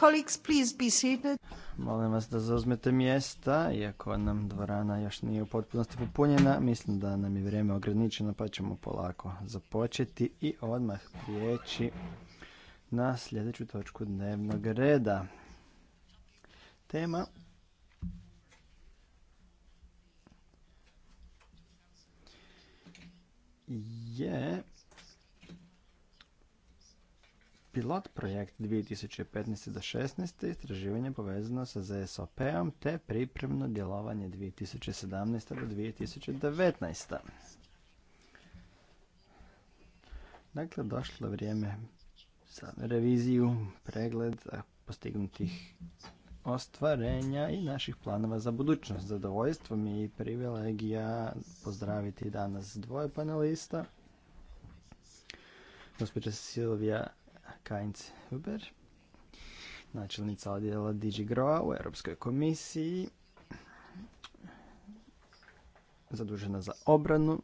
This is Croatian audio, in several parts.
Colleagues, Molim vas da zauzmete mjesta, iako nam dvorana još nije u potpunosti popunjena, mislim da nam je vrijeme ograničeno pa ćemo polako započeti i odmah prijeći na sljedeću točku dnevnog reda. Tema je Pilot projekt 2015. do 16. istraživanje povezano sa ZSOP-om te pripremno djelovanje 2017. do 2019. Dakle, došlo vrijeme za reviziju, pregled postignutih ostvarenja i naših planova za budućnost. Zadovoljstvo mi i privilegija pozdraviti danas dvoje panelista. Gospođa Silvija Kainz Huber, načelnica odjela DigiGroa u Europskoj komisiji, zadužena za obranu.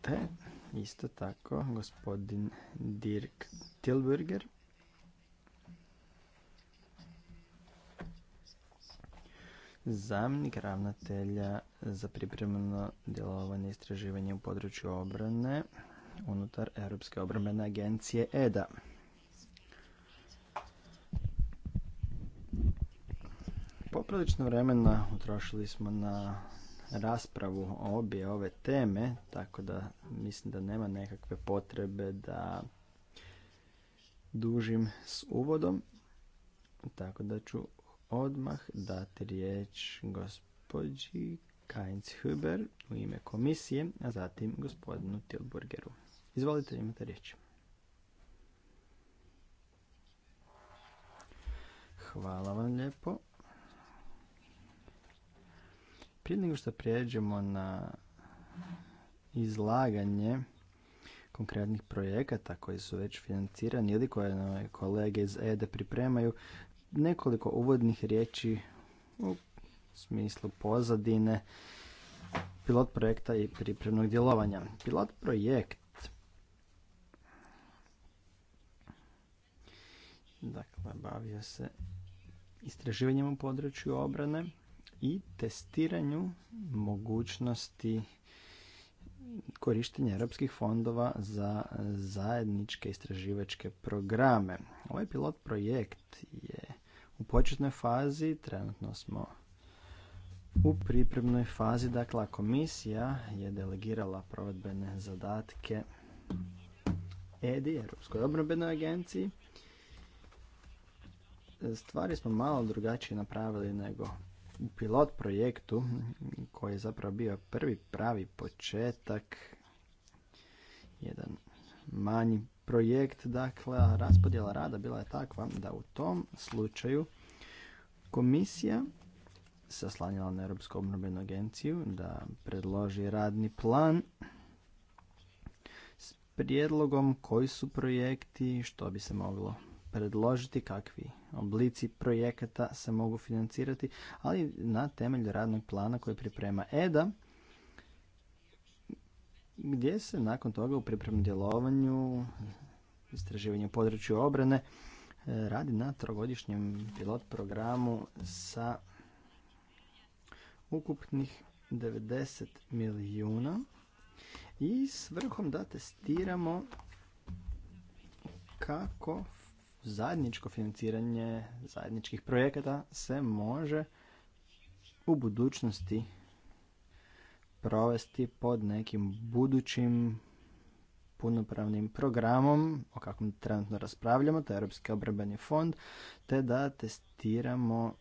Te isto tako gospodin Dirk Tilburger, zamjenik ravnatelja za pripremno djelovanje i istraživanje u području obrane unutar Europske obrambene agencije EDA. Poprilično vremena utrošili smo na raspravu o obje ove teme, tako da mislim da nema nekakve potrebe da dužim s uvodom, tako da ću odmah dati riječ gospođi Kainz Huber u ime komisije, a zatim gospodinu Tilburgeru. Izvolite, imate riječ. Hvala vam lijepo. Prije nego što prijeđemo na izlaganje konkretnih projekata koji su već financirani ili koje kolege iz EDE pripremaju, nekoliko uvodnih riječi u smislu pozadine pilot projekta i pripremnog djelovanja. Pilot projekt dakle, bavio se istraživanjem u području obrane i testiranju mogućnosti korištenja europskih fondova za zajedničke istraživačke programe. Ovaj pilot projekt je u početnoj fazi, trenutno smo u pripremnoj fazi, dakle komisija je delegirala provedbene zadatke EDI, Europskoj obrambenoj agenciji. Stvari smo malo drugačije napravili nego u pilot projektu koji je zapravo bio prvi pravi početak jedan manji projekt, dakle, raspodjela rada bila je takva da u tom slučaju komisija se oslanjala na Europsku obnovenu agenciju da predloži radni plan s prijedlogom koji su projekti, što bi se moglo predložiti, kakvi oblici projekata se mogu financirati, ali na temelju radnog plana koji priprema EDA, gdje se nakon toga u pripremnom djelovanju, istraživanju području obrane, e, radi na trogodišnjem pilot programu sa ukupnih 90 milijuna i s vrhom da testiramo kako zajedničko financiranje zajedničkih projekata se može u budućnosti provesti pod nekim budućim punopravnim programom o kakvom trenutno raspravljamo, to je Europski obrbeni fond, te da testiramo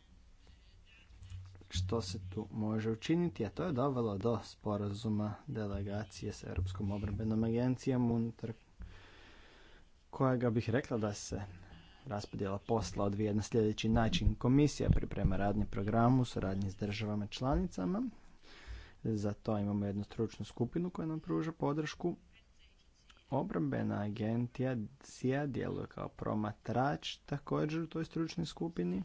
što se tu može učiniti, a to je dovelo do sporazuma delegacije s Europskom obrambenom agencijom unutar kojega bih rekla da se raspodjela posla odvija na sljedeći način. Komisija priprema radni program u suradnji s državama članicama, za to imamo jednu stručnu skupinu koja nam pruža podršku. Obrambena agencija djeluje kao promatrač također u toj stručnoj skupini.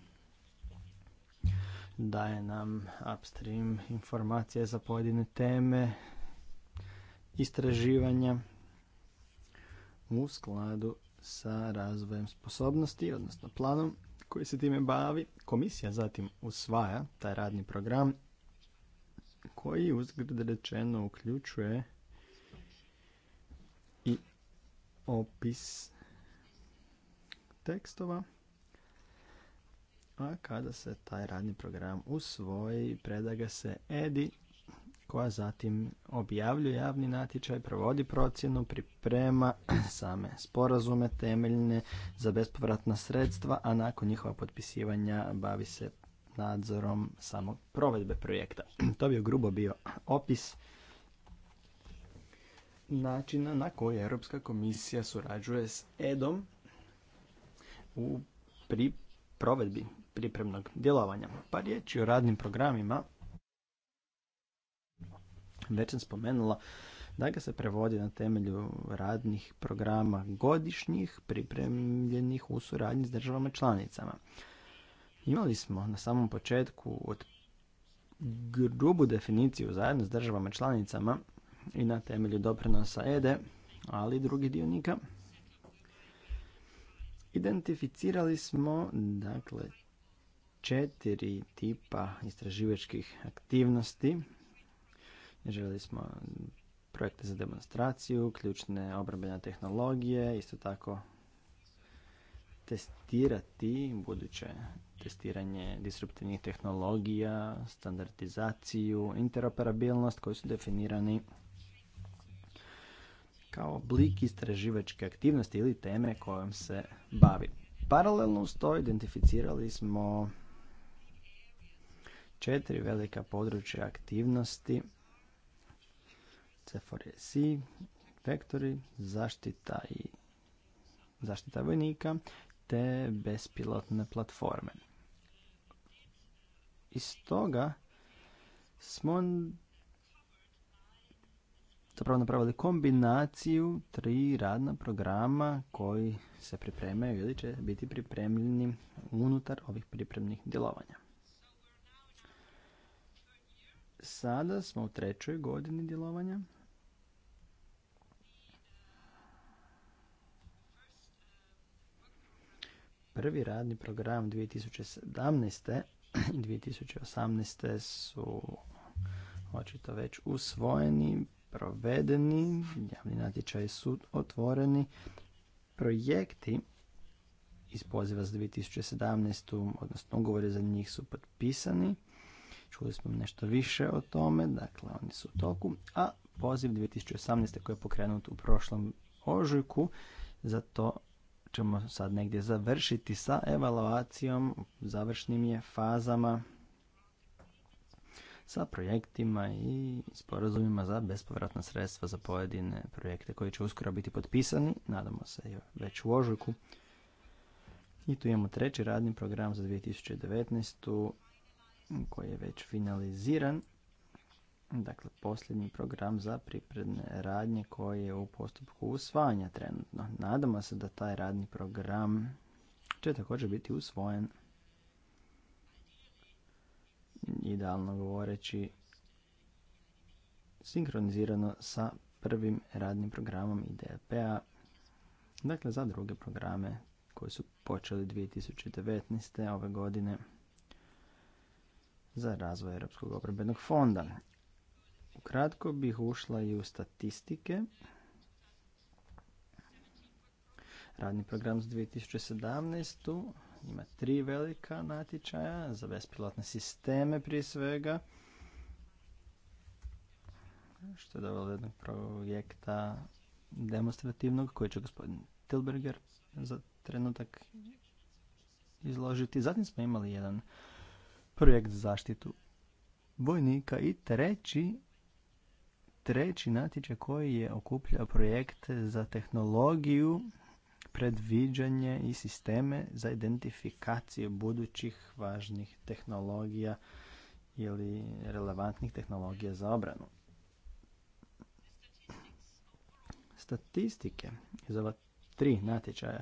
Daje nam upstream informacije za pojedine teme, istraživanja u skladu sa razvojem sposobnosti, odnosno planom koji se time bavi. Komisija zatim usvaja taj radni program koji uzgled rečeno uključuje i opis tekstova. A kada se taj radni program usvoji, preda se EDI koja zatim objavljuje javni natječaj, provodi procjenu, priprema same sporazume temeljne za bespovratna sredstva, a nakon njihova potpisivanja bavi se nadzorom samog provedbe projekta. To bi grubo bio opis načina na koji Europska komisija surađuje s EDOM u pri provedbi pripremnog djelovanja. Pa riječ je o radnim programima. Već sam spomenula da ga se prevodi na temelju radnih programa godišnjih pripremljenih u suradnji s državama članicama. Imali smo na samom početku od grubu definiciju zajedno s državama članicama i na temelju doprinosa EDE, e, ali i drugih dionika. Identificirali smo dakle četiri tipa istraživačkih aktivnosti. Želi smo projekte za demonstraciju, ključne obrambene tehnologije, isto tako testirati buduće testiranje disruptivnih tehnologija, standardizaciju, interoperabilnost koji su definirani kao oblik istraživačke aktivnosti ili teme kojom se bavi. Paralelno s to identificirali smo četiri velika područja aktivnosti C4SI, vektori, zaštita i zaštita vojnika, te bespilotne platforme. Iz toga smo zapravo napravili kombinaciju tri radna programa koji se pripremaju ili će biti pripremljeni unutar ovih pripremnih djelovanja. Sada smo u trećoj godini djelovanja. Prvi radni program 2017. i 2018. su očito već usvojeni, provedeni, javni natječaji su otvoreni. Projekti iz poziva za 2017. odnosno ugovori za njih su potpisani. Čuli smo nešto više o tome, dakle oni su u toku. A poziv 2018. koji je pokrenut u prošlom ožujku za to ćemo sad negdje završiti sa evaluacijom, završnim je fazama sa projektima i sporazumima za bespovratna sredstva za pojedine projekte koji će uskoro biti potpisani, nadamo se već u ožujku. I tu imamo treći radni program za 2019. koji je već finaliziran dakle posljednji program za pripredne radnje koji je u postupku usvajanja trenutno. Nadamo se da taj radni program će također biti usvojen. Idealno govoreći sinkronizirano sa prvim radnim programom IDP-a, dakle za druge programe koji su počeli 2019. ove godine za razvoj Europskog obrbenog fonda. Kratko bih ušla i u statistike. Radni program za 2017. ima tri velika natječaja za bespilotne sisteme prije svega. Što je dovelo jednog projekta demonstrativnog koji će gospodin Tilberger za trenutak izložiti. Zatim smo imali jedan projekt za zaštitu vojnika i treći treći natječaj koji je okupljao projekte za tehnologiju, predviđanje i sisteme za identifikaciju budućih važnih tehnologija ili relevantnih tehnologija za obranu. Statistike iz ova tri natječaja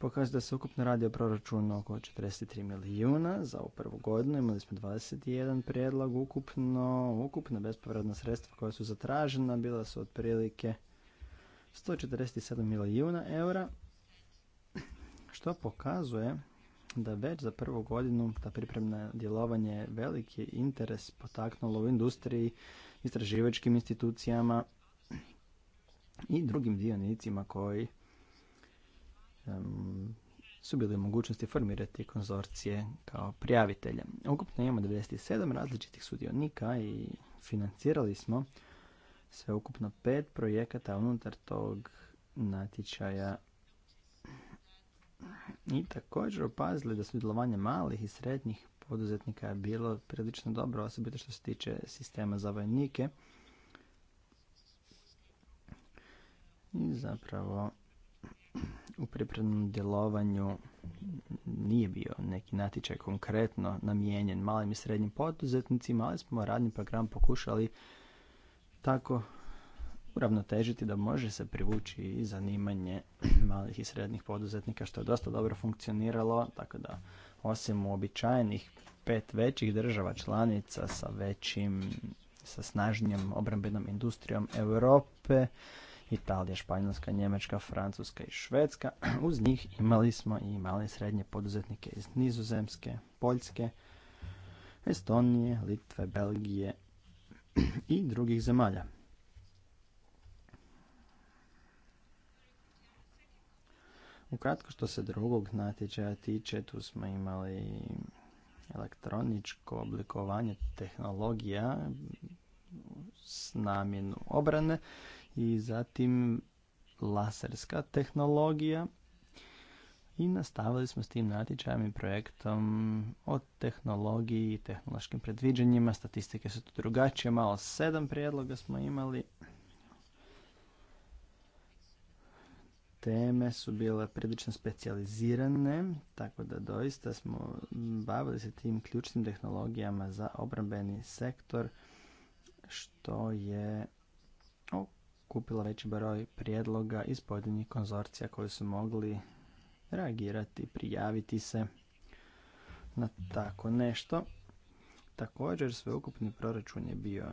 pokazuje da se ukupno radi o proračunu oko 43 milijuna. Za ovu prvu godinu imali smo 21 prijedlog ukupno. Ukupna bespovratna sredstva koja su zatražena bila su otprilike 147 milijuna eura, što pokazuje da već za prvu godinu ta pripremna djelovanje veliki interes potaknulo u industriji, istraživačkim institucijama i drugim dionicima koji su bili u mogućnosti formirati konzorcije kao prijavitelje. Ukupno imamo 97 različitih sudionika i financirali smo sve ukupno pet projekata unutar tog natječaja i također opazili da sudjelovanje malih i srednjih poduzetnika je bilo prilično dobro, osobito što se tiče sistema za vojnike. I zapravo u pripremnom djelovanju nije bio neki natječaj konkretno namijenjen malim i srednjim poduzetnicima, ali smo radni program pokušali tako uravnotežiti da može se privući i zanimanje malih i srednjih poduzetnika što je dosta dobro funkcioniralo, tako da osim uobičajenih pet većih država članica sa većim sa snažnijom obrambenom industrijom Europe, Italija, Španjolska, Njemačka, Francuska i Švedska. Uz njih imali smo i male i srednje poduzetnike iz Nizozemske, Poljske, Estonije, Litve, Belgije i drugih zemalja. Ukratko što se drugog natječaja tiče, tu smo imali elektroničko oblikovanje tehnologija s namjenu obrane i zatim laserska tehnologija i nastavili smo s tim natječajem i projektom o tehnologiji i tehnološkim predviđanjima. Statistike su tu drugačije, malo sedam prijedloga smo imali. Teme su bile prilično specijalizirane, tako da doista smo bavili se tim ključnim tehnologijama za obrambeni sektor, što je kupila veći broj prijedloga iz pojedinih konzorcija koji su mogli reagirati, prijaviti se na tako nešto. Također sveukupni proračun je bio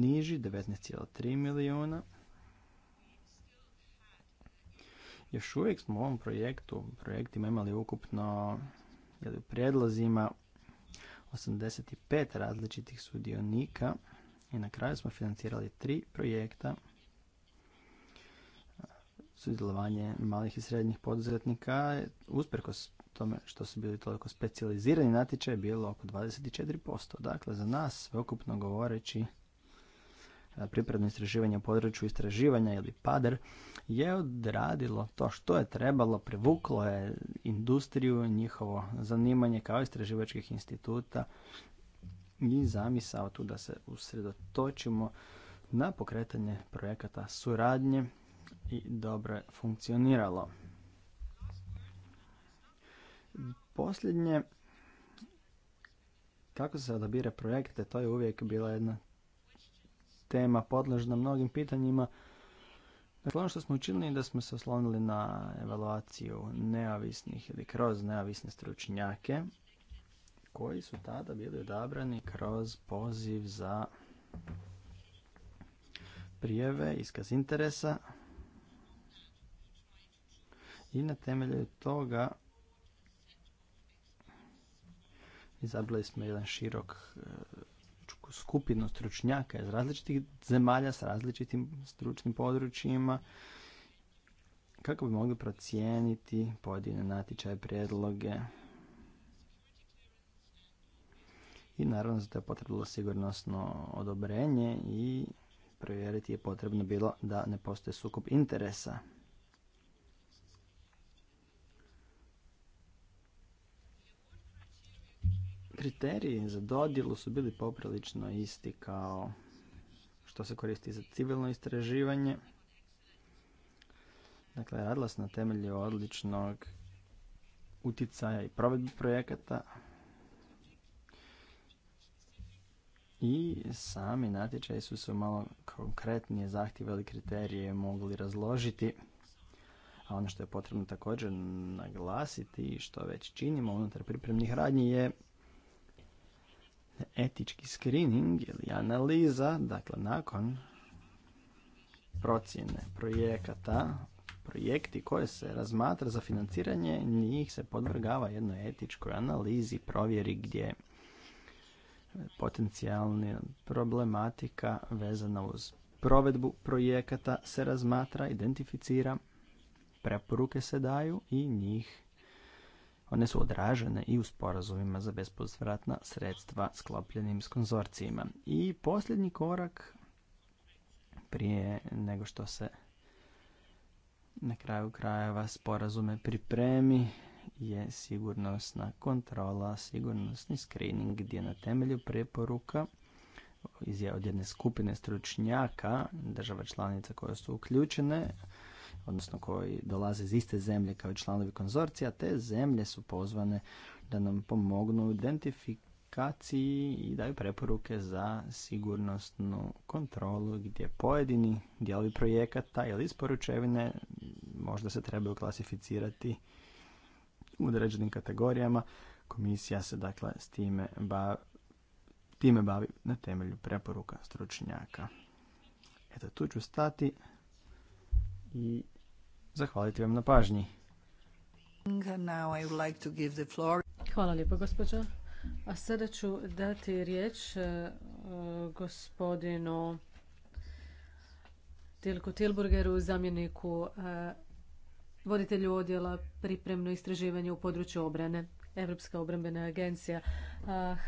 niži, 19,3 milijuna. Još uvijek smo u ovom projektu, projektima imali ukupno, ili u prijedlozima, 85 različitih sudionika i na kraju smo financirali tri projekta sudjelovanje malih i srednjih poduzetnika, usprkos tome što su bili toliko specijalizirani natječaj, je bilo oko 24%. Dakle, za nas, sveukupno govoreći, e, pripredno istraživanje u području istraživanja ili PADER je odradilo to što je trebalo, privuklo je industriju, njihovo zanimanje kao istraživačkih instituta i zamisao tu da se usredotočimo na pokretanje projekata suradnje i dobro je funkcioniralo. Posljednje, kako se odabire projekte, to je uvijek bila jedna tema podložna mnogim pitanjima. Dakle, ono što smo učinili da smo se oslonili na evaluaciju neovisnih ili kroz neovisne stručnjake koji su tada bili odabrani kroz poziv za prijeve, iskaz interesa i na temelju toga izabrali smo jedan širok e, skupinu stručnjaka iz različitih zemalja s različitim stručnim područjima kako bi mogli procijeniti pojedine natječaje, prijedloge. I naravno za to je potrebno sigurnosno odobrenje i provjeriti je potrebno bilo da ne postoje sukob interesa. Kriteriji za dodjelu su bili poprilično isti kao što se koristi za civilno istraživanje. Dakle, radila se na temelju odličnog utjecaja i provedbi projekata i sami natječaji su se malo konkretnije zahtjevali kriterije mogli razložiti. A ono što je potrebno također naglasiti i što već činimo unutar pripremnih radnji je etički screening ili analiza, dakle nakon procjene projekata, projekti koje se razmatra za financiranje, njih se podvrgava jednoj etičkoj analizi, provjeri gdje potencijalna problematika vezana uz provedbu projekata se razmatra, identificira, preporuke se daju i njih one su odražene i u sporazumima za bespovratna sredstva sklopljenim s konzorcijima. I posljednji korak prije nego što se na kraju krajeva sporazume pripremi je sigurnosna kontrola, sigurnosni screening gdje na temelju preporuka od jedne skupine stručnjaka država članica koje su uključene odnosno koji dolaze iz iste zemlje kao i članovi konzorcija, te zemlje su pozvane da nam pomognu u identifikaciji i daju preporuke za sigurnosnu kontrolu gdje pojedini dijelovi projekata ili isporučevine možda se trebaju klasificirati u određenim kategorijama. Komisija se dakle s time, time bavi na temelju preporuka stručnjaka. Eto, tu ću stati i zahvaliti vam na pažnji. Hvala lijepo, gospođo. A sada ću dati riječ e, e, gospodinu Tilku Tilburgeru, zamjeniku e, voditelju odjela pripremno istraživanje u području obrane. Europska obrambena agencija.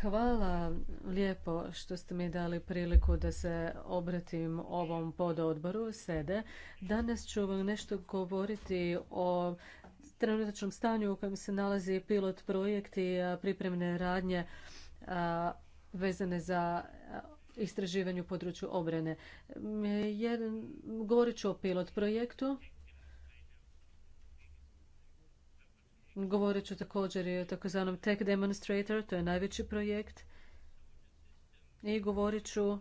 Hvala lijepo što ste mi dali priliku da se obratim ovom pododboru SEDE. Danas ću vam nešto govoriti o trenutačnom stanju u kojem se nalazi pilot projekt i pripremne radnje vezane za istraživanju području obrane. govorit ću o pilot projektu Govorit ću također i o takozvanom Tech Demonstrator, to je najveći projekt. I govorit ću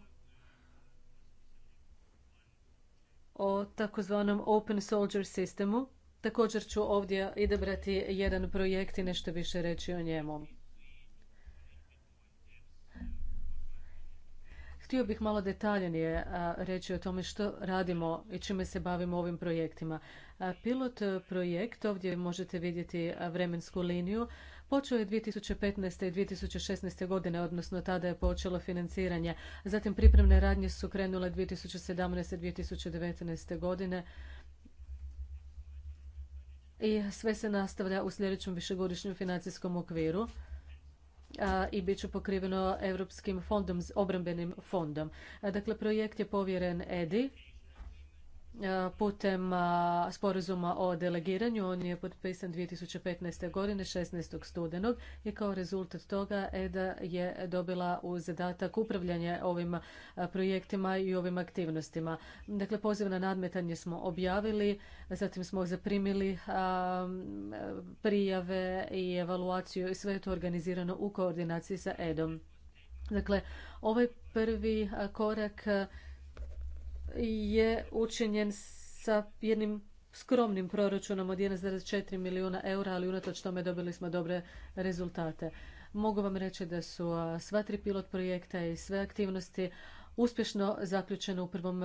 o takozvanom Open Soldier sistemu. Također ću ovdje idebrati jedan projekt i nešto više reći o njemu. Htio bih malo detaljnije reći o tome što radimo i čime se bavimo ovim projektima. Pilot e, projekt, ovdje možete vidjeti e, vremensku liniju, počeo je 2015. i 2016. godine, odnosno tada je počelo financiranje. Zatim pripremne radnje su krenule 2017. i 2019. godine. I sve se nastavlja u sljedećem višegodišnjem financijskom okviru i bit će pokriveno Europskim fondom, obrambenim fondom. Dakle, projekt je povjeren EDI E, putem sporazuma o delegiranju. On je potpisan 2015. godine 16. studenog i kao rezultat toga EDA je dobila u zadatak upravljanje ovim projektima i ovim aktivnostima. Dakle, poziv na nadmetanje smo objavili, zatim smo zaprimili prijave i evaluaciju i sve je to organizirano u koordinaciji sa EDOM. Dakle, ovaj prvi korak je učinjen sa jednim skromnim proračunom od 1,4 milijuna eura, ali unatoč tome dobili smo dobre rezultate. Mogu vam reći da su sva tri pilot projekta i sve aktivnosti uspješno zaključene u prvom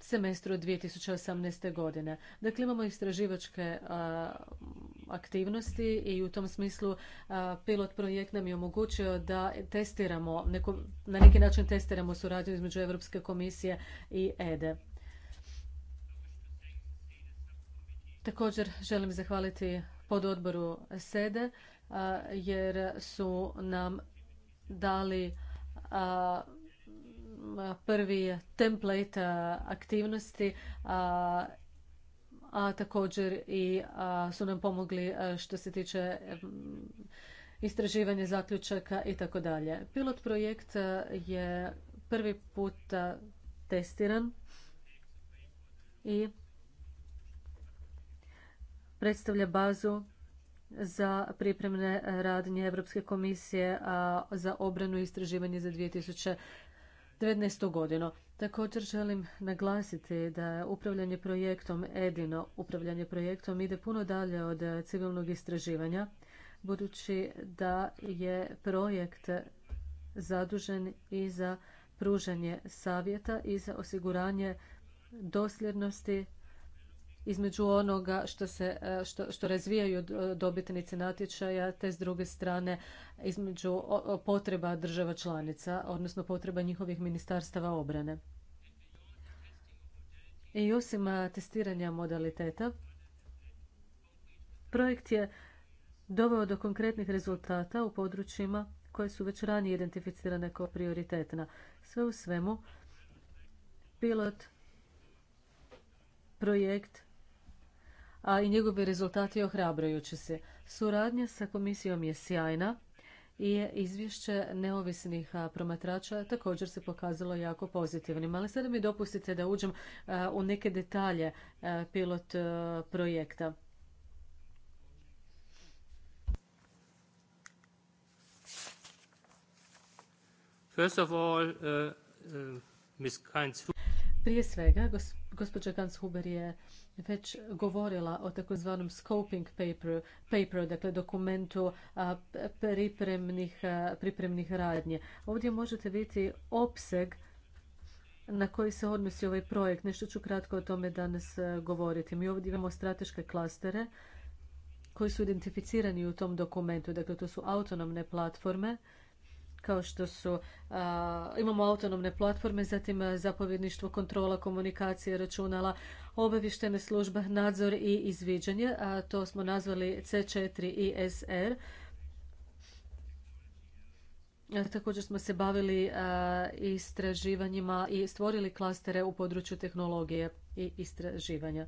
semestru 2018. godine. Dakle, imamo istraživačke aktivnosti i u tom smislu pilot projekt nam je omogućio da testiramo, na neki način testiramo suradnju između Europske komisije i EDE. E. Također želim zahvaliti pododboru SEDE e, jer su nam dali prvi template aktivnosti, a, također i su nam pomogli što se tiče istraživanja zaključaka i tako dalje. Pilot projekt je prvi put testiran i predstavlja bazu za pripremne radnje Europske komisije za obranu i istraživanje za 2020. 2019. godinu. Također želim naglasiti da upravljanje projektom EDINO, upravljanje projektom ide puno dalje od civilnog istraživanja, budući da je projekt zadužen i za pružanje savjeta i za osiguranje dosljednosti između onoga što, se, e, što, što razvijaju e, dobitnici natječaja te s druge strane između potreba država članica, odnosno potreba njihovih ministarstava obrane. I osim e, testiranja modaliteta, projekt je doveo do konkretnih rezultata u područjima koje su već ranije identificirane kao prioritetna. Sve u svemu, pilot projekt a i njegovi rezultati ohrabrujući se. Suradnja sa komisijom je sjajna i izvješće neovisnih promatrača također se pokazalo jako pozitivnim. Ali sada mi dopustite da uđem u neke detalje pilot projekta. Uh, uh, Prije svega, gospođa Ganshuber je već govorila o takozvanom scoping paperu, paper, dakle dokumentu pripremnih, pripremnih radnje. Ovdje možete vidjeti opseg na koji se odnosi ovaj projekt. Nešto ću kratko o tome danas govoriti. Mi ovdje imamo strateške klastere koji su identificirani u tom dokumentu. Dakle, to su autonomne platforme kao što su imamo autonomne platforme, zatim zapovjedništvo, kontrola, komunikacije, računala, obavještene službe, nadzor i izviđanje. A to smo nazvali C4 i SR. također smo se bavili istraživanjima i stvorili klastere u području tehnologije i istraživanja.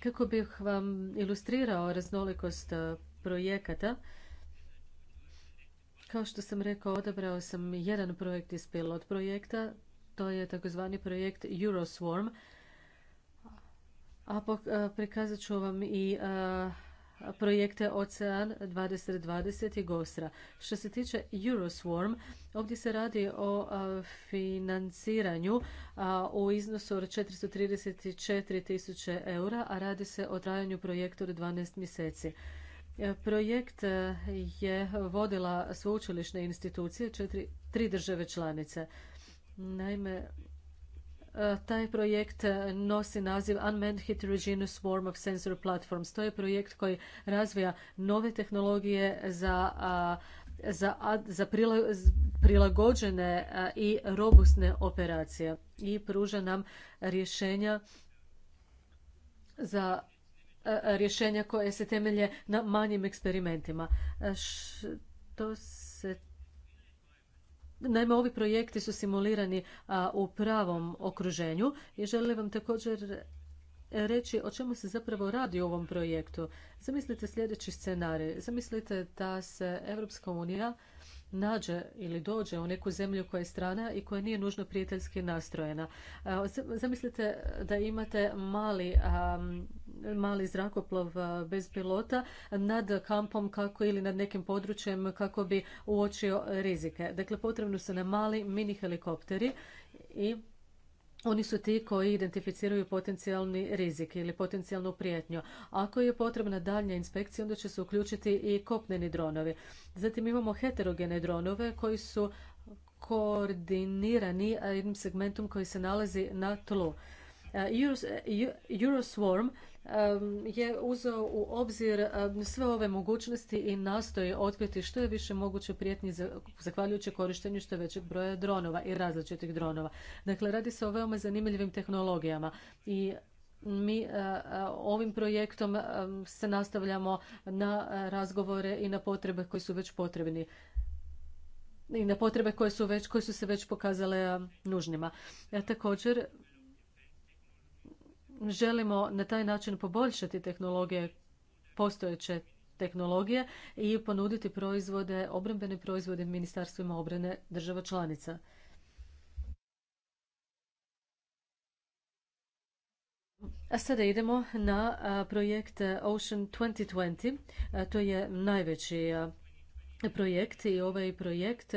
Kako bih vam ilustrirao raznolikost eh, projekata, kao što sam rekao, odabrao sam jedan projekt iz pilot projekta, to je takozvani projekt Euroswarm, a eh, prikazat ću vam i eh, projekte Ocean 2020 i GOSRA. Što se tiče Euroswarm, ovdje se radi o financiranju u iznosu od 434 tisuće eura, a radi se o trajanju projekta od 12 mjeseci. E, projekt e, je vodila sveučilišne institucije, četiri, tri države članice. Naime, E, taj projekt e, nosi naziv Unmanned Heterogeneous Swarm of Sensor Platforms. To je projekt koji razvija nove tehnologije za prilagođene i robustne operacije i pruža nam rješenja za e, rješenja koje se temelje na manjim eksperimentima. Što Naime, ovi projekti su simulirani u pravom okruženju i želim vam također reći o čemu se zapravo radi u ovom projektu. Zamislite sljedeći scenarij. Zamislite da se Europska unija nađe ili dođe u neku zemlju koja je strana i koja nije nužno prijateljski nastrojena. Zamislite da imate mali, mali zrakoplov bez pilota nad kampom kako ili nad nekim područjem kako bi uočio rizike. Dakle, potrebno su nam mali mini helikopteri i oni su ti koji identificiraju potencijalni rizik ili potencijalnu prijetnju. Ako je potrebna daljnja inspekcija, onda će se uključiti i kopneni dronovi. Zatim imamo heterogene dronove koji su koordinirani jednim segmentom koji se nalazi na tlu. E, e, Euroswarm je uzeo u obzir sve ove mogućnosti i nastoji otkriti što je više moguće prijetnji zahvaljujući korištenju što većeg broja dronova i različitih dronova. Dakle, radi se o veoma zanimljivim tehnologijama i mi e, e, ovim projektom se nastavljamo na e, razgovore i na potrebe koji su već potrebni i na potrebe koje su, već, koje su se već pokazale nužnima. Ja također želimo na taj način poboljšati tehnologije, postojeće tehnologije i ponuditi proizvode, obrambene proizvode ministarstvima obrane država članica. A sada idemo na projekt Ocean 2020. To je najveći projekt i ovaj projekt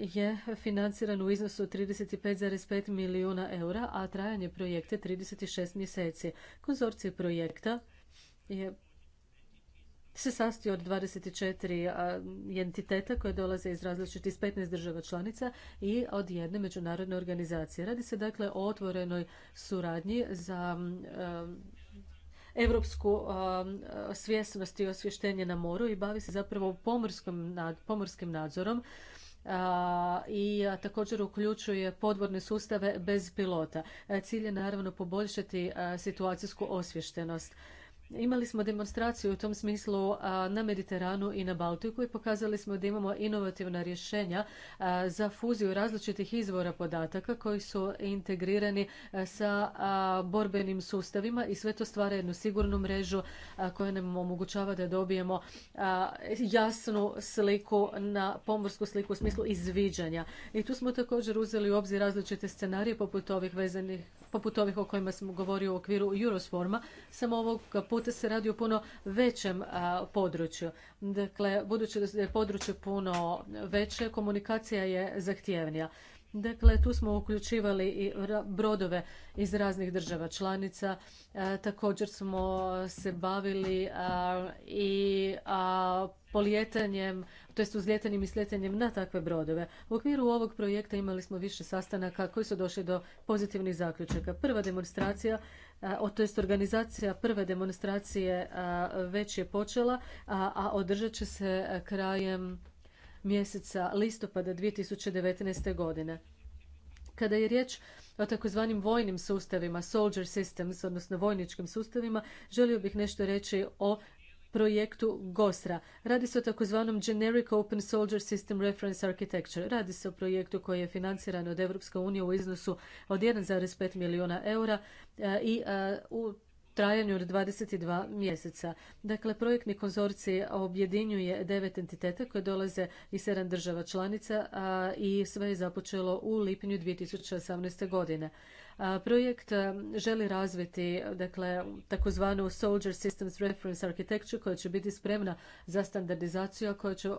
je financiran u iznosu od 35,5 milijuna eura, a trajanje projekta 36 mjeseci. konzorcij projekta je se sastoji od 24 entiteta koje dolaze iz različitih 15 država članica i od jedne međunarodne organizacije. Radi se dakle o otvorenoj suradnji za europsku svjesnost i osvještenje na moru i bavi se zapravo pomorskim nadzorom i također uključuje podvodne sustave bez pilota. Cilj je naravno poboljšati situacijsku osviještenost. Imali smo demonstraciju u tom smislu na Mediteranu i na Baltiku i pokazali smo da imamo inovativna rješenja za fuziju različitih izvora podataka koji su integrirani sa borbenim sustavima i sve to stvara jednu sigurnu mrežu koja nam omogućava da dobijemo jasnu sliku na pomorsku sliku u smislu izviđanja. I tu smo također uzeli u obzir različite scenarije poput ovih vezanih poput ovih o kojima sam govorio u okviru Eurosforma, samo ovog puta se radi o puno većem području. Dakle, budući da je područje puno veće, komunikacija je zahtjevnija. Dakle, tu smo uključivali i brodove iz raznih država članica. također smo se bavili i polijetanjem, to jest uzljetanjem i sletanjem na takve brodove. U okviru ovog projekta imali smo više sastanaka koji su došli do pozitivnih zaključaka. Prva demonstracija to jest organizacija prve demonstracije već je počela, a održat će se krajem mjeseca listopada 2019. godine. Kada je riječ o takozvanim vojnim sustavima, soldier systems, odnosno vojničkim sustavima, želio bih nešto reći o projektu GOSRA. Radi se o takozvanom Generic Open Soldier System Reference Architecture. Radi se o projektu koji je financiran od Europske unije u iznosu od 1,5 milijuna eura e, i e, u trajanju od 22 mjeseca. Dakle, projektni konzorcij objedinjuje devet entiteta koje dolaze iz sedam država članica i sve je započelo u lipnju 2018. godine. Projekt želi razviti dakle, takozvanu Soldier Systems Reference Architecture koja će biti spremna za standardizaciju, koja će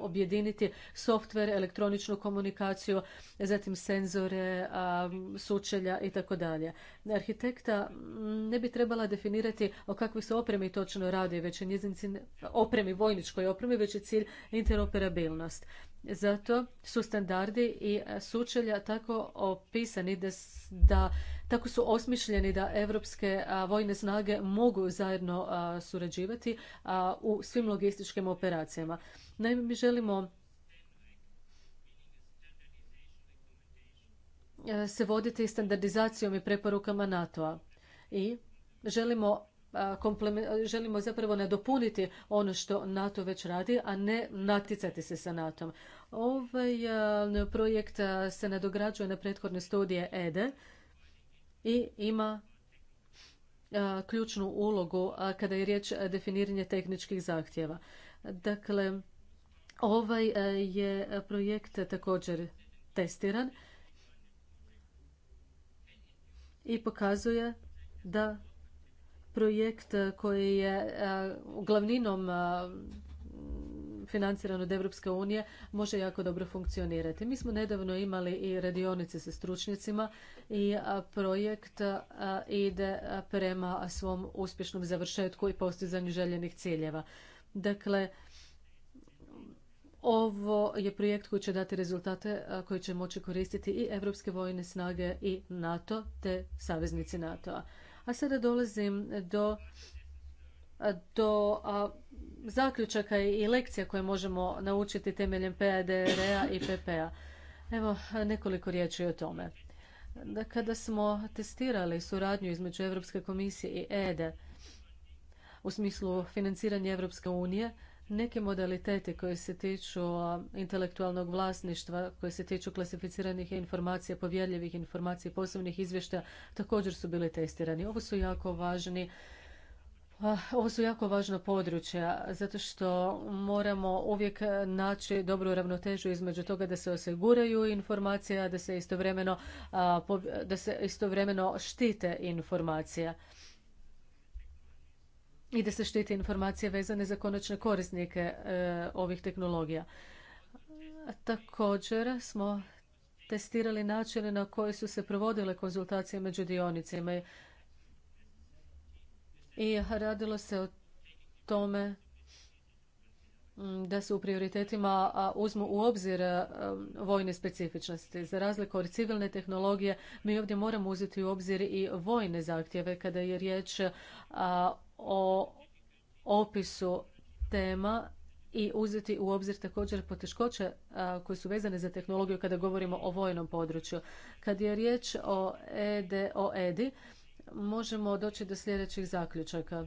objediniti softver, elektroničnu komunikaciju, zatim senzore, sučelja i tako dalje. Arhitekta ne bi trebala definirati o kakvoj se opremi točno radi, već je njezin opremi, vojničkoj opremi, već je cilj interoperabilnost. Zato su standardi i sučelja tako opisani da, da tako su osmišljeni da europske vojne snage mogu zajedno surađivati u svim logističkim operacijama. Naime, mi želimo se voditi standardizacijom i preporukama NATO-a i želimo želimo zapravo nadopuniti ono što NATO već radi, a ne naticati se sa NATO-om. Ovaj projekt se nadograđuje na prethodne studije EDE e i ima ključnu ulogu kada je riječ definiranje tehničkih zahtjeva. Dakle, ovaj je projekt također testiran i pokazuje da projekt eh, koji je uglavninom eh, eh, financiran od Europske unije može jako dobro funkcionirati. Mi smo nedavno imali i radionice sa stručnjacima i projekt ide prema svom uspješnom završetku i postizanju željenih ciljeva. Dakle, ovo je projekt koji će dati rezultate koji će moći koristiti i Europske vojne snage i NATO te saveznici NATO-a. A sada dolazim do do zaključaka i lekcija koje možemo naučiti temeljem PADR-a i PPA. Evo nekoliko riječi o tome. da Kada smo testirali suradnju između Europske komisije i EDE e, u smislu financiranja Europske unije, neki modaliteti koji se tiču intelektualnog vlasništva, koji se tiču klasificiranih informacija, povjerljivih informacija, posebnih izvještaja, također su bili testirani. Ovo su jako važni ovo su jako važna područja, zato što moramo uvijek naći dobru ravnotežu između toga da se osiguraju informacije, a da se istovremeno, da se istovremeno štite informacija i da se štiti informacije vezane za konačne korisnike e, ovih tehnologija. Također smo testirali načine na koje su se provodile konzultacije među dionicima i radilo se o tome mm, da se u prioritetima uzmu u obzir e, vojne specifičnosti. Za razliku od civilne tehnologije, mi ovdje moramo uzeti u obzir i vojne zahtjeve kada je riječ o opisu tema i uzeti u obzir također poteškoće koje su vezane za tehnologiju kada govorimo o vojnom području. Kad je riječ o, ED, e možemo doći do sljedećih zaključaka.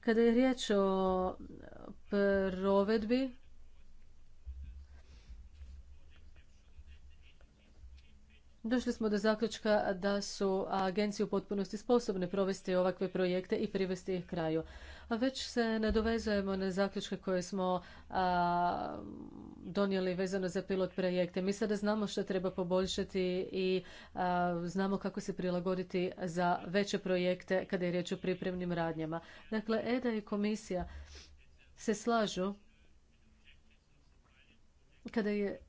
Kada je riječ o provedbi, Došli smo do zaključka da su agencije u potpunosti sposobne provesti ovakve projekte i privesti ih kraju. A već se nadovezujemo na zaključke koje smo donijeli vezano za pilot projekte. Mi sada znamo što treba poboljšati i znamo kako se prilagoditi za veće projekte kada je riječ o pripremnim radnjama. Dakle, EDA i komisija se slažu kada je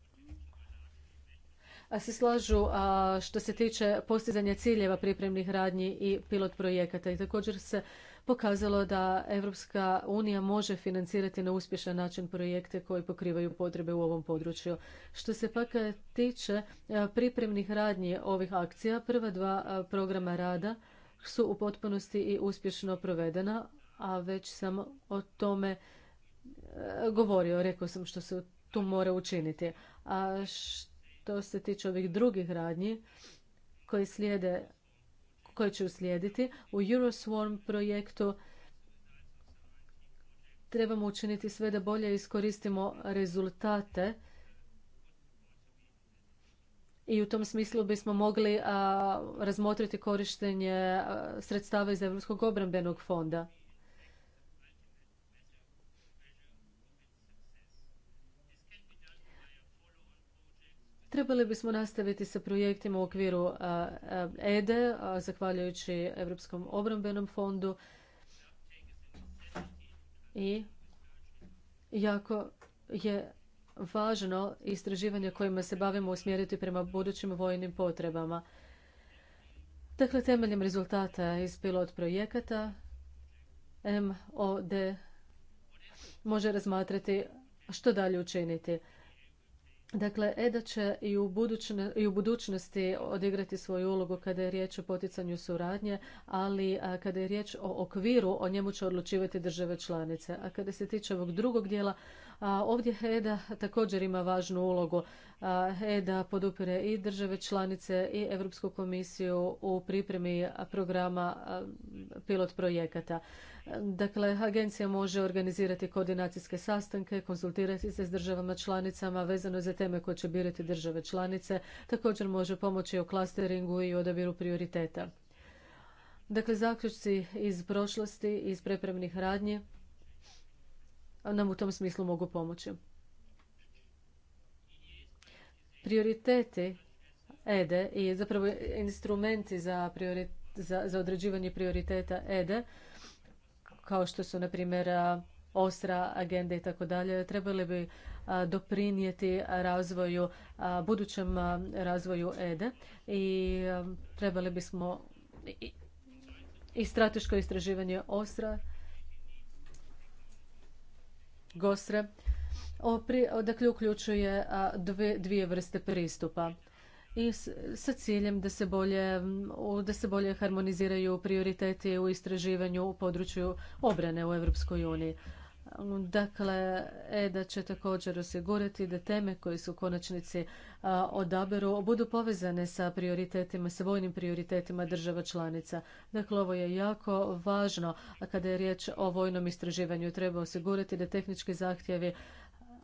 se slažu što se tiče postizanja ciljeva pripremnih radnji i pilot projekata i također se pokazalo da Europska unija može financirati na uspješan način projekte koji pokrivaju potrebe u ovom području. Što se pak tiče pripremnih radnji ovih akcija, prva dva programa rada su u potpunosti i uspješno provedena, a već sam o tome govorio, rekao sam što se tu mora učiniti. A što to se tiče ovih drugih radnji koji slijede, koje će uslijediti, u Euroswarm projektu trebamo učiniti sve da bolje iskoristimo rezultate i u tom smislu bismo mogli razmotriti korištenje sredstava iz Europskog obrambenog fonda. Trebali bismo nastaviti sa projektima u okviru EDE, e, zahvaljujući Europskom obrambenom fondu. I jako je važno istraživanje kojima se bavimo usmjeriti prema budućim vojnim potrebama. Dakle, temeljem rezultata iz pilot projekata MOD može razmatrati što dalje učiniti. Dakle, EDA će i u, budućne, i u budućnosti odigrati svoju ulogu kada je riječ o poticanju suradnje, ali kada je riječ o okviru, o njemu će odlučivati države članice. A kada se tiče ovog drugog dijela, Ovdje EDA također ima važnu ulogu. EDA podupire i države članice i Europsku komisiju u pripremi programa pilot projekata. Dakle, agencija može organizirati koordinacijske sastanke, konzultirati se s državama članicama vezano za teme koje će birati države članice. Također može pomoći u klasteringu i odabiru prioriteta. Dakle, zaključci iz prošlosti, iz prepremnih radnji nam u tom smislu mogu pomoći. Prioriteti EDE i zapravo instrumenti za, za, određivanje prioriteta EDE, kao što su, na primjer, osra, agende i tako dalje, trebali bi doprinijeti razvoju, budućem razvoju EDE i trebali bismo i strateško istraživanje osra Gostre, dakle uključuje dvije vrste pristupa i sa ciljem da se bolje, da se bolje harmoniziraju prioriteti u istraživanju u području obrane u Europskoj uniji. Dakle, EDA će također osigurati da teme koje su u konačnici odaberu budu povezane sa prioritetima, sa vojnim prioritetima država članica. Dakle, ovo je jako važno a kada je riječ o vojnom istraživanju. Treba osigurati da tehnički zahtjevi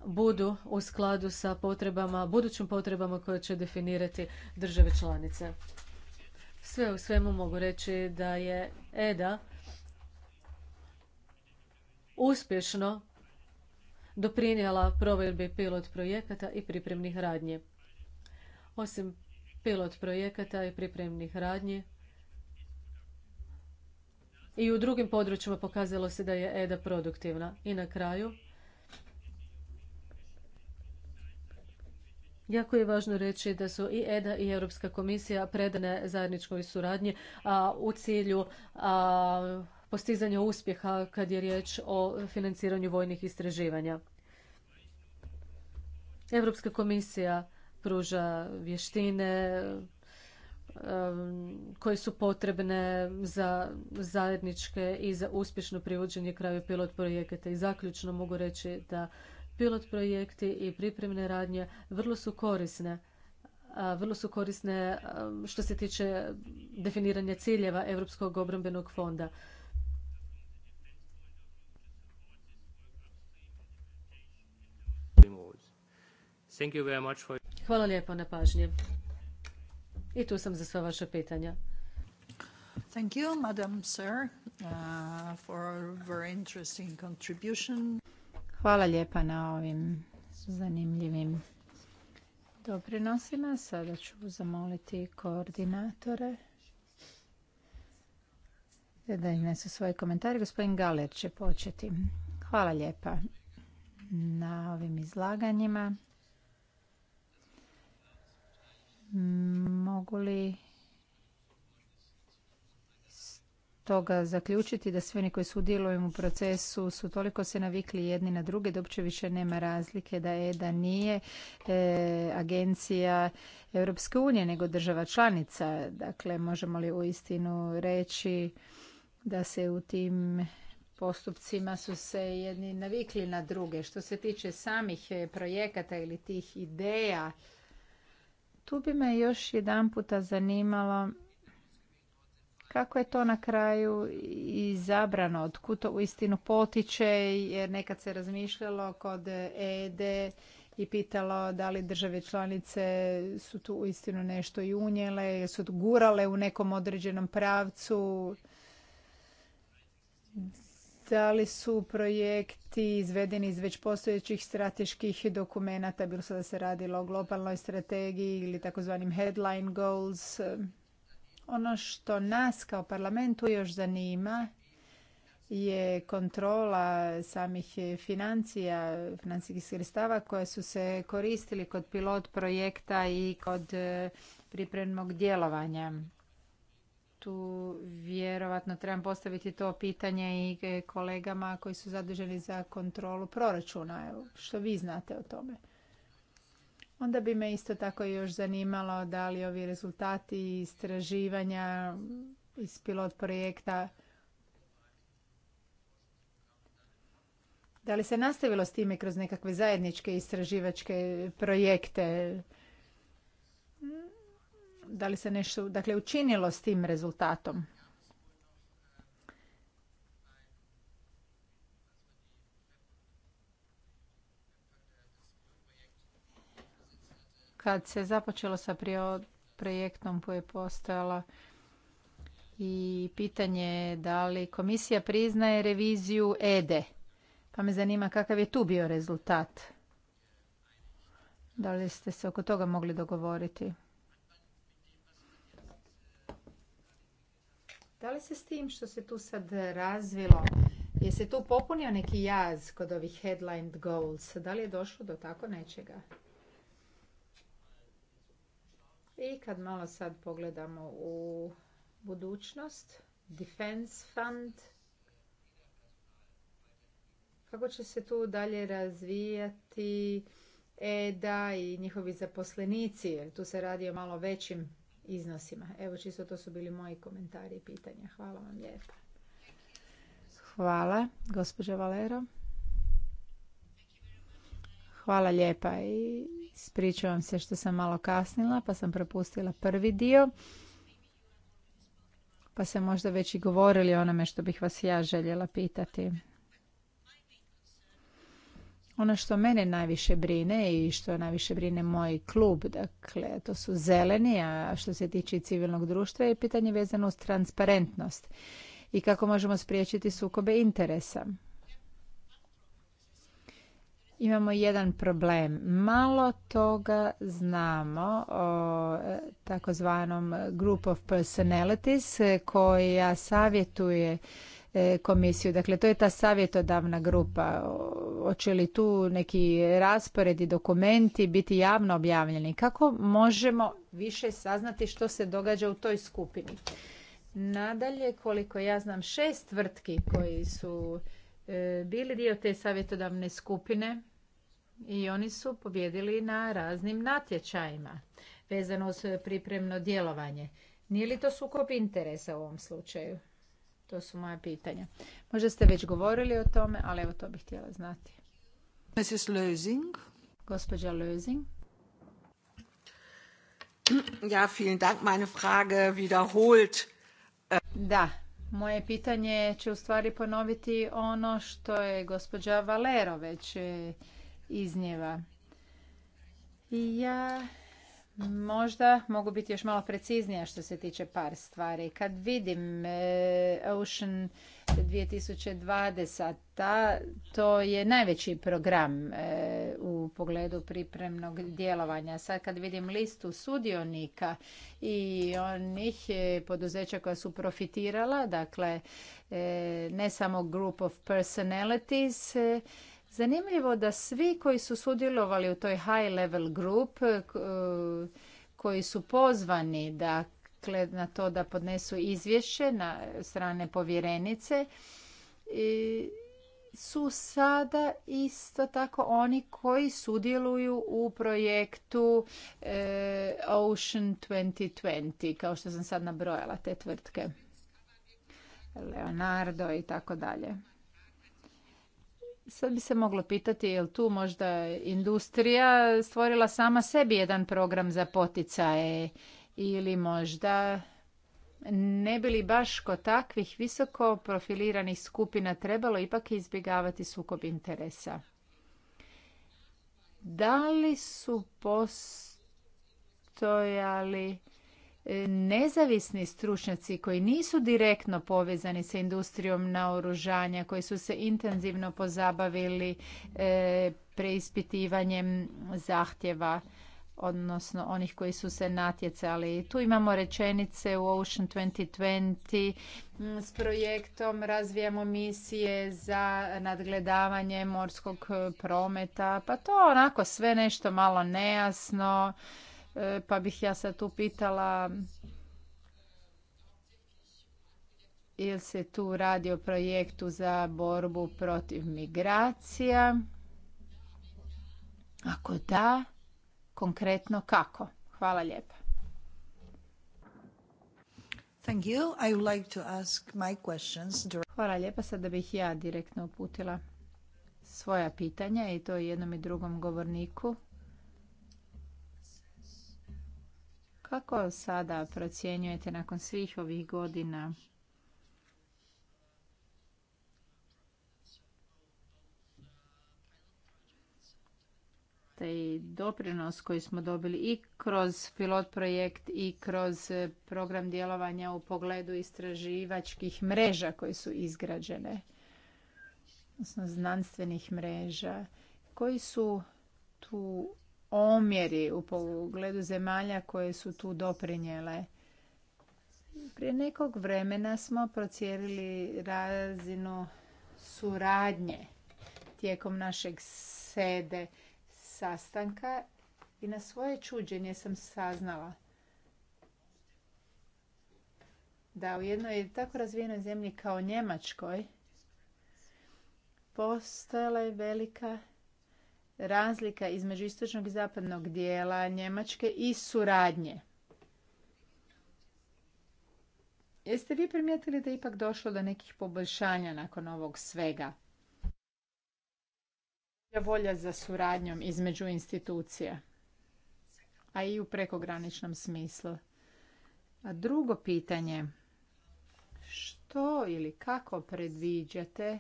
budu u skladu sa potrebama, budućim potrebama koje će definirati države članice. Sve u svemu mogu reći da je EDA uspješno doprinijela provedbi pilot projekata i pripremnih radnji. Osim pilot projekata i pripremnih radnji, i u drugim područjima pokazalo se da je EDA produktivna. I na kraju, Jako je važno reći da su i EDA i Europska komisija predane zajedničkoj suradnji a, u cilju postizanju uspjeha kad je riječ o financiranju vojnih istraživanja. Europska komisija pruža vještine koje su potrebne za zajedničke i za uspješno privođenje kraju pilot projekata. I zaključno mogu reći da pilot projekti i pripremne radnje vrlo su korisne vrlo su korisne što se tiče definiranja ciljeva Europskog obrambenog fonda. Thank you Hvala lijepo na pažnje. I tu sam za sva vaša pitanja. Thank Madam uh, Hvala lijepa na ovim zanimljivim doprinosima. Sada ću zamoliti koordinatore da iznesu svoje komentare. Gospodin Galer će početi. Hvala lijepa na ovim izlaganjima. Mogu li toga zaključiti da svi oni koji sudjeluju u procesu su toliko se navikli jedni na druge da uopće više nema razlike da je nije e, agencija Europske unije nego država članica. Dakle, možemo li uistinu reći da se u tim postupcima su se jedni navikli na druge. Što se tiče samih e, projekata ili tih ideja tu bi me još jedan puta zanimalo kako je to na kraju izabrano, od kuto u istinu potiče, jer nekad se razmišljalo kod ED i pitalo da li države članice su tu u istinu nešto i unijele, su gurale u nekom određenom pravcu. Da li su projekti izvedeni iz već postojećih strateških dokumenata, bilo se da se radilo o globalnoj strategiji ili takozvanim headline goals. Ono što nas kao parlamentu još zanima je kontrola samih financija, financijskih sredstava koje su se koristili kod pilot projekta i kod eh, pripremnog djelovanja tu vjerovatno trebam postaviti to pitanje i e, kolegama koji su zaduženi za kontrolu proračuna, što vi znate o tome. Onda bi me isto tako još zanimalo da li ovi rezultati istraživanja iz pilot projekta Da li se nastavilo s time kroz nekakve zajedničke istraživačke projekte? da li se nešto dakle, učinilo s tim rezultatom? Kad se započelo sa projektom koji je postojala i pitanje je da li komisija priznaje reviziju EDE. E. Pa me zanima kakav je tu bio rezultat. Da li ste se oko toga mogli dogovoriti? Da li se s tim što se tu sad razvilo, je se tu popunio neki jaz kod ovih headline goals? Da li je došlo do tako nečega? I kad malo sad pogledamo u budućnost, Defense Fund, kako će se tu dalje razvijati EDA i njihovi zaposlenici, jer tu se radi o malo većim iznosima. Evo čisto to su bili moji komentari i pitanja. Hvala vam lijepa. Hvala, gospođa Valero. Hvala lijepa i spričavam se što sam malo kasnila pa sam propustila prvi dio. Pa se možda već i govorili o onome što bih vas ja željela pitati. Ono što mene najviše brine i što najviše brine moj klub, dakle, to su zeleni, a što se tiče civilnog društva je pitanje vezano uz transparentnost i kako možemo spriječiti sukobe interesa. Imamo jedan problem. Malo toga znamo o e, takozvanom group of personalities koja savjetuje E, komisiju. Dakle, to je ta savjetodavna grupa. Hoće li tu neki raspored i dokumenti biti javno objavljeni? Kako možemo više saznati što se događa u toj skupini? Nadalje, koliko ja znam, šest tvrtki koji su e, bili dio te savjetodavne skupine i oni su pobjedili na raznim natječajima vezano uz pripremno djelovanje. Nije li to sukob interesa u ovom slučaju? To su moja pitanja. Možda ste već govorili o tome, ali evo to bih htjela znati. Mrs. Lösing. Gospođa Lösing. Ja, vielen Dank. Meine Frage wiederholt. Äh, da, moje pitanje će u stvari ponoviti ono što je gospođa Valero već e, iznijeva. Ja Možda mogu biti još malo preciznija što se tiče par stvari. Kad vidim e, Ocean 2020, to je najveći program e, u pogledu pripremnog djelovanja. Sad kad vidim listu sudionika i onih e, poduzeća koja su profitirala, dakle ne samo group of personalities, Zanimljivo da svi koji su sudjelovali u toj high level group, eh, koji su pozvani dakle, na to da podnesu izvješće na strane povjerenice, su sada isto tako oni koji sudjeluju u projektu eh, Ocean 2020, kao što sam sad nabrojala te tvrtke. Leonardo i tako dalje. Sad bi se moglo pitati je li tu možda industrija stvorila sama sebi jedan program za poticaje ili možda ne bi li baš kod takvih visoko profiliranih skupina trebalo ipak izbjegavati sukob interesa? Da li su postojali E, nezavisni stručnjaci koji nisu direktno povezani sa industrijom naoružanja, koji su se intenzivno pozabavili e, preispitivanjem zahtjeva odnosno onih koji su se natjecali. Tu imamo rečenice u Ocean 2020 s projektom razvijamo misije za nadgledavanje morskog e, prometa. Pa to onako sve nešto malo nejasno. E, pa bih ja sad tu pitala ili se tu radi o projektu za borbu protiv migracija? Ako da, konkretno kako? Hvala lijepa. Thank I would like Hvala lijepa. Sada bih ja direktno uputila svoja pitanja i to jednom i drugom govorniku. Kako sada procjenjujete nakon svih ovih godina Te doprinos koji smo dobili i kroz pilot projekt i kroz program djelovanja u pogledu istraživačkih mreža koje su izgrađene, odnosno znanstvenih mreža, koji su tu omjeri u pogledu zemalja koje su tu doprinjele. Prije nekog vremena smo procijerili razinu suradnje tijekom našeg sede sastanka i na svoje čuđenje sam saznala da u jednoj tako razvijenoj zemlji kao Njemačkoj postojala je velika razlika između istočnog i zapadnog dijela Njemačke i suradnje. Jeste vi primijetili da je ipak došlo do nekih poboljšanja nakon ovog svega? Volja za suradnjom između institucija, a i u prekograničnom smislu. A drugo pitanje, što ili kako predviđate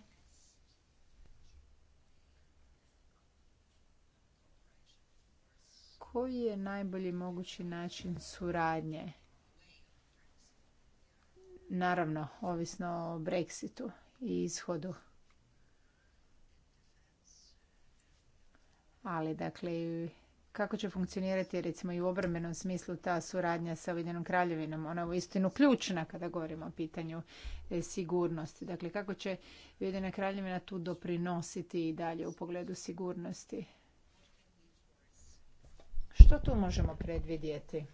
koji je najbolji mogući način suradnje? Naravno, ovisno o Brexitu i ishodu. Ali, dakle, kako će funkcionirati recimo i u obrambenom smislu ta suradnja sa Ujedinjenom kraljevinom. Ona je uistinu ključna kada govorimo o pitanju e, sigurnosti. Dakle, kako će Ujedinjena kraljevina tu doprinositi i dalje u pogledu sigurnosti? Što tu možemo predvidjeti?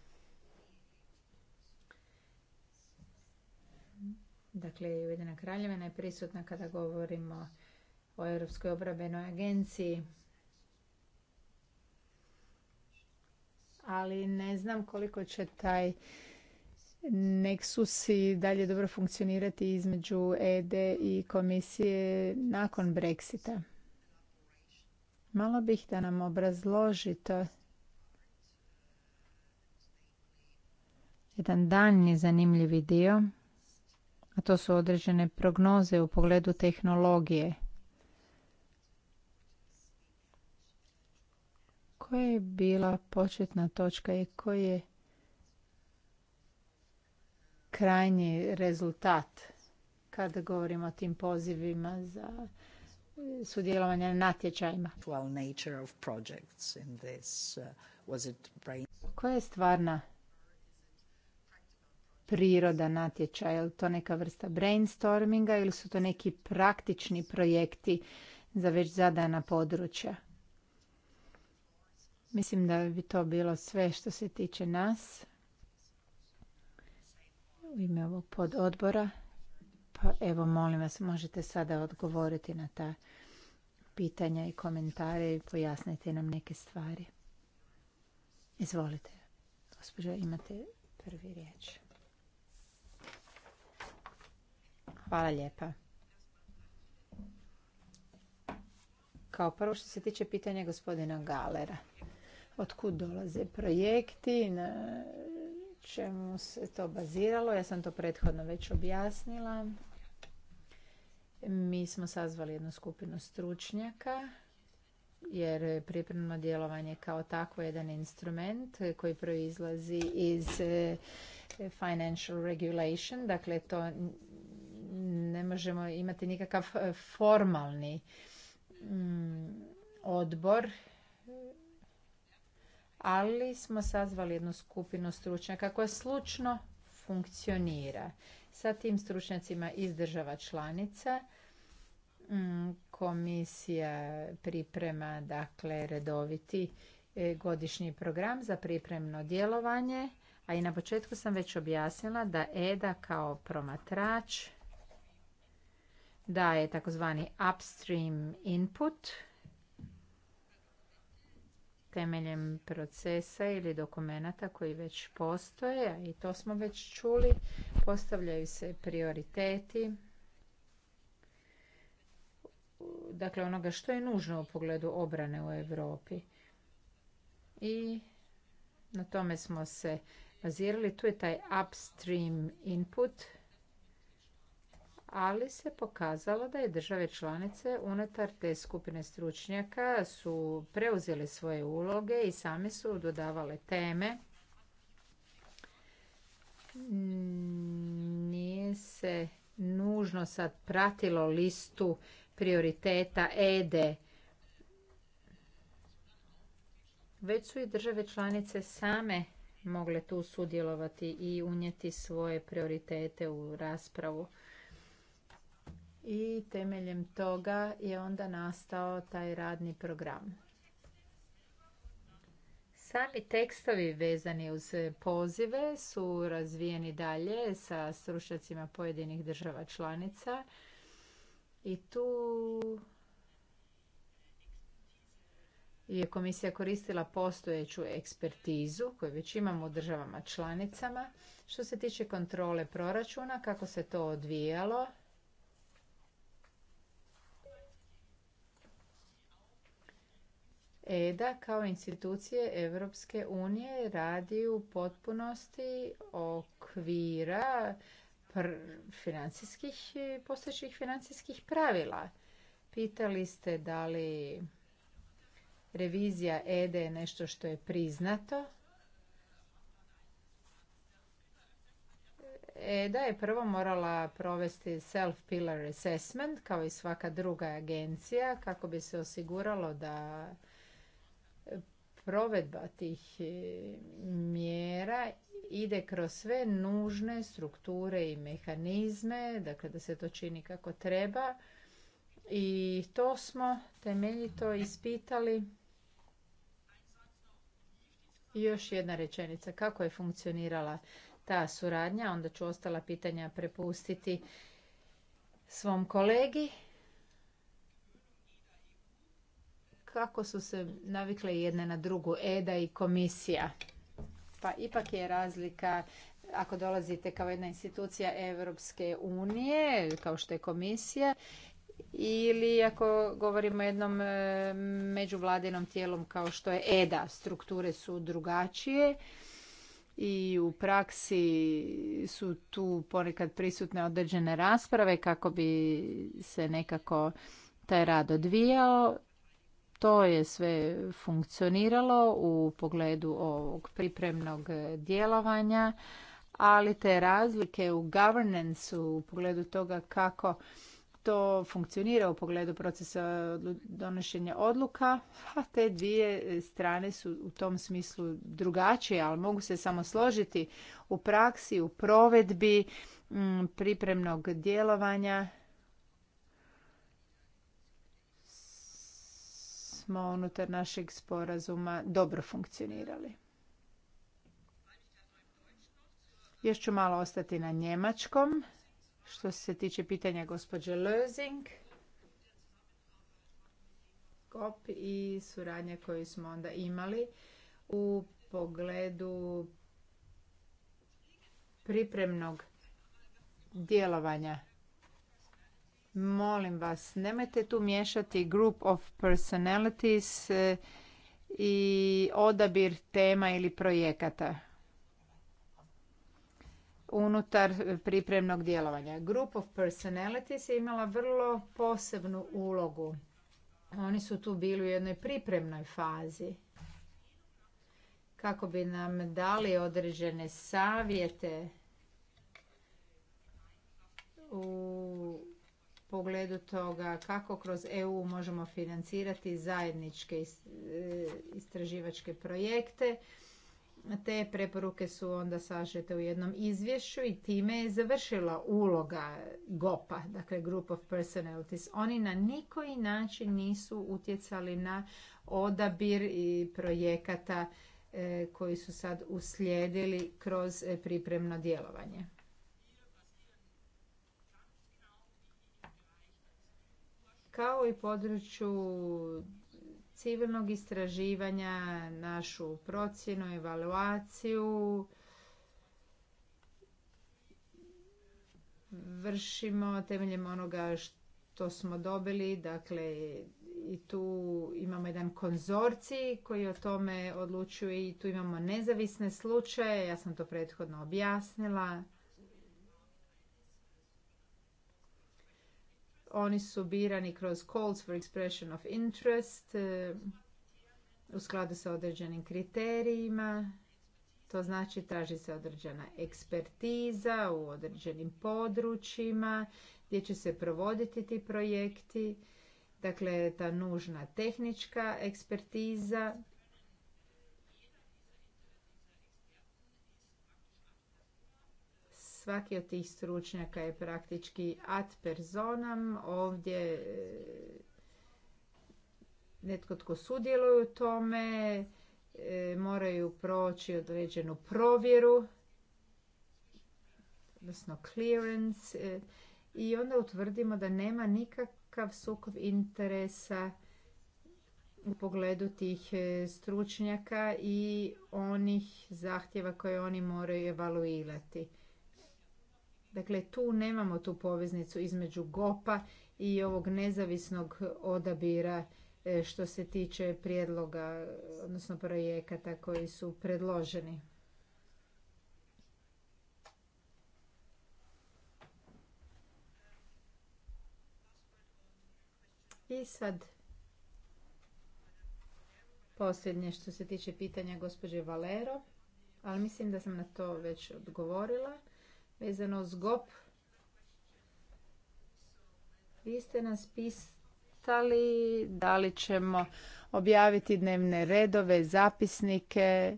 Dakle, Ujedina kraljevina je prisutna kada govorimo o Europskoj obrabenoj agenciji. Ali ne znam koliko će taj Nexus i dalje dobro funkcionirati između ED i komisije nakon Brexita. Malo bih da nam obrazložite jedan daljnji zanimljivi dio, a to su određene prognoze u pogledu tehnologije. Koja je bila početna točka i koji je krajnji rezultat kada govorimo o tim pozivima za sudjelovanje na natječajima? Uh, Koja je stvarna priroda natječaja? Je li to neka vrsta brainstorminga ili su to neki praktični projekti za već zadana područja? Mislim da bi to bilo sve što se tiče nas u ime ovog pododbora. Pa evo, molim vas, možete sada odgovoriti na ta pitanja i komentare i pojasniti nam neke stvari. Izvolite, gospođo, imate prvi riječ. Hvala lijepa. Kao prvo što se tiče pitanja gospodina Galera. Otkud dolaze projekti, na čemu se to baziralo? Ja sam to prethodno već objasnila. Mi smo sazvali jednu skupinu stručnjaka jer pripremno djelovanje kao takvo je jedan instrument koji proizlazi iz eh, financial regulation, dakle to ne možemo imati nikakav e, formalni mm, odbor ali smo sazvali jednu skupinu stručnjaka koja slučno funkcionira sa tim stručnjacima iz država članica mm, komisija priprema dakle redoviti e, godišnji program za pripremno djelovanje a i na početku sam već objasnila da EDA kao promatrač da je takozvani upstream input temeljem procesa ili dokumenata koji već postoje, a i to smo već čuli, postavljaju se prioriteti dakle onoga što je nužno u pogledu obrane u Europi. I na tome smo se bazirali. Tu je taj upstream input – ali se pokazalo da je države članice unutar te skupine stručnjaka su preuzele svoje uloge i same su dodavale teme. Nije se nužno sad pratilo listu prioriteta EDE, već su i države članice same mogle tu sudjelovati i unijeti svoje prioritete u raspravu i temeljem toga je onda nastao taj radni program. Sami tekstovi vezani uz pozive su razvijeni dalje sa stručnjacima pojedinih država članica i tu je komisija koristila postojeću ekspertizu koju već imamo u državama članicama. Što se tiče kontrole proračuna, kako se to odvijalo, EDA kao institucije Europske unije radi u potpunosti okvira financijskih postojećih financijskih pravila. Pitali ste da li revizija EDA je nešto što je priznato. EDA je prvo morala provesti self-pillar assessment kao i svaka druga agencija kako bi se osiguralo da provedba tih e, mjera ide kroz sve nužne strukture i mehanizme, dakle da se to čini kako treba. I to smo temeljito ispitali. I još jedna rečenica, kako je funkcionirala ta suradnja, onda ću ostala pitanja prepustiti svom kolegi. kako su se navikle jedne na drugu, EDA i komisija. Pa ipak je razlika ako dolazite kao jedna institucija Europske unije, kao što je komisija, ili ako govorimo jednom e, međuvladinom tijelom kao što je EDA, strukture su drugačije i u praksi su tu ponekad prisutne određene rasprave kako bi se nekako taj rad odvijao to je sve funkcioniralo u pogledu ovog pripremnog djelovanja, ali te razlike u governance u pogledu toga kako to funkcionira u pogledu procesa donošenja odluka, a te dvije strane su u tom smislu drugačije, ali mogu se samo složiti u praksi, u provedbi mm, pripremnog djelovanja smo unutar našeg sporazuma dobro funkcionirali. Još ću malo ostati na njemačkom. Što se tiče pitanja gospođe Lözing, KOP i suradnje koju smo onda imali u pogledu pripremnog djelovanja Molim vas, nemojte tu miješati group of personalities eh, i odabir tema ili projekata unutar pripremnog djelovanja. Group of personalities je imala vrlo posebnu ulogu. Oni su tu bili u jednoj pripremnoj fazi kako bi nam dali određene savjete u pogledu toga kako kroz EU možemo financirati zajedničke e, istraživačke projekte. Te preporuke su onda sažete u jednom izvješću i time je završila uloga GOPA, dakle Group of Personalities. Oni na nikoji način nisu utjecali na odabir i projekata e, koji su sad uslijedili kroz e, pripremno djelovanje. kao i području civilnog istraživanja, našu procjenu, evaluaciju. Vršimo temeljem onoga što smo dobili, dakle i tu imamo jedan konzorcij koji o tome odlučuje i tu imamo nezavisne slučaje, ja sam to prethodno objasnila. Oni su birani kroz calls for expression of interest e, u skladu sa određenim kriterijima. To znači traži se određena ekspertiza u određenim područjima gdje će se provoditi ti projekti. Dakle, ta nužna tehnička ekspertiza Svaki od tih stručnjaka je praktički ad personam. Ovdje e, netko tko sudjeluje u tome, e, moraju proći određenu provjeru, odnosno clearance, e, i onda utvrdimo da nema nikakav sukob interesa u pogledu tih stručnjaka i onih zahtjeva koje oni moraju evaluirati. Dakle, tu nemamo tu poveznicu između GOPA i ovog nezavisnog odabira e, što se tiče prijedloga, odnosno projekata koji su predloženi. I sad posljednje što se tiče pitanja gospođe Valero, ali mislim da sam na to već odgovorila vezano s GOP. Vi ste nas pisali da li ćemo objaviti dnevne redove, zapisnike.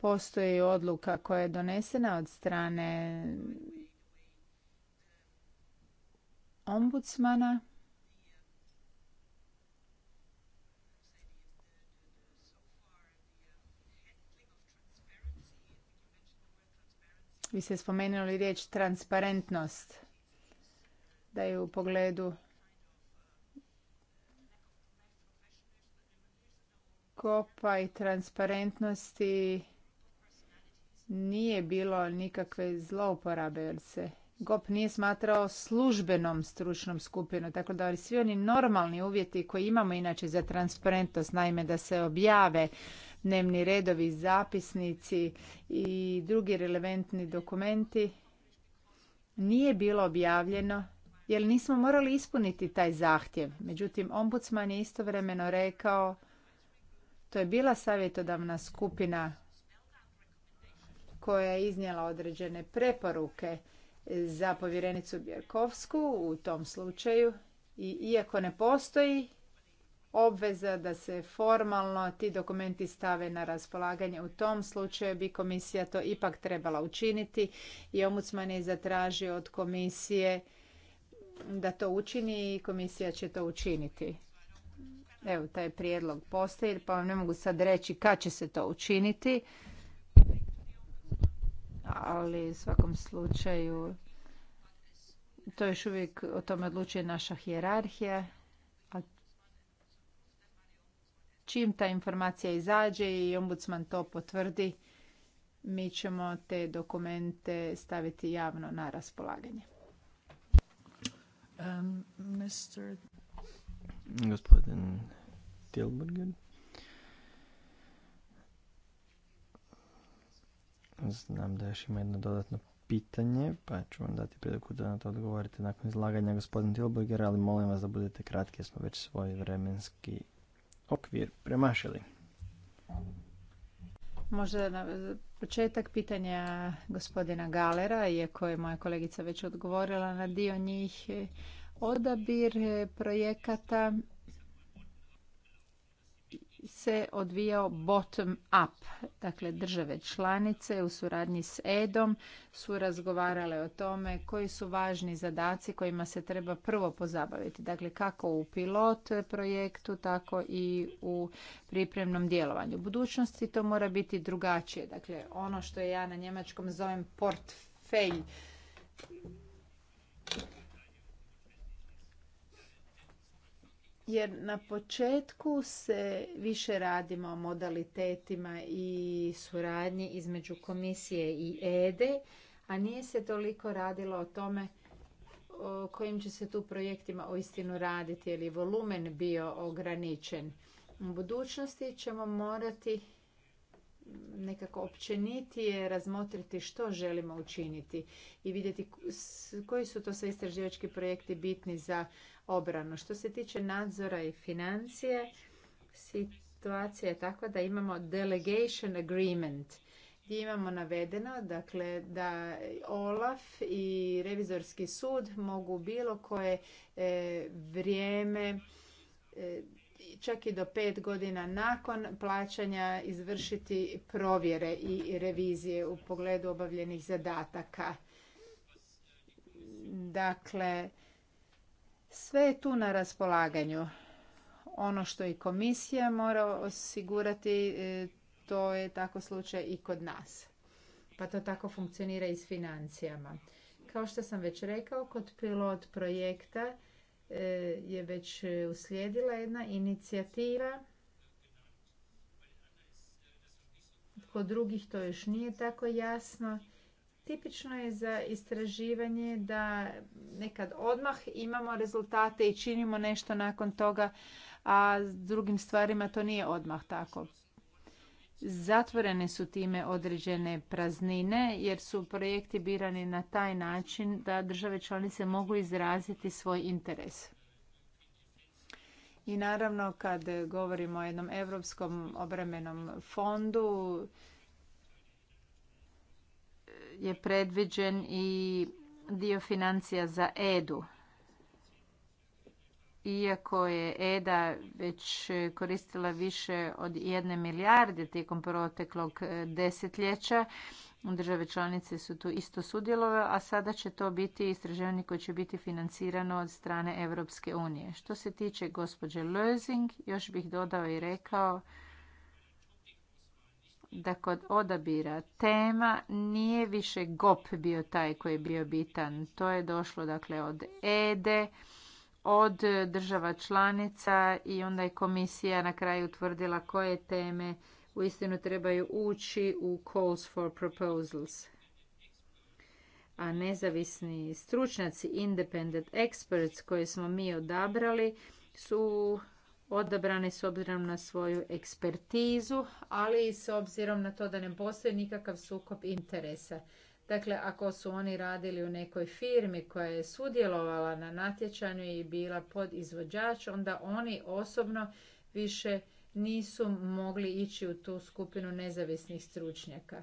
Postoji odluka koja je donesena od strane ombudsmana. vi ste spomenuli riječ transparentnost, da je u pogledu kopa i transparentnosti nije bilo nikakve zlouporabe, jer se GOP nije smatrao službenom stručnom skupinom, tako da svi oni normalni uvjeti koji imamo inače za transparentnost, naime da se objave dnevni redovi, zapisnici i drugi relevantni dokumenti nije bilo objavljeno jer nismo morali ispuniti taj zahtjev. Međutim, ombudsman je istovremeno rekao to je bila savjetodavna skupina koja je iznijela određene preporuke za povjerenicu Bjerkovsku u tom slučaju i iako ne postoji obveza da se formalno ti dokumenti stave na raspolaganje. U tom slučaju bi komisija to ipak trebala učiniti i ombudsman je zatražio od komisije da to učini i komisija će to učiniti. Evo, taj prijedlog postoji, pa vam ne mogu sad reći kad će se to učiniti. Ali u svakom slučaju to još uvijek o tome odlučuje naša hijerarhija Čim ta informacija izađe i ombudsman to potvrdi, mi ćemo te dokumente staviti javno na raspolaganje. Um, Gospodin Tilburger. Znam da još ima jedno dodatno pitanje, pa ću vam dati priliku da na to odgovorite nakon izlaganja gospodin Tilburger, ali molim vas da budete kratki jer smo već svoj vremenski okvir premašili. Možda na početak pitanja gospodina Galera, iako je moja kolegica već odgovorila na dio njih, odabir projekata se odvijao bottom up. Dakle, države članice u suradnji s EDOM su razgovarale o tome koji su važni zadaci kojima se treba prvo pozabaviti. Dakle, kako u pilot projektu, tako i u pripremnom djelovanju. U budućnosti to mora biti drugačije. Dakle, ono što ja na njemačkom zovem portfelj jer na početku se više radimo o modalitetima i suradnji između komisije i EDE, e, a nije se toliko radilo o tome o kojim će se tu projektima uistinu raditi, ili je volumen bio ograničen. U budućnosti ćemo morati nekako općenitije razmotriti što želimo učiniti i vidjeti koji su to sve istraživački projekti bitni za obranu. Što se tiče nadzora i financije, situacija je takva da imamo delegation agreement gdje imamo navedeno dakle, da OLAF i revizorski sud mogu bilo koje e, vrijeme e, čak i do pet godina nakon plaćanja izvršiti provjere i revizije u pogledu obavljenih zadataka. Dakle, sve je tu na raspolaganju. Ono što i komisija mora osigurati, e, to je tako slučaj i kod nas. Pa to tako funkcionira i s financijama. Kao što sam već rekao, kod pilot projekta e, je već uslijedila jedna inicijativa. Kod drugih to još nije tako jasno tipično je za istraživanje da nekad odmah imamo rezultate i činimo nešto nakon toga, a s drugim stvarima to nije odmah tako. Zatvorene su time određene praznine jer su projekti birani na taj način da države članice mogu izraziti svoj interes. I naravno kad govorimo o jednom europskom obremenom fondu, je predviđen i dio financija za EDU. Iako je EDA već koristila više od jedne milijarde tijekom proteklog e, desetljeća, države članice su tu isto sudjelovale, a sada će to biti istraživanje koje će biti financirano od strane Europske unije. Što se tiče gospođe Lozing, još bih dodao i rekao da kod odabira tema nije više GOP bio taj koji je bio bitan. To je došlo dakle od EDE, od država članica i onda je komisija na kraju utvrdila koje teme uistinu trebaju ući u calls for proposals. A nezavisni stručnjaci, independent experts koje smo mi odabrali, su odabrane s obzirom na svoju ekspertizu, ali i s obzirom na to da ne postoji nikakav sukob interesa. Dakle, ako su oni radili u nekoj firmi koja je sudjelovala na natječanju i bila pod izvođač, onda oni osobno više nisu mogli ići u tu skupinu nezavisnih stručnjaka.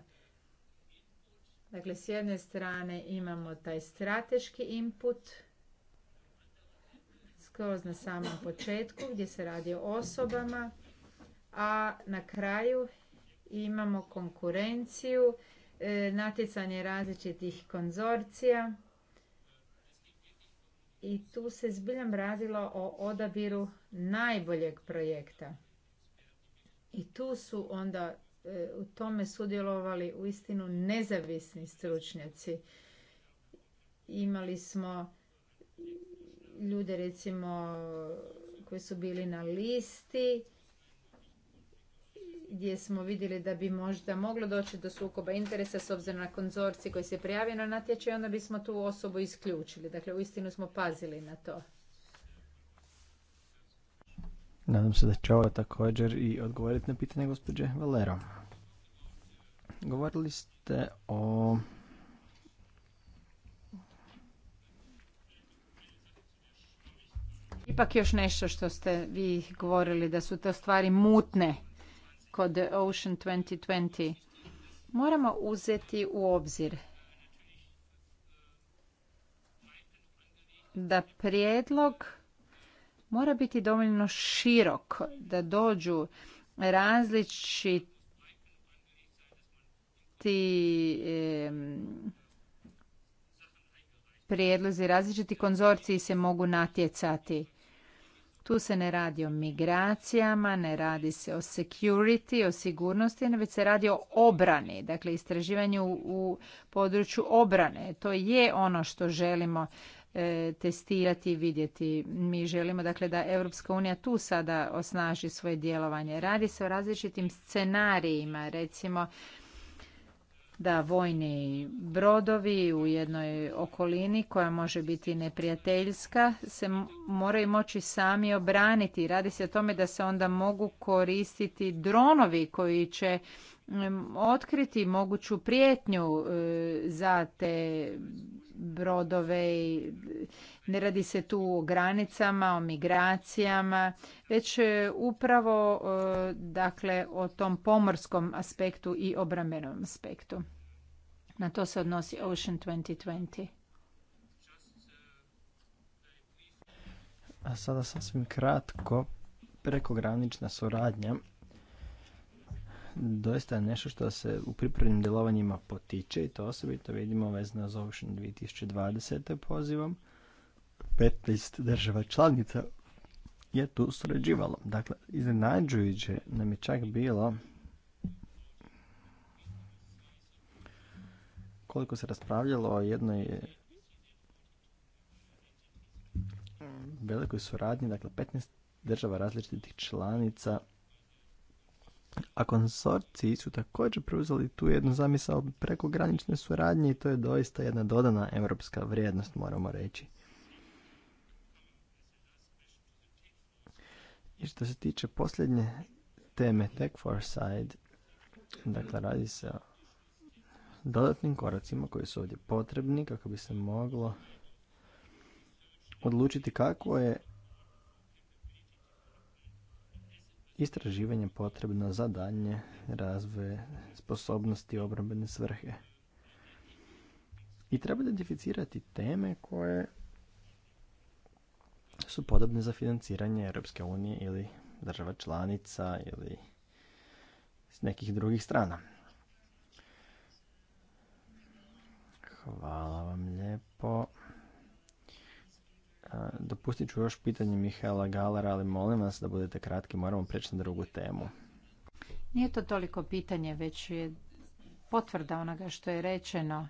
Dakle, s jedne strane imamo taj strateški input, na samom početku gdje se radi o osobama, a na kraju imamo konkurenciju, e, natjecanje različitih konzorcija i tu se zbiljam radilo o odabiru najboljeg projekta. I tu su onda e, u tome sudjelovali uistinu nezavisni stručnjaci. Imali smo ljude recimo koji su bili na listi gdje smo vidjeli da bi možda moglo doći do sukoba interesa s obzirom na konzorci koji se prijavio na natječaj, onda bismo tu osobu isključili. Dakle, u istinu smo pazili na to. Nadam se da će ovo također i odgovoriti na pitanje gospođe Valero. Govorili ste o Ipak još nešto što ste vi govorili, da su to stvari mutne kod Ocean 2020. Moramo uzeti u obzir da prijedlog mora biti dovoljno širok, da dođu različiti prijedlozi, različiti konzorciji se mogu natjecati. Tu se ne radi o migracijama, ne radi se o security, o sigurnosti, već se radi o obrani, dakle istraživanju u području obrane. To je ono što želimo e, testirati i vidjeti. Mi želimo dakle da Europska unija tu sada osnaži svoje djelovanje. Radi se o različitim scenarijima, recimo da vojni brodovi u jednoj okolini koja može biti neprijateljska se moraju moći sami obraniti. Radi se o tome da se onda mogu koristiti dronovi koji će otkriti moguću prijetnju e, za te brodove ne radi se tu o granicama, o migracijama, već e, upravo e, dakle o tom pomorskom aspektu i obrambenom aspektu. Na to se odnosi Ocean 2020. A sada sasvim kratko, prekogranična suradnja doista je nešto što se u pripremnim djelovanjima potiče i to osobito vidimo vezano za Ocean 2020. pozivom. 15 država članica je tu surađivalo. Dakle, iznenađujuće nam je čak bilo koliko se raspravljalo o jednoj e, velikoj suradnji, dakle 15 država različitih članica a konsorciji su također preuzeli tu jednu zamisao preko granične suradnje i to je doista jedna dodana europska vrijednost, moramo reći. I što se tiče posljednje teme Tech for Side, dakle radi se o dodatnim koracima koji su ovdje potrebni kako bi se moglo odlučiti kako je istraživanje potrebno za daljnje razvoje sposobnosti obrambene svrhe. I treba identificirati teme koje su podobne za financiranje Europske unije ili država članica ili s nekih drugih strana. Hvala vam lijepo. Dopustit ću još pitanje Mihaela Galera, ali molim vas da budete kratki, moramo preći na drugu temu. Nije to toliko pitanje, već je potvrda onoga što je rečeno.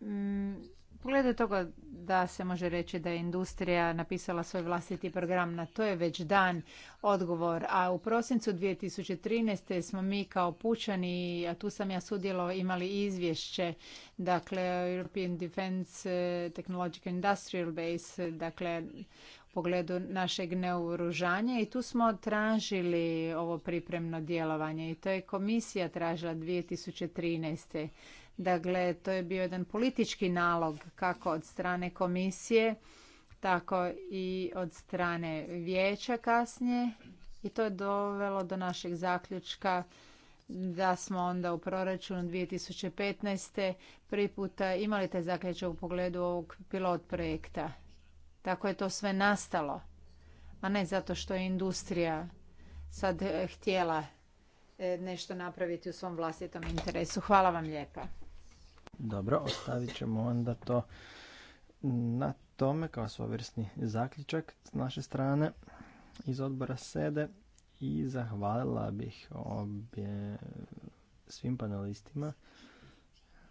Mm, pogledu toga da se može reći da je industrija napisala svoj vlastiti program, na to je već dan odgovor. A u prosincu 2013. smo mi kao pučani, a tu sam ja sudjelo, imali izvješće, dakle European Defense eh, Technological Industrial Base, dakle u pogledu našeg neoružanja i tu smo tražili ovo pripremno djelovanje i to je komisija tražila 2013. Dakle, to je bio jedan politički nalog kako od strane komisije, tako i od strane vijeća kasnije i to je dovelo do našeg zaključka da smo onda u proračunu 2015. prvi puta imali taj zaključak u pogledu ovog pilot projekta. Tako je to sve nastalo, a ne zato što je industrija sad eh, htjela eh, nešto napraviti u svom vlastitom interesu. Hvala vam lijepa. Dobro, ostavit ćemo onda to na tome kao svovrsni zaključak s naše strane iz odbora sede i zahvalila bih obje svim panelistima.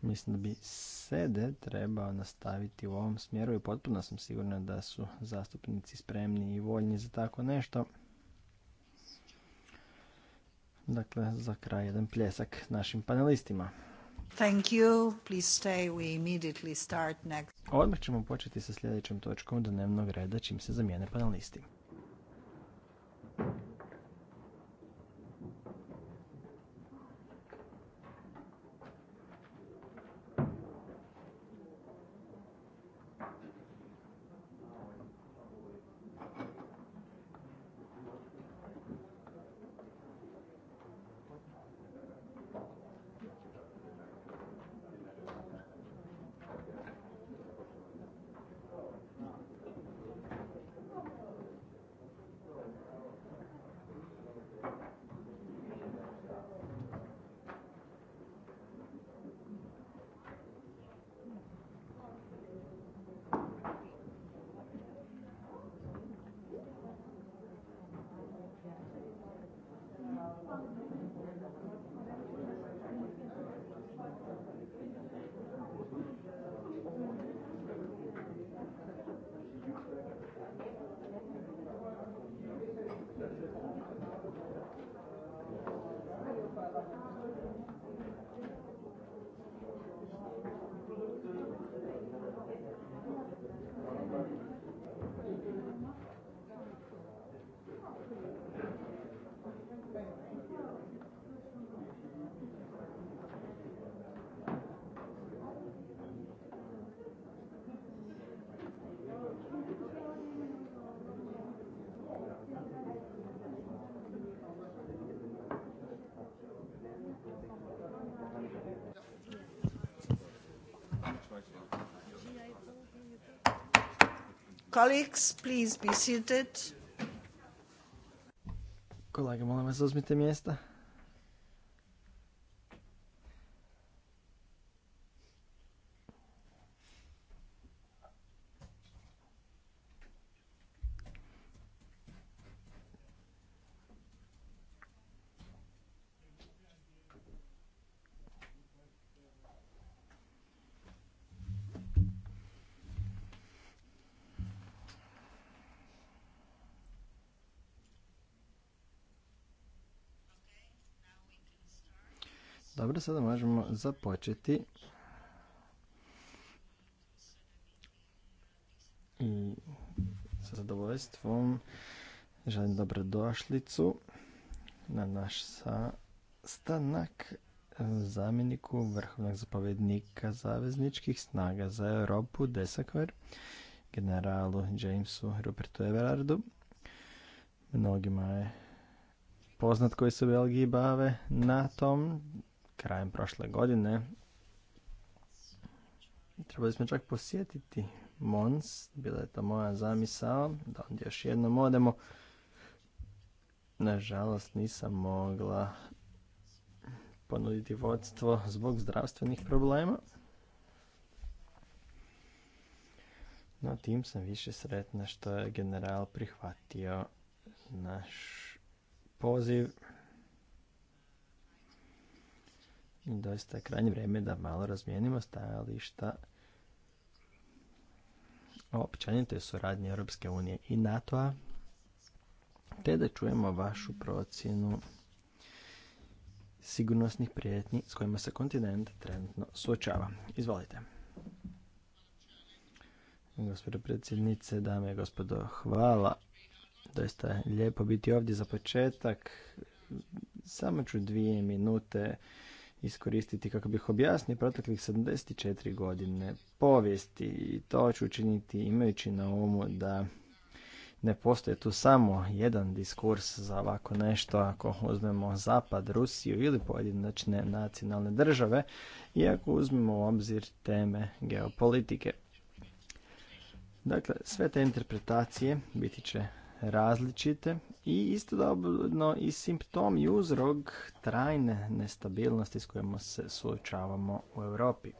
Mislim da bi sede trebao nastaviti u ovom smjeru i potpuno sam sigurna da su zastupnici spremni i voljni za tako nešto. Dakle, za kraj jedan pljesak našim panelistima. Thank you. Please stay. We immediately start next. Odmah ćemo početi sa sljedećom točkom dnevnog reda čim se zamijene panelisti. Colleagues, please be seated. Kolege, molim vas, uzmite mjesta. Dobro, sada možemo započeti. I sa zadovoljstvom želim dobrodošlicu na naš sastanak zamjeniku vrhovnog zapovjednika zavezničkih snaga za Europu Desakver, generalu Jamesu Rupertu Everardu. Mnogima je poznat koji se u Belgiji bave na tom, krajem prošle godine. Trebali smo čak posjetiti Mons, bila je to moja zamisao, da onda još jednom odemo. Nažalost nisam mogla ponuditi vodstvo zbog zdravstvenih problema. No tim sam više sretna što je general prihvatio naš poziv doista je krajnje vrijeme da malo razmijenimo stajališta o općenitoj suradnji Europske unije i NATO-a, te da čujemo vašu procjenu sigurnosnih prijetnji s kojima se kontinent trenutno suočava. Izvolite. Gospodo predsjednice, dame i gospodo, hvala. Doista je lijepo biti ovdje za početak. Samo ću dvije minute iskoristiti kako bih objasnio proteklih 74 godine povijesti i to ću učiniti imajući na umu da ne postoje tu samo jedan diskurs za ovako nešto ako uzmemo Zapad, Rusiju ili pojedinačne nacionalne države i ako uzmemo u obzir teme geopolitike. Dakle, sve te interpretacije biti će različite i istodobno i simptom i uzrok trajne nestabilnosti s kojima se suočavamo u Europi.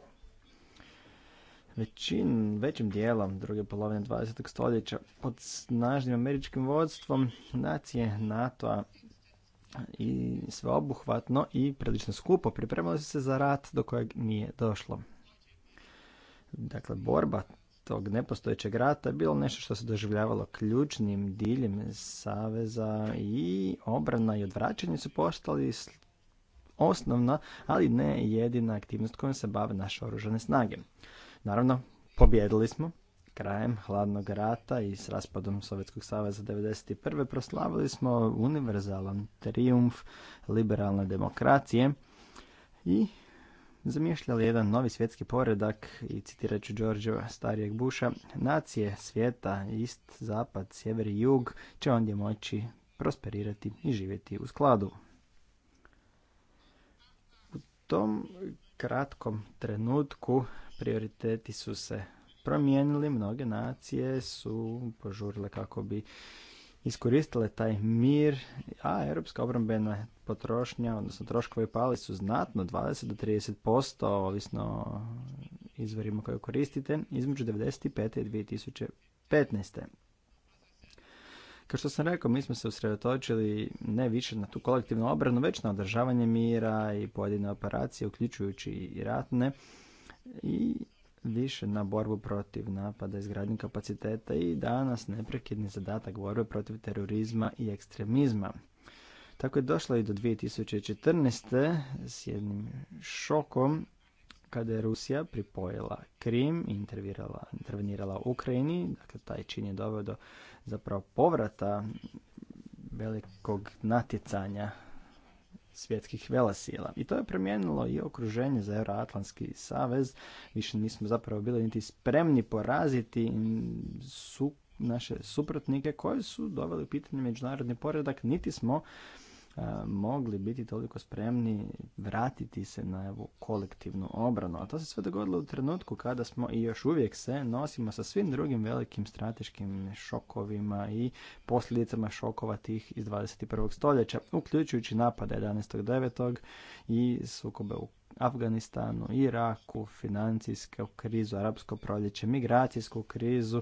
Većin, većim dijelom druge polovine 20. stoljeća pod snažnim američkim vodstvom nacije NATO-a i sveobuhvatno i prilično skupo pripremali se za rat do kojeg nije došlo. Dakle, borba tog nepostojećeg rata bilo nešto što se doživljavalo ključnim diljem saveza i obrana i odvraćanje su postali osnovna, ali ne jedina aktivnost kojom se bave naše oružane snage. Naravno, pobjedili smo krajem hladnog rata i s raspadom Sovjetskog saveza 1991. proslavili smo univerzalan triumf liberalne demokracije i zamišljali jedan novi svjetski poredak i citirat ću Đorđeva starijeg Buša, nacije svijeta, ist, zapad, sjever i jug će ondje moći prosperirati i živjeti u skladu. U tom kratkom trenutku prioriteti su se promijenili, mnoge nacije su požurile kako bi iskoristile taj mir, a europska obrambena potrošnja, odnosno troškovi pali su znatno 20 do 30%, ovisno o izvorima koje koristite, između 1995. i 2015. Kao što sam rekao, mi smo se usredotočili ne više na tu kolektivnu obranu, već na održavanje mira i pojedine operacije, uključujući i ratne. I više na borbu protiv napada izgradnje kapaciteta i danas neprekidni zadatak borbe protiv terorizma i ekstremizma. Tako je došlo i do 2014. s jednim šokom kada je Rusija pripojila Krim i intervenirala u Ukrajini. Dakle, taj čin je doveo do zapravo povrata velikog natjecanja svjetskih velesila. I to je promijenilo i okruženje za Euroatlantski savez. Više nismo zapravo bili niti spremni poraziti su naše suprotnike koji su doveli u pitanje međunarodni poredak, niti smo E, mogli biti toliko spremni vratiti se na ovu kolektivnu obranu. A to se sve dogodilo u trenutku kada smo i još uvijek se nosimo sa svim drugim velikim strateškim šokovima i posljedicama šokova tih iz 21. stoljeća, uključujući napade 11.9. i sukobe u Afganistanu, Iraku, financijsku krizu, arapsko proljeće, migracijsku krizu,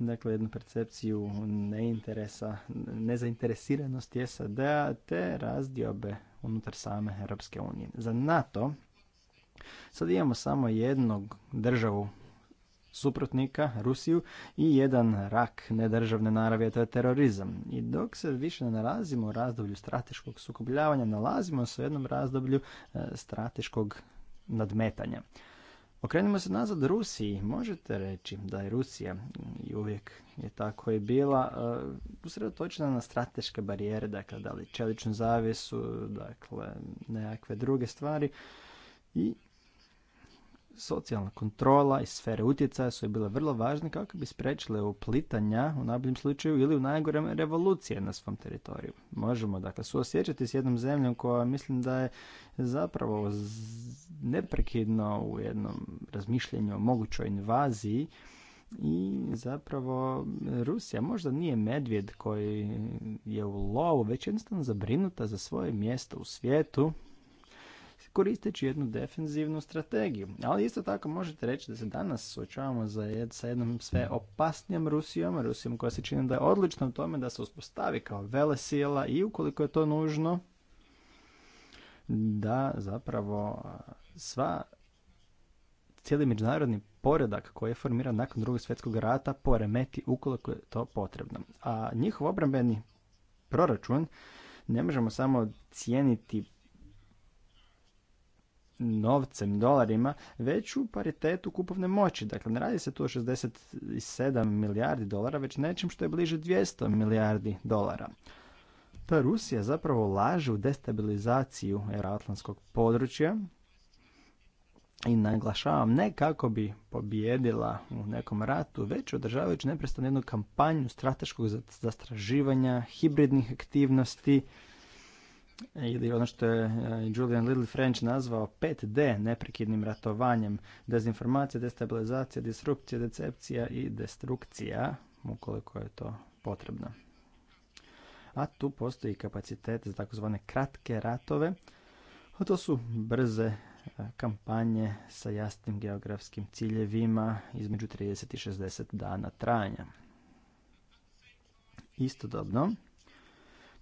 dakle jednu percepciju neinteresa, nezainteresiranosti SAD-a te razdiobe unutar same Europske unije. Za NATO sad imamo samo jednog državu suprotnika, Rusiju, i jedan rak nedržavne naravi, to je terorizam. I dok se više ne nalazimo u razdoblju strateškog sukobljavanja, nalazimo se u jednom razdoblju e, strateškog nadmetanja. Okrenimo se nazad Rusiji. Možete reći da je Rusija, i uvijek je tako je bila, eh, usredotočena na strateške barijere, dakle da li čeličnu zavisu, dakle nekakve druge stvari. I Socijalna kontrola i sfere utjecaja su bile vrlo važne kako bi sprečile uplitanja u najboljem slučaju ili u najgorem revolucije na svom teritoriju. Možemo dakle suosjećati s jednom zemljom koja mislim da je zapravo neprekidno u jednom razmišljenju o mogućoj invaziji i zapravo Rusija možda nije medvjed koji je u lovu, već jednostavno zabrinuta za svoje mjesto u svijetu koristeći jednu defenzivnu strategiju. Ali isto tako možete reći da se danas suočavamo za sa jednom sve opasnijom Rusijom, Rusijom koja se čini da je odlična u tome da se uspostavi kao velesila i ukoliko je to nužno, da zapravo sva cijeli međunarodni poredak koji je formiran nakon drugog svjetskog rata poremeti ukoliko je to potrebno. A njihov obrambeni proračun ne možemo samo cijeniti novcem, dolarima, već u paritetu kupovne moći. Dakle, ne radi se tu o 67 milijardi dolara, već nečem što je bliže 200 milijardi dolara. Ta Rusija zapravo laže u destabilizaciju euroatlantskog područja i naglašavam ne kako bi pobijedila u nekom ratu, već održavajući neprestano jednu kampanju strateškog zastraživanja, hibridnih aktivnosti, ili ono što je e, Julian Little French nazvao 5D neprekidnim ratovanjem, dezinformacija, destabilizacija, disrupcija, decepcija i destrukcija, ukoliko je to potrebno. A tu postoji kapacitet za takozvane kratke ratove, a to su brze e, kampanje sa jasnim geografskim ciljevima između 30 i 60 dana trajanja. Istodobno,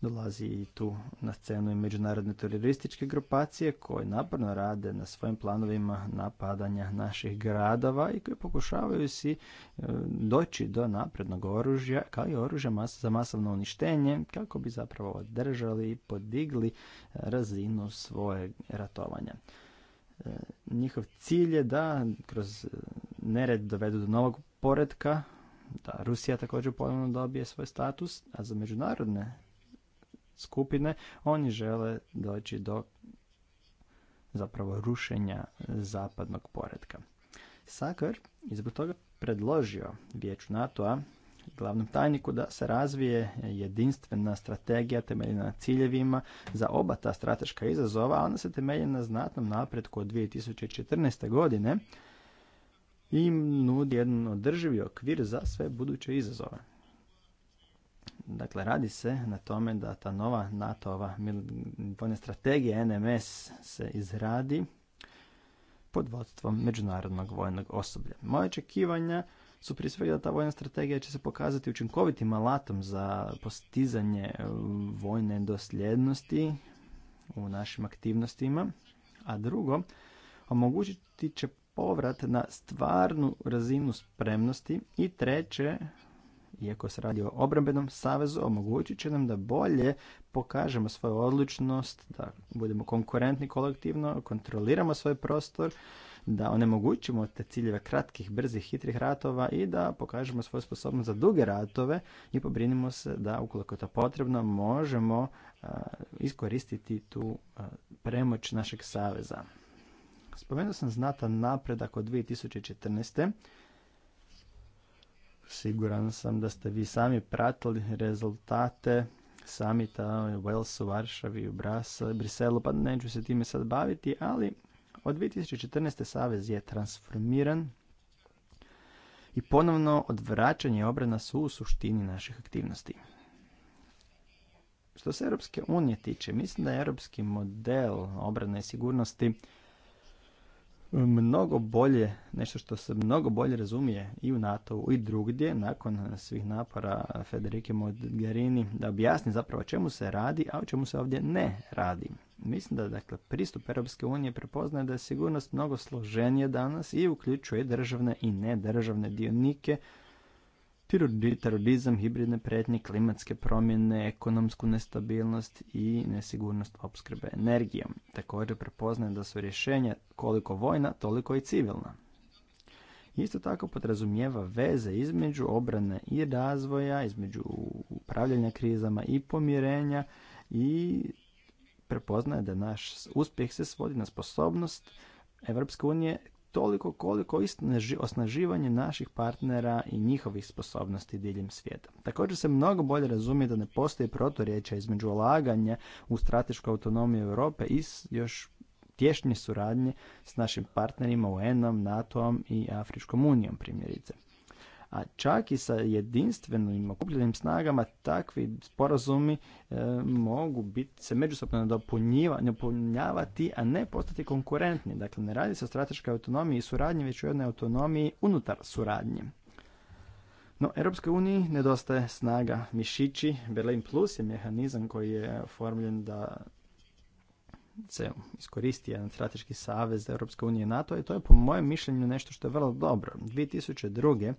Dolazi i tu na scenu i međunarodne terorističke grupacije koje naporno rade na svojim planovima napadanja naših gradova i koje pokušavaju si e, doći do naprednog oružja kao i oružja za masovno uništenje kako bi zapravo održali i podigli razinu svoje ratovanja e, njihov cilj je da kroz e, nered dovedu do novog poredka, da Rusija također ponovno dobije svoj status, a za međunarodne skupine, oni žele doći do zapravo rušenja zapadnog poredka. Sakar je zbog toga predložio vijeću NATO-a glavnom tajniku da se razvije jedinstvena strategija temeljena na ciljevima za oba ta strateška izazova, a ona se temelje na znatnom napretku od 2014. godine i nudi jedan održivi okvir za sve buduće izazove. Dakle, radi se na tome da ta nova NATO-ova vojna strategija NMS se izradi pod vodstvom međunarodnog vojnog osoblja. Moje očekivanja su prije svega da ta vojna strategija će se pokazati učinkovitim alatom za postizanje e, vojne dosljednosti u našim aktivnostima, a drugo, omogućiti će povrat na stvarnu razinu spremnosti i treće, iako se radi o obrambenom savezu, omogućit će nam da bolje pokažemo svoju odlučnost, da budemo konkurentni kolektivno, kontroliramo svoj prostor, da onemogućimo te ciljeve kratkih, brzih, hitrih ratova i da pokažemo svoju sposobnost za duge ratove i pobrinimo se da ukoliko je to potrebno možemo iskoristiti tu premoć našeg saveza. Spomenuo sam znatan napredak od 2014 siguran sam da ste vi sami pratili rezultate samita u Walesu, Varšavi, u Briselu, pa neću se time sad baviti, ali od 2014. Savez je transformiran i ponovno odvraćanje obrana su u suštini naših aktivnosti. Što se Europske unije tiče, mislim da je europski model obrane i sigurnosti mnogo bolje, nešto što se mnogo bolje razumije i u NATO-u i drugdje nakon svih napora Federike Mogherini da objasni zapravo o čemu se radi, a o čemu se ovdje ne radi. Mislim da dakle, pristup Europske unije prepoznaje da je sigurnost mnogo složenije danas i uključuje državne i nedržavne dionike terorizam, hibridne pretnje, klimatske promjene, ekonomsku nestabilnost i nesigurnost opskrbe energijom. Također prepoznaje da su rješenja koliko vojna, toliko i civilna. Isto tako podrazumijeva veze između obrane i razvoja, između upravljanja krizama i pomirenja i prepoznaje da naš uspjeh se svodi na sposobnost Evropske unije toliko koliko osnaživanje naših partnera i njihovih sposobnosti diljem svijeta. Također se mnogo bolje razumije da ne postoji protoreća između ulaganja u stratešku autonomiju Europe i još tješnje suradnje s našim partnerima UN-om, NATO-om i Afričkom unijom primjerice a čak i sa jedinstvenim okupljenim snagama takvi sporazumi e, mogu biti se međusobno nadopunjavati, a ne postati konkurentni. Dakle, ne radi se o strateškoj autonomiji i suradnji, već o jednoj autonomiji unutar suradnje. No, Europskoj uniji nedostaje snaga mišići. Berlin Plus je mehanizam koji je oformljen da se iskoristi jedan strateški savez Europske unije i NATO i to je po mojem mišljenju nešto što je vrlo dobro. 2002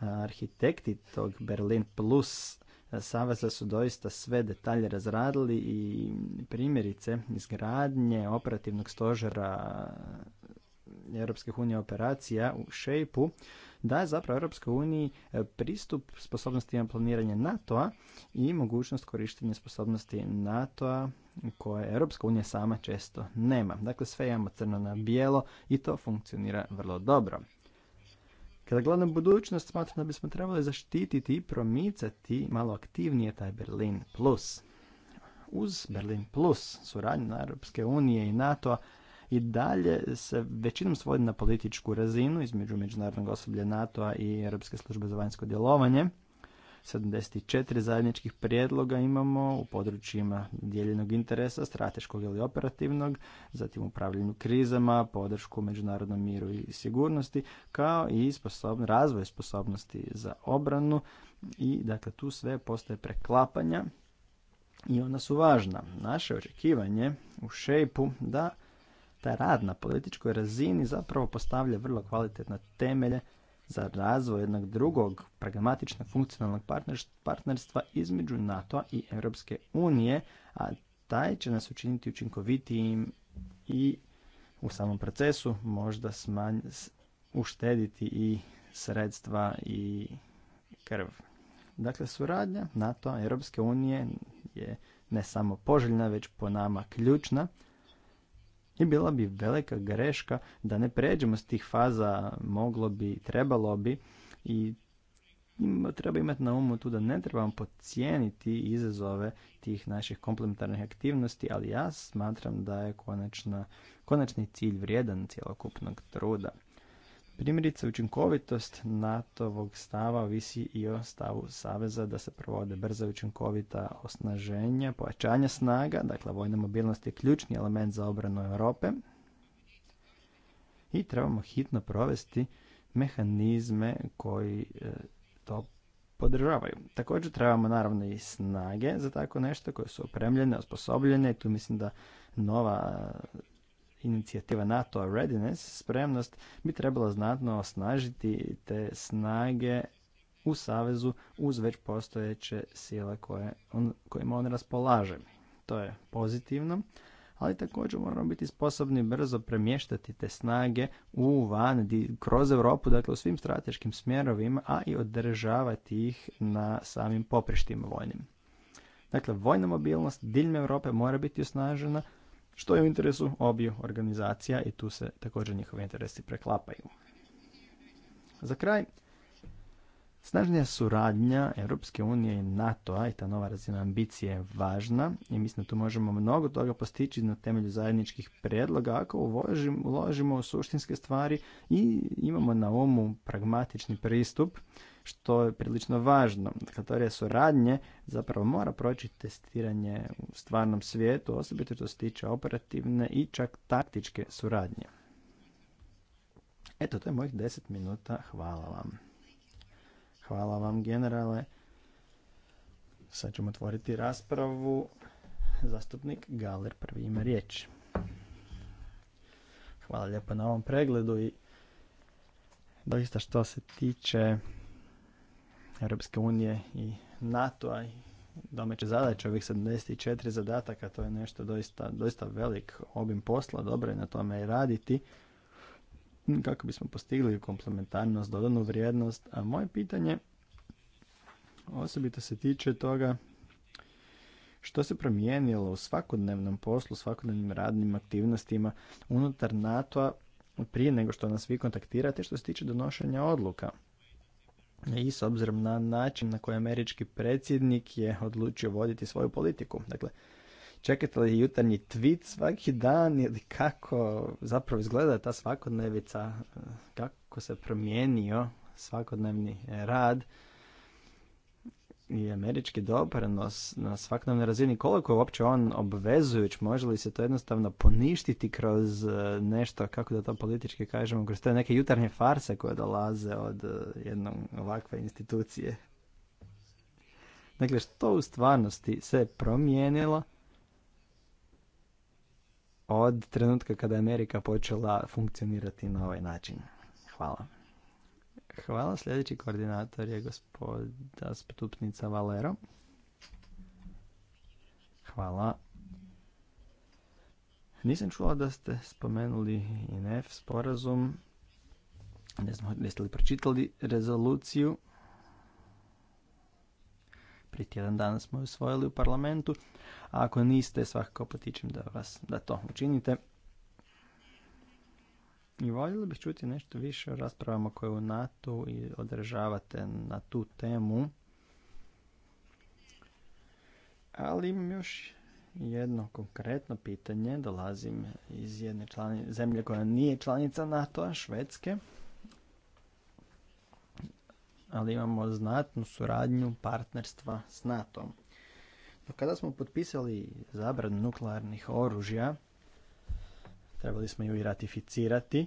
arhitekti tog Berlin Plus Saveza su doista sve detalje razradili i primjerice izgradnje operativnog stožera EU operacija u šejpu je zapravo Europskoj uniji e, pristup sposobnostima planiranja NATO-a i mogućnost korištenja sposobnosti NATO-a koje Europska unija sama često nema. Dakle, sve imamo crno na bijelo i to funkcionira vrlo dobro. Kada gledam budućnost, smatram da bismo trebali zaštititi i promicati malo aktivnije taj Berlin Plus. Uz Berlin Plus, na Europske unije i nato i dalje se većinom svodi na političku razinu između međunarodnog osoblja NATO-a i Europske službe za vanjsko djelovanje. 74 zajedničkih prijedloga imamo u područjima dijeljenog interesa, strateškog ili operativnog, zatim upravljanju krizama, podršku međunarodnom miru i sigurnosti, kao i razvoj sposobnosti za obranu i dakle tu sve postoje preklapanja i ona su važna. Naše očekivanje u šejpu da ta rad na političkoj razini zapravo postavlja vrlo kvalitetne temelje za razvoj jednog drugog pragmatičnog funkcionalnog partnerstva između NATO-a i Europske unije, a taj će nas učiniti učinkovitijim i u samom procesu možda smanj, uštediti i sredstva i krv. Dakle, suradnja NATO-a Europske unije je ne samo poželjna, već po nama ključna i bila bi velika greška da ne pređemo s tih faza, moglo bi, trebalo bi i treba imati na umu tu da ne trebamo podcijeniti izazove tih naših komplementarnih aktivnosti, ali ja smatram da je konačna, konačni cilj vrijedan cjelokupnog truda. Primjerice, učinkovitost NATO-vog stava ovisi i o stavu Saveza da se provode brza učinkovita osnaženja, pojačanja snaga, dakle vojna mobilnost je ključni element za obranu Europe i trebamo hitno provesti mehanizme koji e, to podržavaju. Također trebamo naravno i snage za tako nešto koje su opremljene, osposobljene i tu mislim da nova inicijativa NATO Readiness, spremnost, bi trebala znatno osnažiti te snage u savezu uz već postojeće sile koje on, kojima on raspolaže. To je pozitivno, ali također moramo biti sposobni brzo premještati te snage u van, kroz Europu, dakle u svim strateškim smjerovima, a i održavati ih na samim poprištima vojnim. Dakle, vojna mobilnost diljem Europe mora biti osnažena, što je u interesu obiju organizacija i tu se također njihovi interesi preklapaju. Za kraj, snažnija suradnja Europske unije i NATO-a i ta nova razina ambicije je važna i mislim da tu možemo mnogo toga postići na temelju zajedničkih predloga ako uložimo, uložimo u suštinske stvari i imamo na umu pragmatični pristup što je prilično važno. Dakle, suradnje zapravo mora proći testiranje u stvarnom svijetu, osobito što se tiče operativne i čak taktičke suradnje. Eto, to je mojih 10 minuta. Hvala vam. Hvala vam, generale. Sad ćemo otvoriti raspravu. Zastupnik Galer prvi ima riječ. Hvala lijepo na ovom pregledu i doista što se tiče Europske unije i NATO-a i domeće zadaće ovih 74 zadataka, to je nešto doista, doista velik obim posla, dobro je na tome i raditi kako bismo postigli komplementarnost, dodanu vrijednost, a moje pitanje osobito se tiče toga što se promijenilo u svakodnevnom poslu, svakodnevnim radnim aktivnostima unutar NATO-a prije nego što nas vi kontaktirate što se tiče donošenja odluka i s obzirom na način na koji američki predsjednik je odlučio voditi svoju politiku. Dakle, čekate li jutarnji tweet svaki dan ili kako zapravo izgleda ta svakodnevica, kako se promijenio svakodnevni rad i američki doprinos na svakodnevnoj razini, koliko je uopće on obvezujuć, može li se to jednostavno poništiti kroz e, nešto, kako da to politički kažemo, kroz te neke jutarnje farse koje dolaze od e, jedne ovakve institucije. Dakle, što u stvarnosti se promijenilo od trenutka kada je Amerika počela funkcionirati na ovaj način? Hvala. Hvala. Sljedeći koordinator je gospoda Stupnica Valero. Hvala. Nisam čula da ste spomenuli INF sporazum. Ne znam, jeste li pročitali rezoluciju? Prije tjedan dana smo ju usvojili u parlamentu. ako niste, svakako potičem da, vas, da to učinite. I voljeli bih čuti nešto više o raspravama koje u NATO i održavate na tu temu. Ali imam još jedno konkretno pitanje. Dolazim iz jedne zemlje koja nije članica NATO-a, Švedske. Ali imamo znatnu suradnju partnerstva s NATO-om. kada smo potpisali zabranu nuklearnih oružja, Trebali smo ju i ratificirati.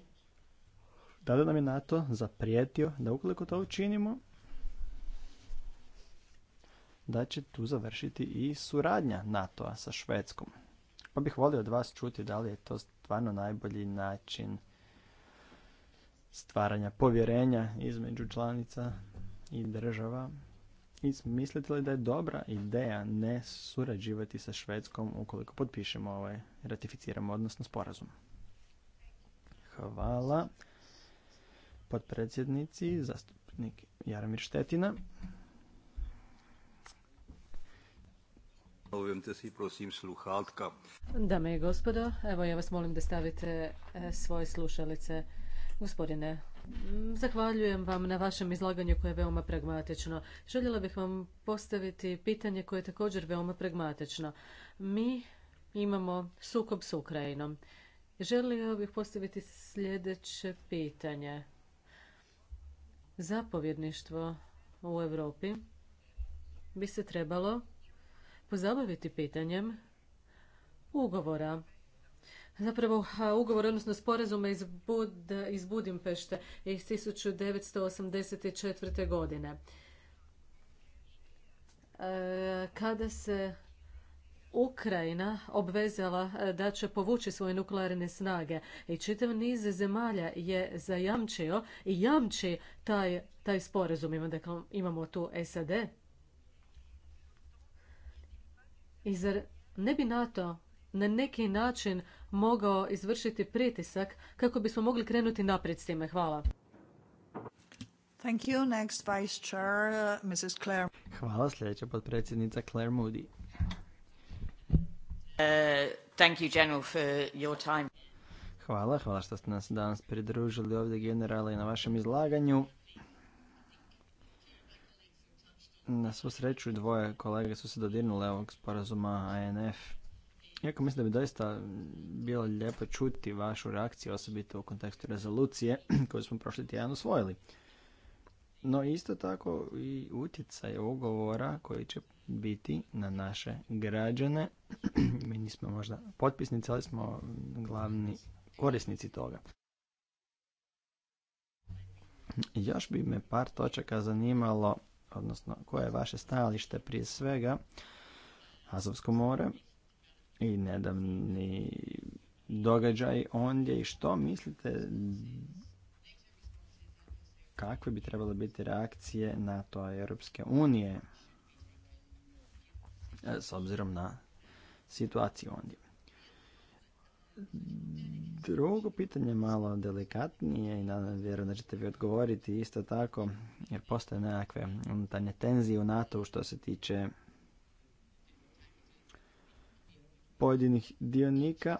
Da li nam je NATO zaprijetio da ukoliko to učinimo, da će tu završiti i suradnja NATO-a sa Švedskom. Pa bih volio od vas čuti da li je to stvarno najbolji način stvaranja povjerenja između članica i država. I mislite li da je dobra ideja ne surađivati sa Švedskom ukoliko potpišemo ovaj, ratificiramo odnosno sporazum? Hvala potpredsjednici, zastupnik Jaromir Štetina. Dame i gospodo, evo ja vas molim da stavite e, svoje slušalice. Gospodine, zahvaljujem vam na vašem izlaganju koje je veoma pragmatično. Željela bih vam postaviti pitanje koje je također veoma pragmatično. Mi imamo sukob s Ukrajinom. Želio bih postaviti sljedeće pitanje. Zapovjedništvo u Europi bi se trebalo pozabaviti pitanjem ugovora. Zapravo ugovor, odnosno sporazuma iz, Bud, iz Budimpešte iz 1984. godine. E, kada se Ukrajina obvezala e, da će povući svoje nuklearne snage i čitav niz zemalja je zajamčio i jamči taj, taj sporazum. Dakle, imamo tu SAD. I zar ne bi NATO na neki način mogao izvršiti pritisak kako bismo mogli krenuti naprijed s time? Hvala. Uh, Hvala, sljedeća Moody. Uh, thank you, General, for your time. Hvala, hvala što ste nas danas pridružili ovdje generale i na vašem izlaganju. Na svu sreću dvoje kolege su se dodirnule ovog sporazuma ANF. Iako mislim da bi doista bilo lijepo čuti vašu reakciju, osobito u kontekstu rezolucije koju smo prošli tjedan usvojili. No isto tako i utjecaj ugovora koji će biti na naše građane. Mi nismo možda potpisnici, ali smo glavni korisnici toga. Još bi me par točaka zanimalo, odnosno koje je vaše stajalište prije svega, Azovsko more i nedavni događaj ondje i što mislite kakve bi trebale biti reakcije NATO i Europske unije E, s obzirom na situaciju ondje. Drugo pitanje malo delikatnije i nadam vjerujem da ćete vi odgovoriti isto tako jer postoje nekakve unutarnje tenzije u NATO što se tiče pojedinih dionika.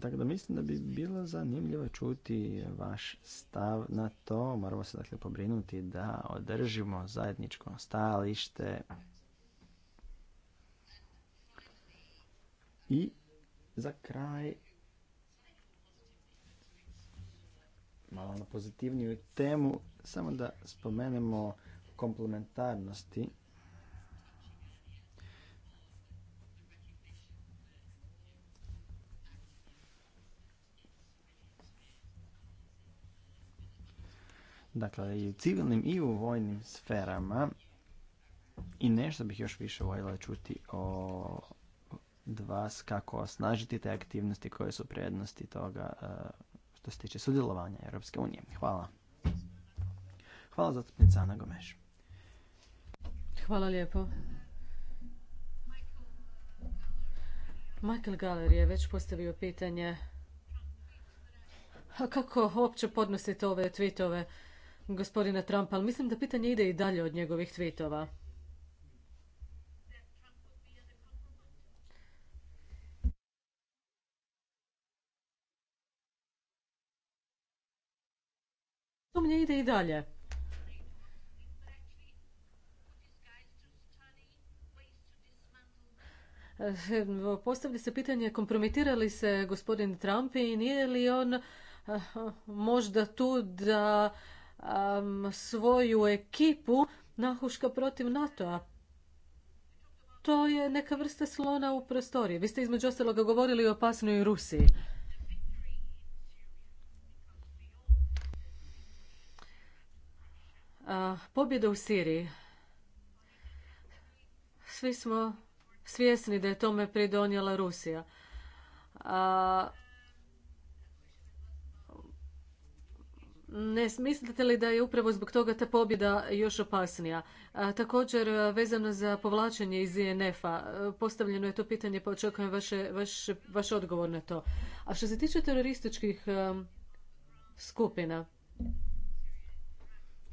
Tako da mislim da bi bilo zanimljivo čuti vaš stav na to. Moramo se dakle pobrinuti da održimo zajedničko stajalište I za kraj malo na pozitivniju temu, samo da spomenemo komplementarnosti dakle i u civilnim i u vojnim sferama i nešto bih još više voljela čuti o vas kako osnažiti te aktivnosti koje su prednosti toga e, što se tiče sudjelovanja Europske unije. Hvala. Hvala zastupnica Ana Gomeš. Hvala lijepo. Michael Galler je već postavio pitanje a kako uopće podnosite ove tweetove gospodina Trumpa, ali mislim da pitanje ide i dalje od njegovih tweetova. sumnje ide i dalje. Eh, postavlja se pitanje kompromitira li se gospodin Trump i nije li on eh, možda tu da svoju ekipu nahuška protiv NATO-a. To je neka vrsta slona u prostoriji. Vi ste između ostaloga govorili o opasnoj Rusiji. Pobjeda u Siriji. Svi smo svjesni da je tome pridonijela Rusija. ne mislite li da je upravo zbog toga ta pobjeda još opasnija? također, vezano za povlačenje iz INF-a, postavljeno je to pitanje pa očekujem vaše, vaš, odgovor na to. A što se tiče terorističkih skupina,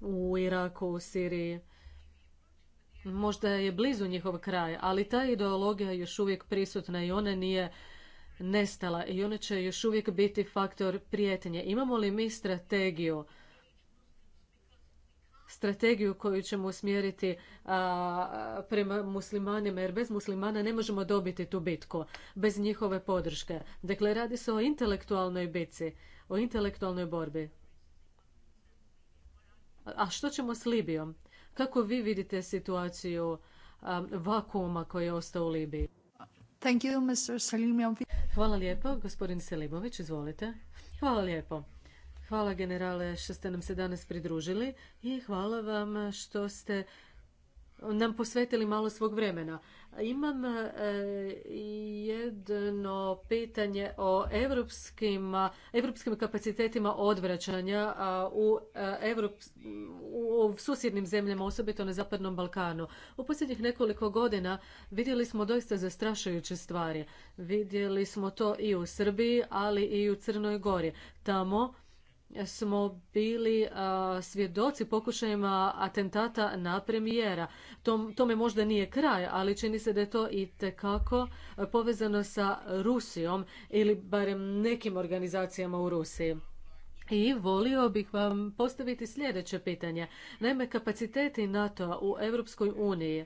u Iraku, u Siriji. Možda je blizu njihov kraj, ali ta ideologija je još uvijek prisutna i ona nije nestala i ona će još uvijek biti faktor prijetnje. Imamo li mi strategiju? strategiju koju ćemo usmjeriti prema muslimanima, jer bez muslimana ne možemo dobiti tu bitku, bez njihove podrške. Dakle, radi se o intelektualnoj bitci, o intelektualnoj borbi. A što ćemo s Libijom? Kako vi vidite situaciju um, vakuuma koji je ostao u Libiji? Thank you, Mr. Hvala lijepo. Gospodin Selimović, izvolite. Hvala lijepo. Hvala generale što ste nam se danas pridružili i hvala vam što ste nam posvetili malo svog vremena. Imam e, jedno pitanje o evropskim, kapacitetima odvraćanja e, u, u susjednim zemljama, osobito na Zapadnom Balkanu. U posljednjih nekoliko godina vidjeli smo doista zastrašujuće stvari. Vidjeli smo to i u Srbiji, ali i u Crnoj Gori. Tamo smo bili svjedoci pokušajima atentata na premijera. tome možda nije kraj, ali čini se da je to i tekako povezano sa Rusijom ili barem nekim organizacijama u Rusiji. I volio bih vam postaviti sljedeće pitanje. Naime, kapaciteti NATO-a u Europskoj uniji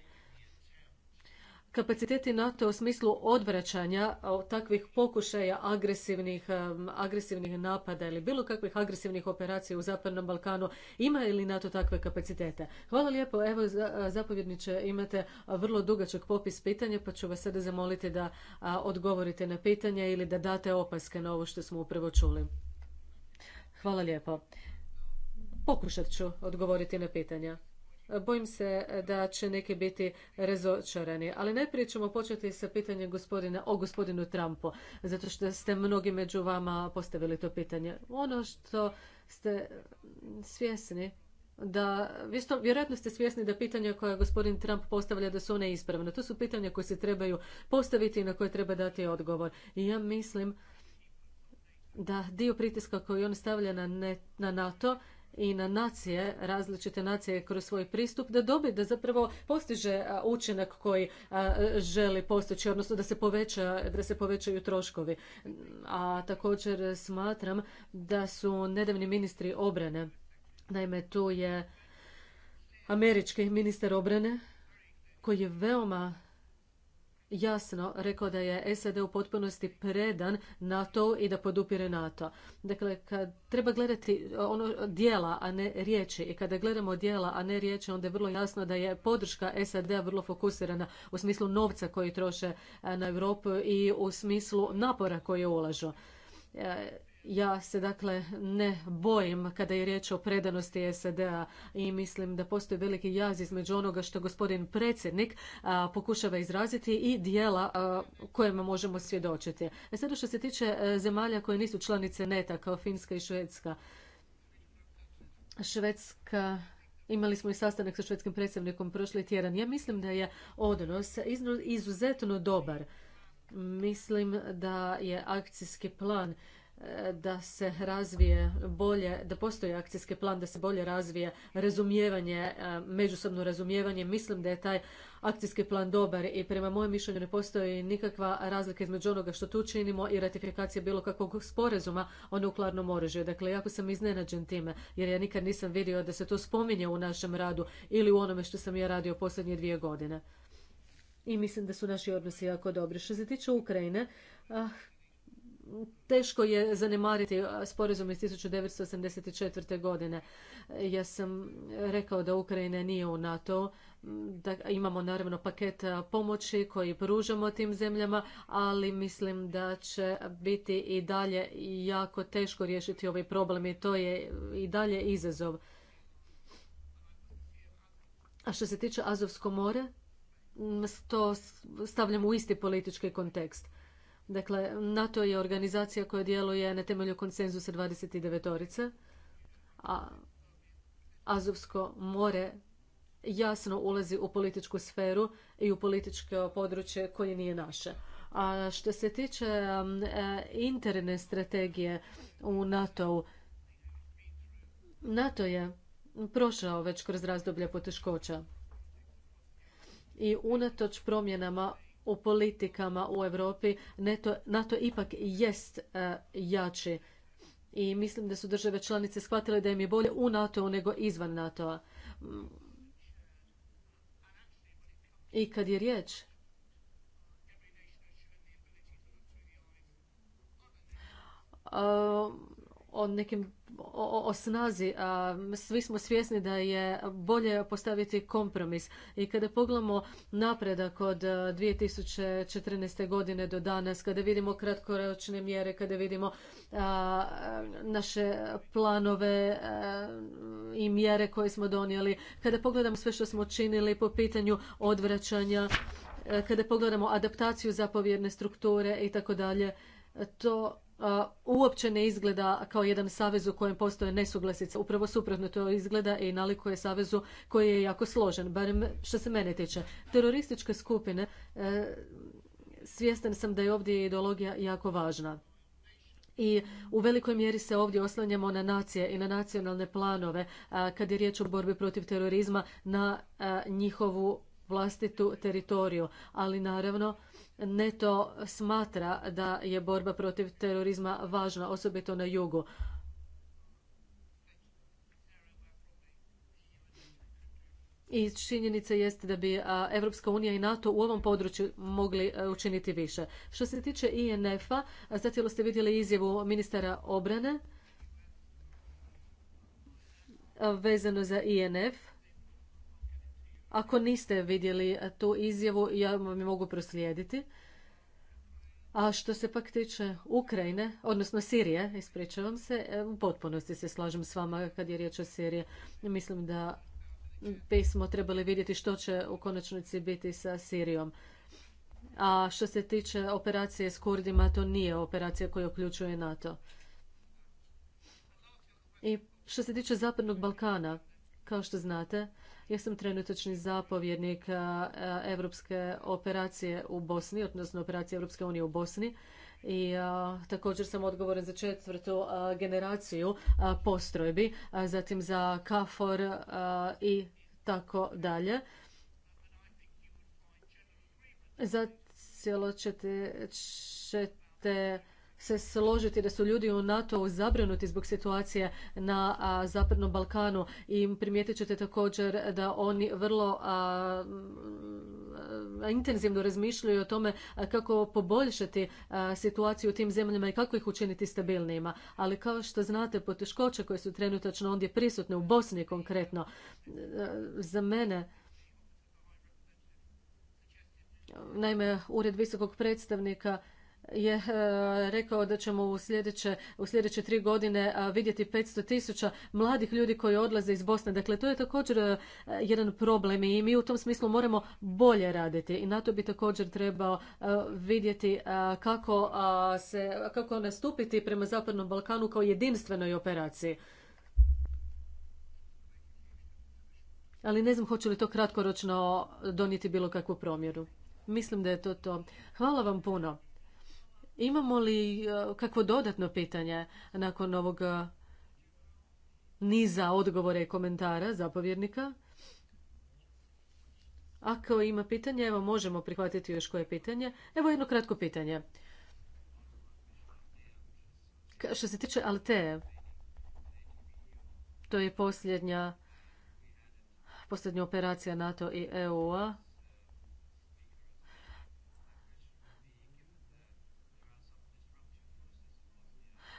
kapaciteti NATO u smislu odvraćanja takvih pokušaja agresivnih, agresivnih napada ili bilo kakvih agresivnih operacija u Zapadnom Balkanu, ima li NATO takve kapacitete? Hvala lijepo, evo zapovjedniče imate vrlo dugačak popis pitanja pa ću vas sada zamoliti da odgovorite na pitanja ili da date opaske na ovo što smo upravo čuli. Hvala lijepo. Pokušat ću odgovoriti na pitanja. Bojim se e, da će neki biti razočarani. Ali najprije ćemo početi sa pitanjem gospodina, o gospodinu Trumpu, zato što ste mnogi među vama postavili to pitanje. Ono što ste e, svjesni da, vi vjerojatno ste svjesni da pitanja koja gospodin Trump postavlja da su one ispravne. To su pitanja koje se trebaju postaviti i na koje treba dati odgovor. I ja mislim da dio pritiska koji on stavlja na NATO i na nacije, različite nacije kroz svoj pristup, da dobi, da zapravo postiže učinak koji želi postići, odnosno da se, da se povećaju troškovi. A također smatram da su nedavni ministri obrane, naime tu je američki ministar obrane koji je veoma jasno rekao da je SAD u potpunosti predan NATO i da podupire NATO. Dakle, kad treba gledati e, ono dijela, a ne riječi i kada gledamo dijela, a ne riječi, onda je vrlo jasno da je podrška sad vrlo fokusirana u smislu novca koji troše e, na Europu i u smislu napora koje ulažu. E, ja se dakle ne bojim kada je riječ o predanosti SAD-a i mislim da postoji veliki jaz između onoga što gospodin predsjednik pokušava izraziti i dijela a, kojima možemo svjedočiti. E sada što se tiče e, zemalja koje nisu članice NETA kao Finska i Švedska. Švedska Imali smo i sastanak sa švedskim predstavnikom prošli tjedan. Ja mislim da je odnos izuzetno dobar. Mislim da je akcijski plan da se razvije bolje, da postoji akcijski plan, da se bolje razvije razumijevanje, e, međusobno razumijevanje. Mislim da je taj akcijski plan dobar i prema mojem mišljenju ne postoji nikakva razlika između onoga što tu činimo i ratifikacije bilo kakvog sporazuma o nuklearnom oružju. Dakle, jako sam iznenađen time jer ja nikad nisam vidio da se to spominje u našem radu ili u onome što sam ja radio posljednje dvije godine. I mislim da su naši odnosi jako dobri. Što se tiče Ukrajine, ah, teško je zanemariti sporazum iz 1984. godine. Ja sam rekao da Ukrajina nije u NATO, da imamo naravno paket pomoći koji pružamo tim zemljama, ali mislim da će biti i dalje jako teško riješiti ovaj problem i to je i dalje izazov. A što se tiče Azovsko more, to stavljam u isti politički kontekst. Dakle, NATO je organizacija koja djeluje na temelju konsenzusa 29 orice, a Azovsko more jasno ulazi u političku sferu i u političko područje koje nije naše. A što se tiče um, e, interne strategije u NATO-u, NATO je prošao već kroz razdoblje poteškoća i unatoč promjenama u politikama u Europi NATO ipak jest e, jači i mislim da su države članice shvatile da im je bolje u NATO-u nego izvan NATO-a. I kad je riječ o nekim o, o snazi. Svi smo svjesni da je bolje postaviti kompromis. I kada pogledamo napredak od 2014. godine do danas, kada vidimo kratkoročne mjere, kada vidimo naše planove i mjere koje smo donijeli, kada pogledamo sve što smo činili po pitanju odvraćanja, kada pogledamo adaptaciju zapovjedne strukture i tako dalje, to uopće ne izgleda kao jedan savez u kojem postoje nesuglasice. Upravo suprotno to izgleda i nalikuje savezu koji je jako složen, barem što se mene tiče. Terorističke skupine, e, svjestan sam da je ovdje ideologija jako važna. I u velikoj mjeri se ovdje oslanjamo na nacije i na nacionalne planove kad je riječ o borbi protiv terorizma, na njihovu vlastitu teritoriju, ali naravno ne to smatra da je borba protiv terorizma važna, osobito na jugu. I činjenica jest da bi Evropska unija i NATO u ovom području mogli učiniti više. Što se tiče INF-a, zacijelo ste vidjeli izjavu ministara obrane vezano za INF. Ako niste vidjeli e, tu izjavu, ja vam je mogu proslijediti. A što se pak tiče Ukrajine, odnosno Sirije, ispričavam se, e, u potpunosti se slažem s vama kad je riječ o Siriji. Mislim da bismo trebali vidjeti što će u konačnici biti sa Sirijom. A što se tiče operacije s Kurdima, to nije operacija koja uključuje NATO. I što se tiče Zapadnog Balkana, kao što znate, ja sam trenutačni zapovjednik Europske operacije u Bosni, odnosno operacije Europske unije u Bosni i također sam odgovoran za četvrtu generaciju postrojbi, zatim za KFOR i tako dalje. Za cijelo ćete, ćete se složiti da su ljudi u NATO-u zabrinuti zbog situacije na Zapadnom Balkanu i primijetit ćete također da oni vrlo intenzivno razmišljaju o tome kako poboljšati situaciju u tim zemljama i kako ih učiniti stabilnijima. Ali kao što znate, poteškoće koje su trenutačno ondje prisutne, u Bosni konkretno, e, za mene Naime, ured visokog predstavnika je e, rekao da ćemo u sljedeće, u sljedeće tri godine vidjeti 500 tisuća mladih ljudi koji odlaze iz Bosne. Dakle, to je također e, jedan problem i mi u tom smislu moramo bolje raditi i na to bi također trebao e, vidjeti kako, kako nastupiti prema Zapadnom Balkanu kao jedinstvenoj operaciji. Ali ne znam hoće li to kratkoročno donijeti bilo kakvu promjeru. Mislim da je to to. Hvala vam puno. Imamo li e, kakvo dodatno pitanje nakon ovog e, niza odgovora i komentara zapovjednika? Ako ima pitanje, evo možemo prihvatiti još koje pitanje. Evo jedno kratko pitanje. Što se tiče alte to je posljednja, posljednja operacija NATO i EU-a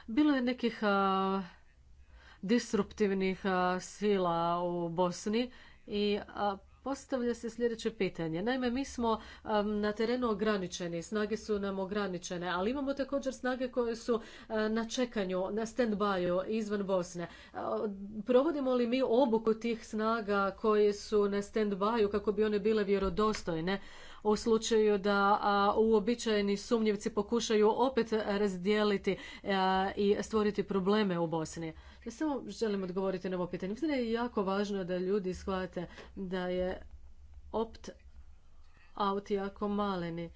Bilo je nekih disruptivnih sila u Bosni i postavlja se sljedeće pitanje. Naime, mi smo na terenu ograničeni, snage su nam ograničene, ali imamo također snage koje su na čekanju, na stand u izvan Bosne. provodimo li mi obuku tih snaga koje su na stand u kako bi one bile vjerodostojne? u slučaju da uobičajeni sumnjivci pokušaju opet razdijeliti i stvoriti probleme u Bosni. Samo želim odgovoriti na ovo pitanje. Mislim da je jako važno da ljudi shvate da je opt out jako maleni.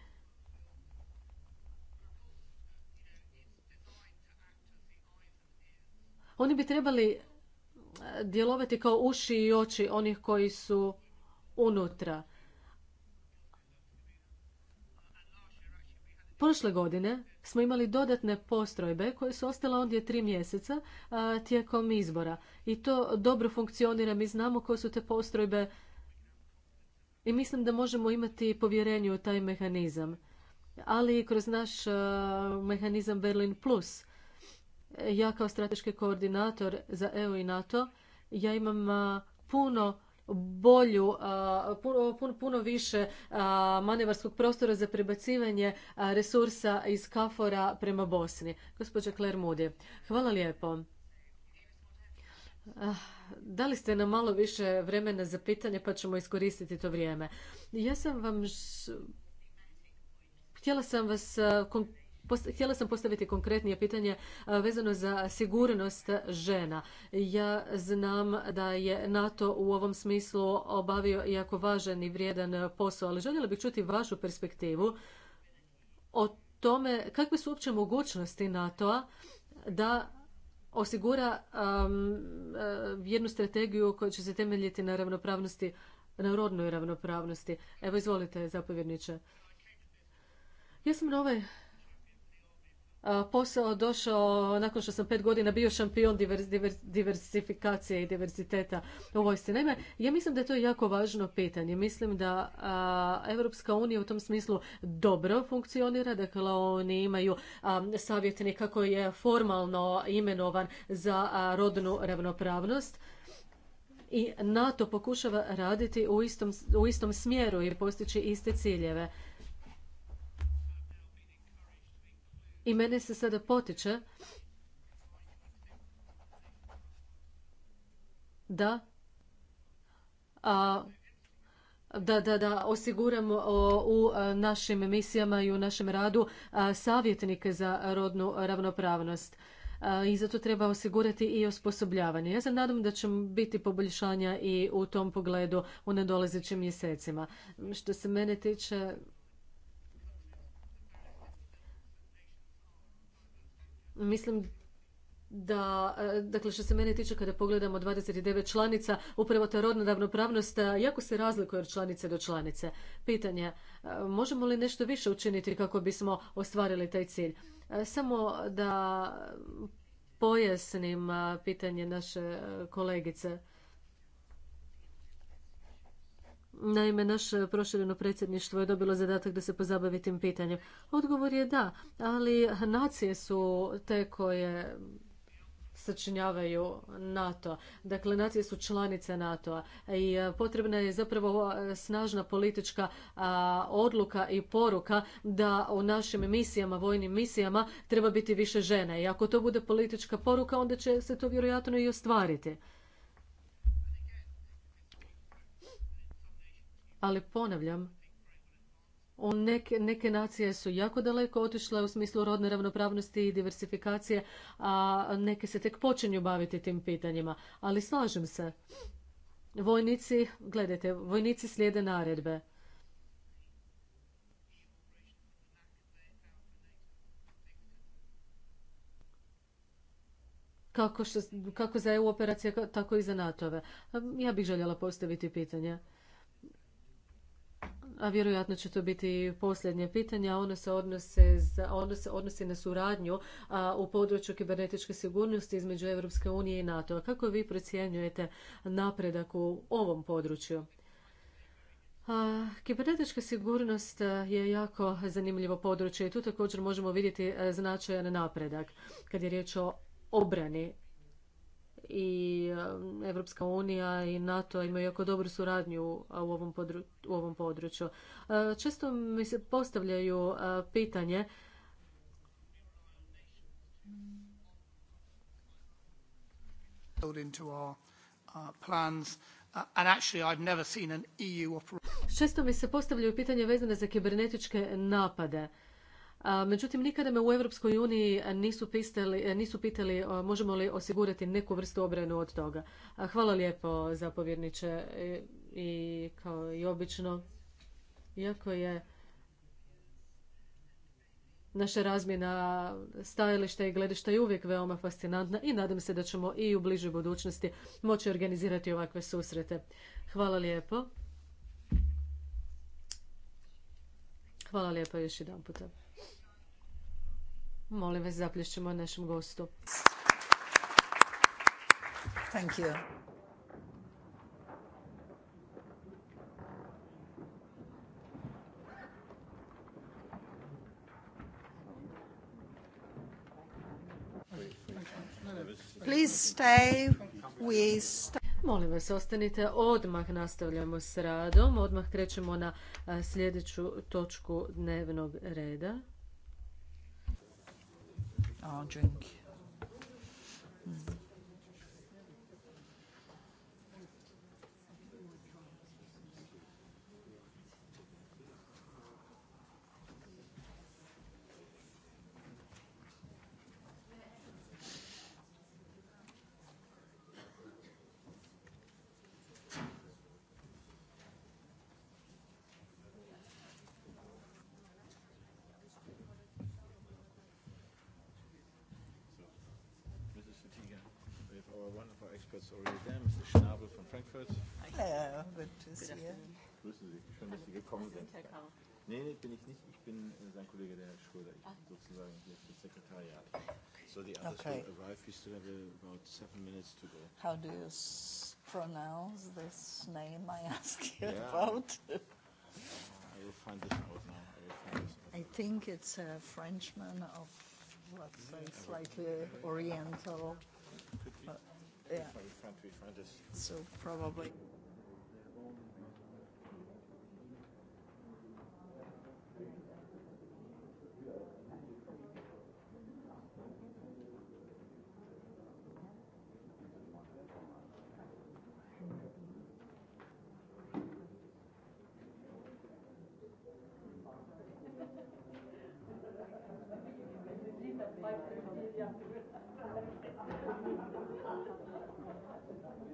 Oni bi trebali djelovati kao uši i oči onih koji su unutra. Prošle godine smo imali dodatne postrojbe koje su ostale ondje tri mjeseca tijekom izbora. I to dobro funkcionira. Mi znamo koje su te postrojbe i mislim da možemo imati povjerenje u taj mehanizam. Ali i kroz naš mehanizam Berlin Plus. Ja kao strateški koordinator za EU i NATO ja imam puno bolju, puno, puno više manevarskog prostora za prebacivanje resursa iz Kafora prema Bosni. Gospođa Claire Mudje, hvala lijepo. Ah, dali ste nam malo više vremena za pitanje pa ćemo iskoristiti to vrijeme. Ja sam vam htjela sam vas Htjela sam postaviti konkretnije pitanje e, vezano za sigurnost žena. Ja znam da je NATO u ovom smislu obavio jako važan i vrijedan posao, ali željela bih čuti vašu perspektivu o tome kakve su uopće mogućnosti NATO-a da osigura e, jednu strategiju koja će se temeljiti na ravnopravnosti, na rodnoj ravnopravnosti. Evo izvolite zapovjedniče. Ja sam na ovaj posao došao nakon što sam pet godina bio šampion diversifikacije i diversiteta u vojsci. Naime, ja mislim da je to jako važno pitanje. Mislim da Evropska unija u tom smislu dobro funkcionira, dakle oni imaju savjetnika koji je formalno imenovan za rodnu ravnopravnost i NATO pokušava raditi u istom, u istom smjeru i postići iste ciljeve. I mene se sada potiče da a, da, da, da osiguramo u našim emisijama i u našem radu savjetnike za rodnu ravnopravnost. I zato treba osigurati i osposobljavanje. Ja se nadam da će biti poboljšanja i u tom pogledu u nedolazećim mjesecima. Što se mene tiče, Mislim da, e, dakle što se mene tiče kada pogledamo 29 članica, upravo ta rodna ravnopravnost e, jako se razlikuje od članice do članice. Pitanje, e, možemo li nešto više učiniti kako bismo ostvarili taj cilj? Samo da pojasnim pitanje naše kolegice. Naime, naše prošireno predsjedništvo je dobilo zadatak da se pozabavi tim pitanjem. Odgovor je da, ali nacije su te koje sačinjavaju NATO. Dakle, nacije su članice NATO-a i e, potrebna je zapravo e, snažna politička odluka i poruka da u našim misijama, vojnim misijama, treba biti više žena. I ako to bude politička poruka, onda će se to vjerojatno i ostvariti. ali ponavljam, Neke, neke nacije su jako daleko otišle u smislu rodne ravnopravnosti i diversifikacije, a neke se tek počinju baviti tim pitanjima. Ali slažem se. Vojnici, gledajte, vojnici slijede naredbe. Kako, kako za EU operacije, tako i za NATO-ve. Ja bih željela postaviti pitanje a vjerojatno će to biti posljednje pitanje, a ono se odnose, ono odnosi na suradnju u području kibernetičke sigurnosti između Europske unije i NATO. A kako vi procjenjujete napredak u ovom području? kibernetička sigurnost je jako zanimljivo područje i tu također možemo vidjeti značajan napredak kad je riječ o obrani i um, Evropska unija i NATO imaju jako dobru suradnju u ovom, području. Uh, često mi se postavljaju uh, pitanje Često mi se postavljaju pitanje vezane za kibernetičke napade. Međutim, nikada me u Europskoj uniji nisu, nisu pitali možemo li osigurati neku vrstu obranu od toga. Hvala lijepo zapovjedniče e, i kao i obično. Iako je naša razmjena stajališta i gledišta je uvijek veoma fascinantna i nadam se da ćemo i u bližoj budućnosti moći organizirati ovakve susrete. Hvala lijepo. Hvala lijepo još jedan puta. Molim vas, zaplješćemo našem gostu. Thank you. Molim vas, ostanite. Odmah nastavljamo s radom. Odmah krećemo na sljedeću točku dnevnog reda. I'll drink. Mm. Griffith. Hallo, gut zu sehen. Grüßen Sie, schön, dass Sie gekommen sind. Nee, nee, bin ich nicht. Ich bin äh, sein Kollege, der Herr Schröder. Ich bin ah. sozusagen hier für das Sekretariat. So the others okay. will arrive. We still have about seven minutes to go. How do you pronounce this name I asked you yeah. about? I will find this out now. I, will find this out. I think it's a Frenchman of, let's say, slightly oriental. Could be. Uh, so probably Hvala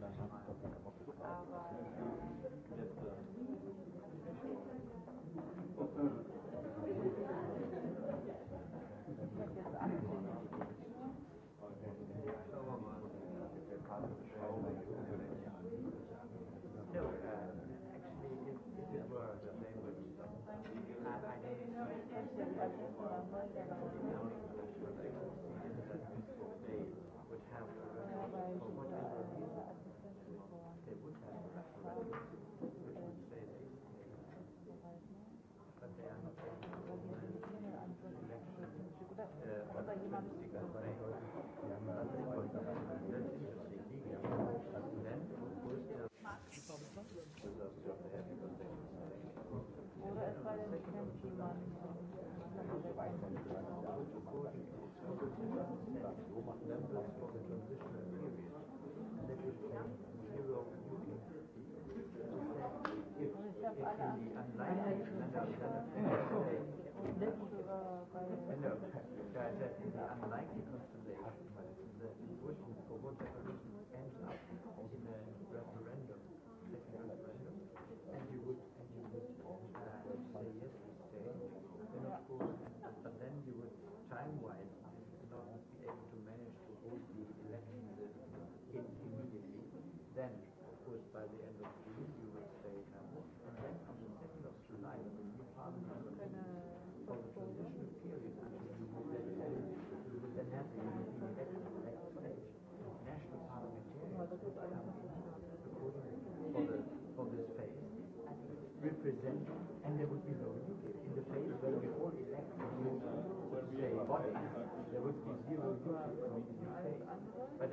da But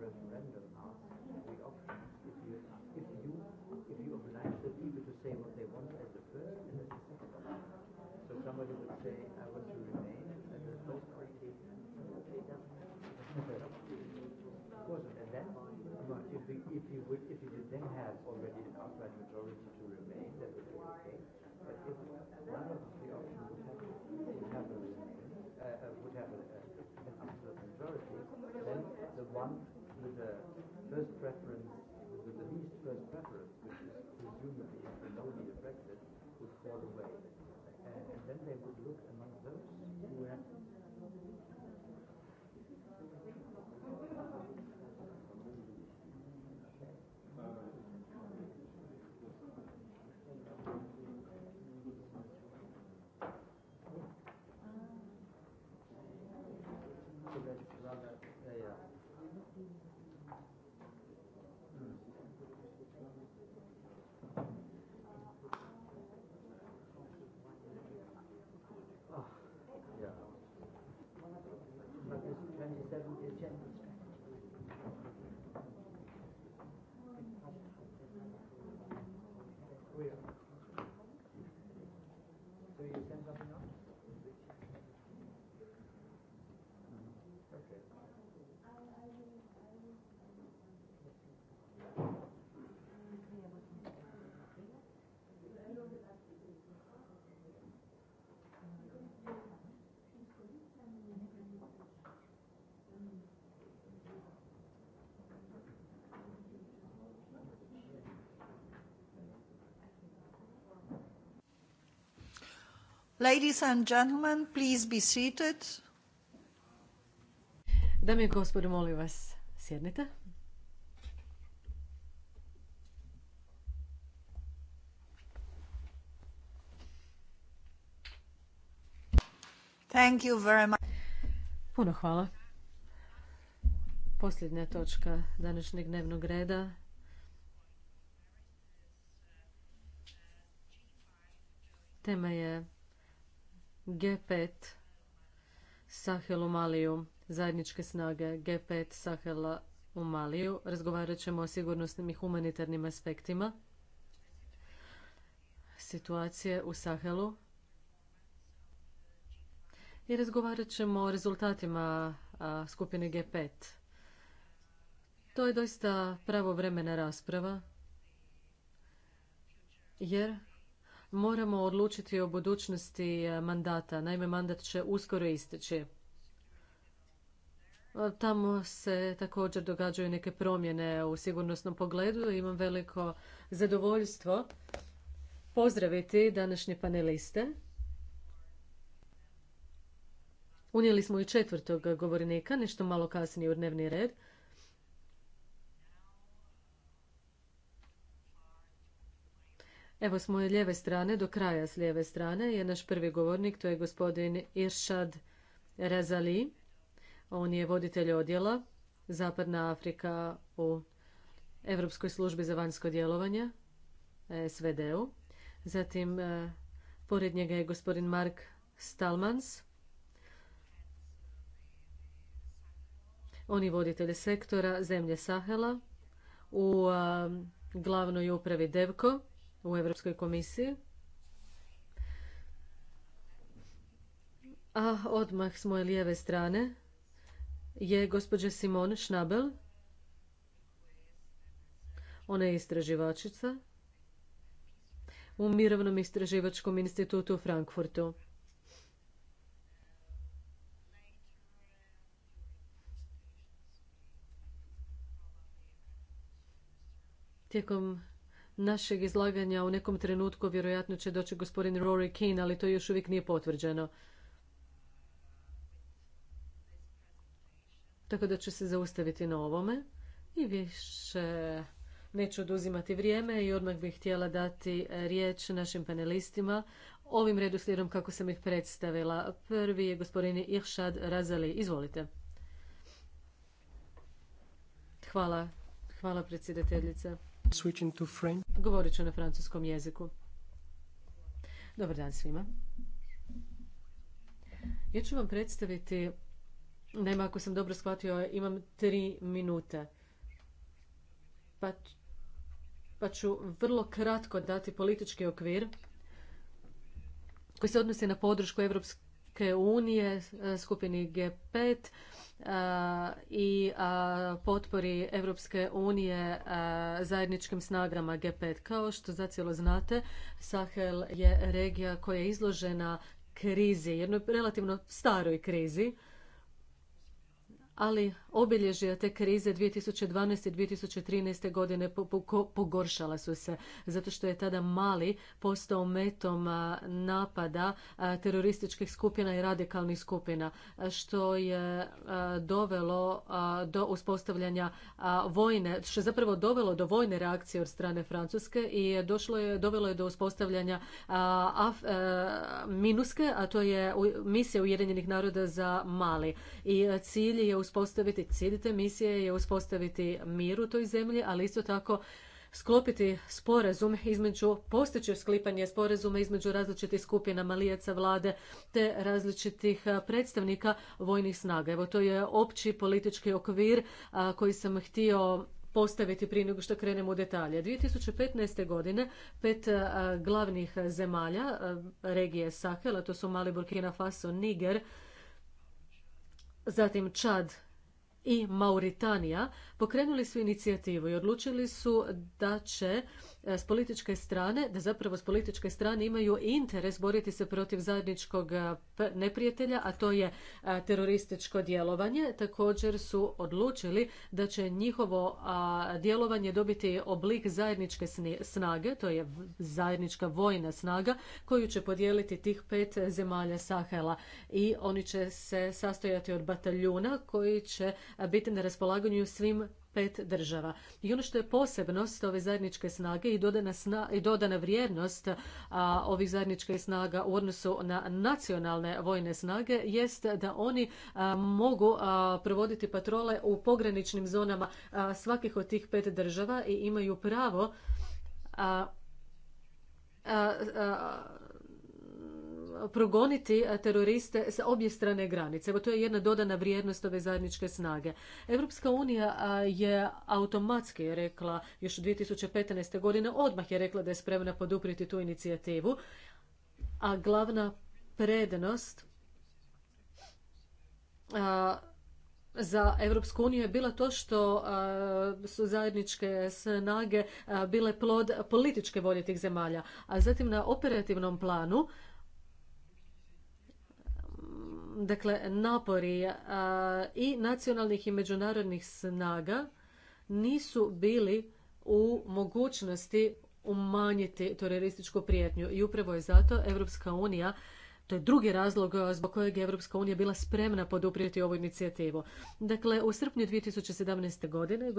referendum asked the option if you, if you, if you oblige the people to say what they want as the first and as the second option. So somebody would say, I want to remain, and the first option okay, done. and then, if we if you would, if you did then have already an outright majority to remain, that would be okay. But if one of the options would have, would have a, uh, would have a, a, an absolute majority, then the one with the first press Ladies and gentlemen, please be seated. Dame i gospodo, molim vas, sjednite. Thank you very much. Puno hvala. Posljednja točka današnjeg dnevnog reda Tema je G5 Sahel u Maliju, zajedničke snage G5 Sahela u Maliju. Razgovarat ćemo o sigurnosnim i humanitarnim aspektima situacije u Sahelu i razgovarat ćemo o rezultatima skupine G5. To je doista pravovremena rasprava jer moramo odlučiti o budućnosti e, mandata. Naime, mandat će uskoro isteći. E, tamo se također događaju neke promjene u sigurnosnom pogledu. Imam veliko zadovoljstvo pozdraviti današnje paneliste. Unijeli smo i četvrtog govornika, nešto malo kasnije u dnevni red. Evo s moje lijeve strane, do kraja s lijeve strane je naš prvi govornik, to je gospodin Iršad Rezali. On je voditelj odjela Zapadna Afrika u Europskoj službi za vanjsko djelovanje, SVD-u. Zatim, e, pored njega je gospodin Mark Stalmans. On je voditelj sektora zemlje Sahela u e, glavnoj upravi DEVKO u Europskoj komisiji. A odmah s moje lijeve strane je gospođa Simone Schnabel. Ona je istraživačica u Mirovnom istraživačkom institutu u Frankfurtu. Tijekom našeg izlaganja u nekom trenutku vjerojatno će doći gospodin Rory Keane, ali to još uvijek nije potvrđeno. Tako da ću se zaustaviti na ovome i više neću oduzimati vrijeme i odmah bih htjela dati riječ našim panelistima ovim redoslijedom kako sam ih predstavila. Prvi je gospodin Iršad Razali. Izvolite. Hvala. Hvala predsjedateljice. Govorit ću na francuskom jeziku. Dobar dan svima. Ja ću vam predstaviti, nema ako sam dobro shvatio, imam tri minute. Pa, pa, ću vrlo kratko dati politički okvir koji se odnosi na podršku Evropske unije, e, skupini G5 e, i potpori Europske unije e, zajedničkim snagama G5. Kao što zacijelo znate, Sahel je regija koja je izložena krizi, jednoj relativno staroj krizi ali obilježja te krize 2012. i 2013. godine pogoršala su se zato što je tada Mali postao metom napada terorističkih skupina i radikalnih skupina što je dovelo do uspostavljanja vojne, što je zapravo dovelo do vojne reakcije od strane Francuske i došlo je, dovelo je do uspostavljanja Minuske, a to je misija Ujedinjenih naroda za Mali i cilj je uspostaviti, cilj te misije je uspostaviti mir u toj zemlji, ali isto tako sklopiti sporazum između, postići sklipanje sporazuma između različitih skupina malijaca vlade te različitih predstavnika vojnih snaga. Evo to je opći politički okvir koji sam htio postaviti prije nego što krenemo u detalje. 2015. godine pet glavnih zemalja regije Sahela, to su Mali, Burkina Faso, Niger, zatim Čad i Mauritanija pokrenuli su inicijativu i odlučili su da će s političke strane, da zapravo s političke strane imaju interes boriti se protiv zajedničkog eh, neprijatelja, a to je eh, terorističko djelovanje. Također su odlučili da će njihovo djelovanje dobiti oblik zajedničke snage, to je zajednička vojna snaga koju će podijeliti tih pet zemalja Sahela i oni će se sastojati od bataljuna koji će eh, biti na raspolaganju svim pet država. I ono što je posebnost ove zajedničke snage i dodana, sna, i dodana vrijednost ovih zajedničkih snaga u odnosu na nacionalne vojne snage jest da oni mogu provoditi patrole u pograničnim zonama svakih od tih pet država i imaju pravo a, a, a, progoniti eh, teroriste s obje strane granice. Evo to je jedna dodana vrijednost ove zajedničke snage. Europska unija eh, je automatski rekla još 2015. godine, odmah je rekla da je spremna podupriti tu inicijativu, a glavna prednost eh, za Europsku uniju je bila to što su zajedničke snage bile plod političke volje tih zemalja. A zatim na operativnom planu dakle napori i nacionalnih i međunarodnih snaga nisu bili u mogućnosti umanjiti terorističku prijetnju i upravo je zato Europska unija to je drugi razlog e, zbog kojeg je Europska unija bila spremna poduprijeti ovu inicijativu. Dakle, u srpnju 2017. godine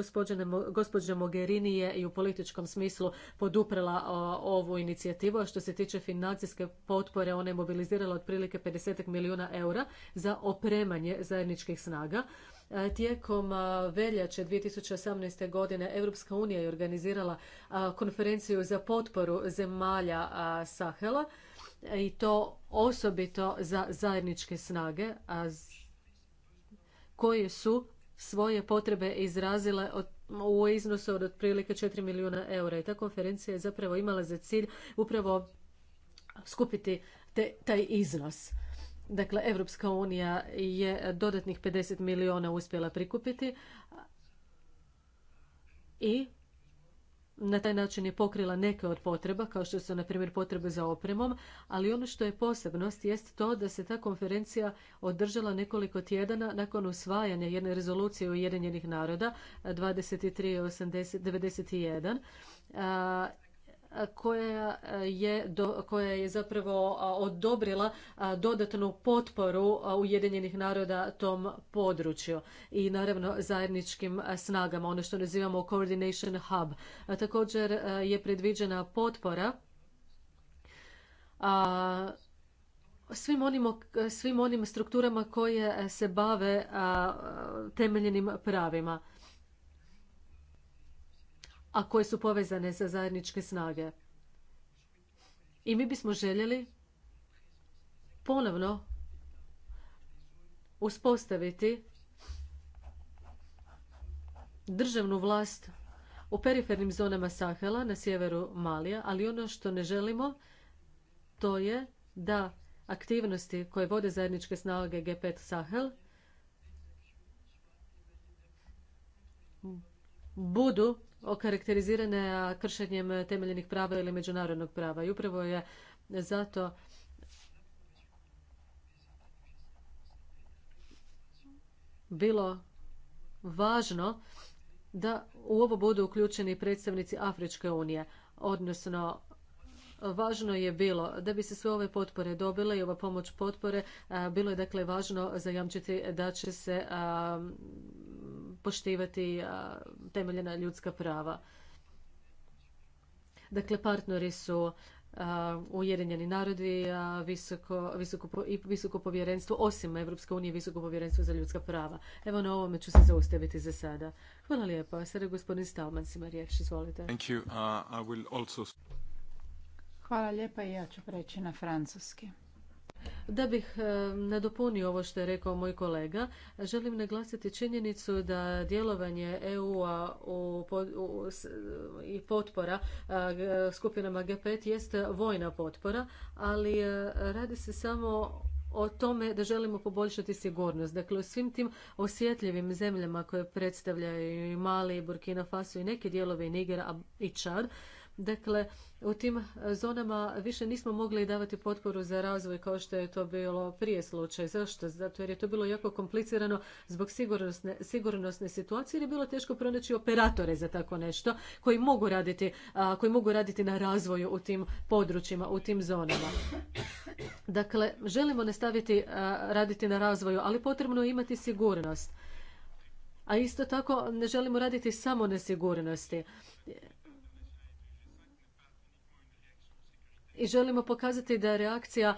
gospođa Mogherini je i u političkom smislu poduprela ovu inicijativu, a što se tiče financijske potpore, ona je mobilizirala otprilike 50 milijuna eura za opremanje zajedničkih snaga. E, tijekom e, veljače 2018. godine Europska unija je organizirala konferenciju za potporu zemalja Sahela i to osobito za zajedničke snage a koje su svoje potrebe izrazile u iznosu od otprilike 4 milijuna eura. I ta konferencija je zapravo imala za cilj upravo skupiti taj iznos. Dakle, Evropska unija je dodatnih 50 milijuna uspjela prikupiti i na taj način je pokrila neke od potreba, kao što su, na primjer, potrebe za opremom, ali ono što je posebnost jest to da se ta konferencija održala nekoliko tjedana nakon usvajanja jedne rezolucije Ujedinjenih naroda 2391 koja e, je, koja je zapravo odobrila dodatnu potporu Ujedinjenih naroda tom području i naravno zajedničkim snagama, ono što nazivamo Coordination Hub. Također je predviđena potpora svim onim, strukturama koje se bave temeljenim pravima a koje su povezane sa zajedničke snage. I mi bismo željeli ponovno uspostaviti državnu vlast u perifernim zonama Sahela na sjeveru Malija, ali ono što ne želimo to je da aktivnosti koje vode zajedničke snage G5 Sahel budu okarakterizirane kršenjem temeljenih prava ili međunarodnog prava. I upravo je zato bilo važno da u ovo budu uključeni predstavnici Afričke unije, odnosno Važno je bilo da bi se sve ove potpore dobile i ova pomoć potpore bilo je dakle važno zajamčiti da će se poštivati temeljena ljudska prava. Dakle, partneri su Ujedinjeni narodi, visoko, visoko, povjerenstvo, osim Evropske unije, visoko povjerenstvo za ljudska prava. Evo na ovome ću se zaustaviti za sada. Hvala lijepa. Sada gospodin Stalman ima riječ. Izvolite. Uh, Hvala lijepa i ja ću preći na francuski. Da bih e, nadopunio ovo što je rekao moj kolega, želim naglasiti činjenicu da djelovanje EU-a i potpora e, skupinama G5 jest vojna potpora, ali e, radi se samo o tome da želimo poboljšati sigurnost. Dakle, u svim tim osjetljivim zemljama koje predstavljaju i Mali, Burkina Faso i neke dijelovi Nigera i Čad, Dakle, u tim zonama više nismo mogli davati potporu za razvoj kao što je to bilo prije slučaj. Zašto? Zato jer je to bilo jako komplicirano zbog sigurnosne, sigurnosne situacije jer je bilo teško pronaći operatore za tako nešto koji mogu raditi, koji mogu raditi na razvoju u tim područjima, u tim zonama. Dakle, želimo nastaviti a, raditi na razvoju, ali potrebno je imati sigurnost. A isto tako ne želimo raditi samo na sigurnosti i želimo pokazati da reakcija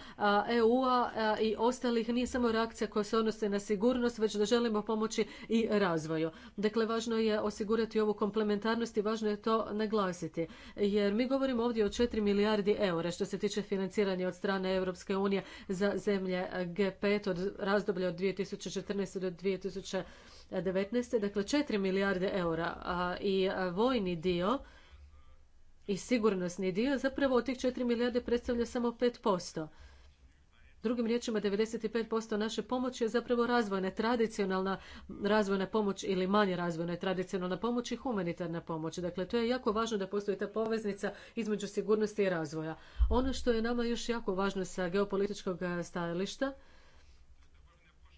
EU-a i ostalih nije samo reakcija koja se odnose na sigurnost, već da želimo pomoći i razvoju. Dakle, važno je osigurati ovu komplementarnost i važno je to naglasiti. Jer mi govorimo ovdje o 4 milijardi eura što se tiče financiranja od strane Europske unije za zemlje G5 od razdoblja od 2014. do 2019. Dakle, 4 milijarde eura i vojni dio i sigurnosni dio, zapravo od tih 4 milijarde predstavlja samo 5%. Drugim riječima, 95% naše pomoći je zapravo razvojna, tradicionalna razvojna pomoć ili manje razvojna tradicionalna pomoć i humanitarna pomoć. Dakle, to je jako važno da postoji ta poveznica između sigurnosti i razvoja. Ono što je nama još jako važno sa geopolitičkog e, stajališta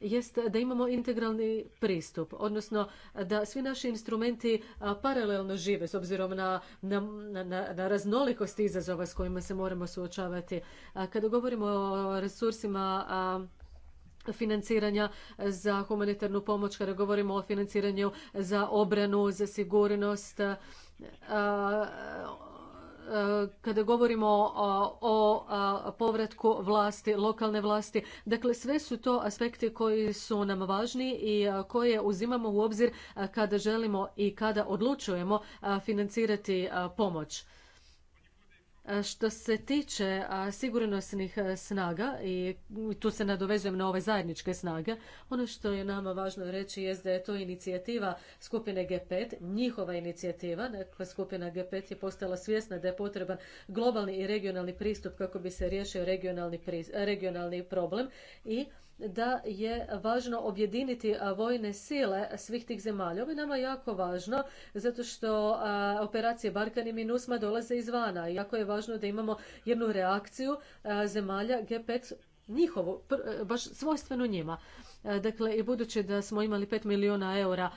jest da imamo integralni pristup, odnosno da svi naši instrumenti paralelno žive s obzirom na, na, na, na raznolikost izazova s kojima se moramo suočavati. Kada govorimo o resursima financiranja za humanitarnu pomoć, kada govorimo o financiranju za obranu, za sigurnost, E, kada govorimo o povratku vlasti, lokalne vlasti. Dakle, sve su to aspekti koji su nam važni i koje uzimamo u obzir kada želimo i kada odlučujemo financirati pomoć. Što se tiče sigurnosnih snaga, i tu se nadovezujem na ove zajedničke snage, ono što je nama važno reći je da je to inicijativa skupine G5, njihova inicijativa, dakle skupina G5 je postala svjesna da je potreban globalni i regionalni pristup kako bi se riješio regionalni, regionalni problem i da je važno objediniti vojne sile svih tih zemalja. Ovo je nama jako važno zato što operacije Barkan i Minusma dolaze izvana i jako je važno da imamo jednu reakciju zemalja G5 njihovo, e, baš svojstveno njima. E, dakle, i budući da smo imali 5 milijuna eura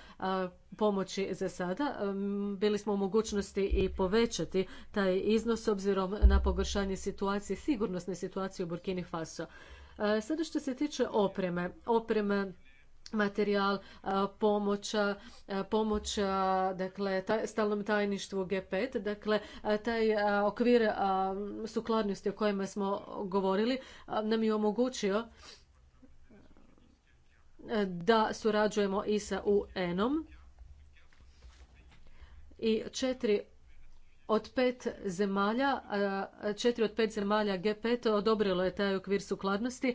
pomoći za sada, bili smo u mogućnosti i povećati taj iznos s obzirom na pogoršanje situacije, sigurnosne situacije u Burkini Faso. E, sada što se tiče opreme, opreme, materijal, e, pomoć, e, pomoća dakle, stalnom tajništvu G5, dakle, taj okvir sukladnosti o kojima smo govorili nam je omogućio da surađujemo i sa UN-om i četiri od pet zemalja, četiri od pet zemalja G5 odobrilo je taj okvir sukladnosti.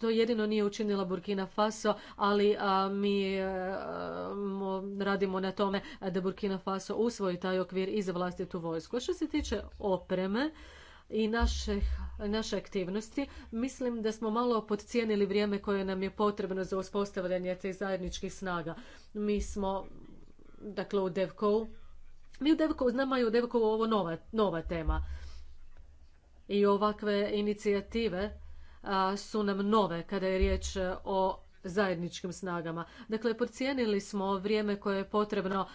To jedino nije učinila Burkina Faso, ali mi e, radimo na tome da Burkina Faso usvoji taj okvir i za vlastitu vojsku. Što se tiče opreme, i naše, naše aktivnosti. Mislim da smo malo podcijenili vrijeme koje nam je potrebno za uspostavljanje tih zajedničkih snaga. Mi smo, dakle, u DevCo mi u Devkovu znamo i u Devkovu ovo nova, nova tema. I ovakve inicijative su nam nove kada je riječ o zajedničkim snagama. Dakle, procijenili smo vrijeme koje je potrebno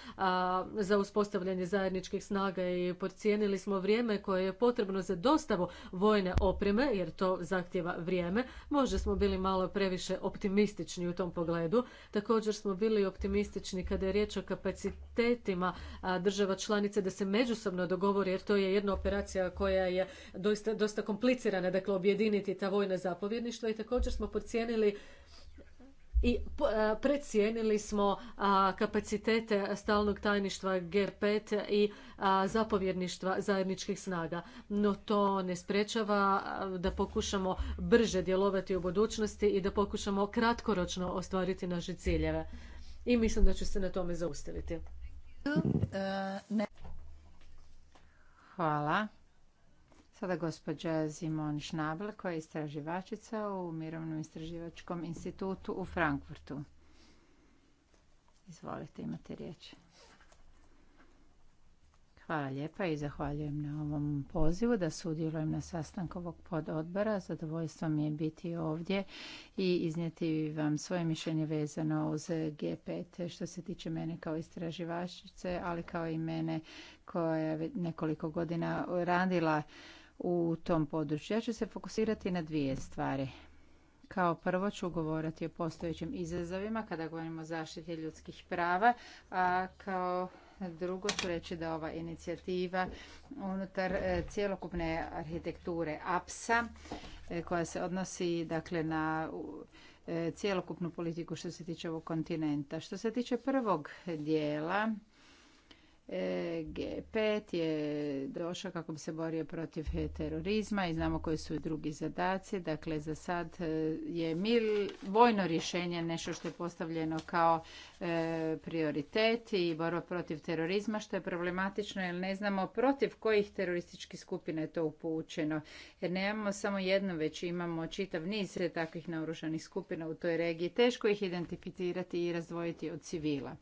za uspostavljanje zajedničkih snaga i procijenili smo vrijeme koje je potrebno za dostavu vojne opreme, jer to zahtjeva vrijeme. Možda smo bili malo previše optimistični u tom pogledu. Također smo bili optimistični kada je riječ o kapacitetima država članica da se međusobno dogovori, jer to je jedna operacija koja je dosta, dosta komplicirana, dakle objediniti ta vojna zapovjedništva i također smo procijenili i e, precijenili smo kapacitete stalnog tajništva g i zapovjedništva zajedničkih snaga. No to ne sprečava da pokušamo brže djelovati u budućnosti i da pokušamo kratkoročno ostvariti naše ciljeve. I mislim da ću se na tome zaustaviti. Hvala. Sada gospođa Simon Schnabel koja je istraživačica u Mirovnom istraživačkom institutu u Frankfurtu. Izvolite, imate riječ. Hvala lijepa i zahvaljujem na ovom pozivu da sudjelujem na sastanku ovog pododbora. Zadovoljstvo mi je biti ovdje i iznijeti vam svoje mišljenje vezano uz G5 što se tiče mene kao istraživačice, ali kao i mene koja je nekoliko godina radila u tom području. Ja ću se fokusirati na dvije stvari. Kao prvo ću govoriti o postojećim izazovima kada govorimo o zaštiti ljudskih prava, a kao drugo ću reći da ova inicijativa unutar e, cjelokupne arhitekture APSA e, koja se odnosi dakle na e, cjelokupnu politiku što se tiče ovog kontinenta. Što se tiče prvog dijela, G5 je došao kako bi se borio protiv terorizma i znamo koji su i drugi zadaci. Dakle, za sad e, je mil, vojno rješenje nešto što je postavljeno kao e, prioritet i borba protiv terorizma, što je problematično jer ne znamo protiv kojih terorističkih skupina je to upućeno. Jer nemamo samo jednu, već imamo čitav niz takvih naoružanih skupina u toj regiji. Teško ih identificirati i razdvojiti od civila.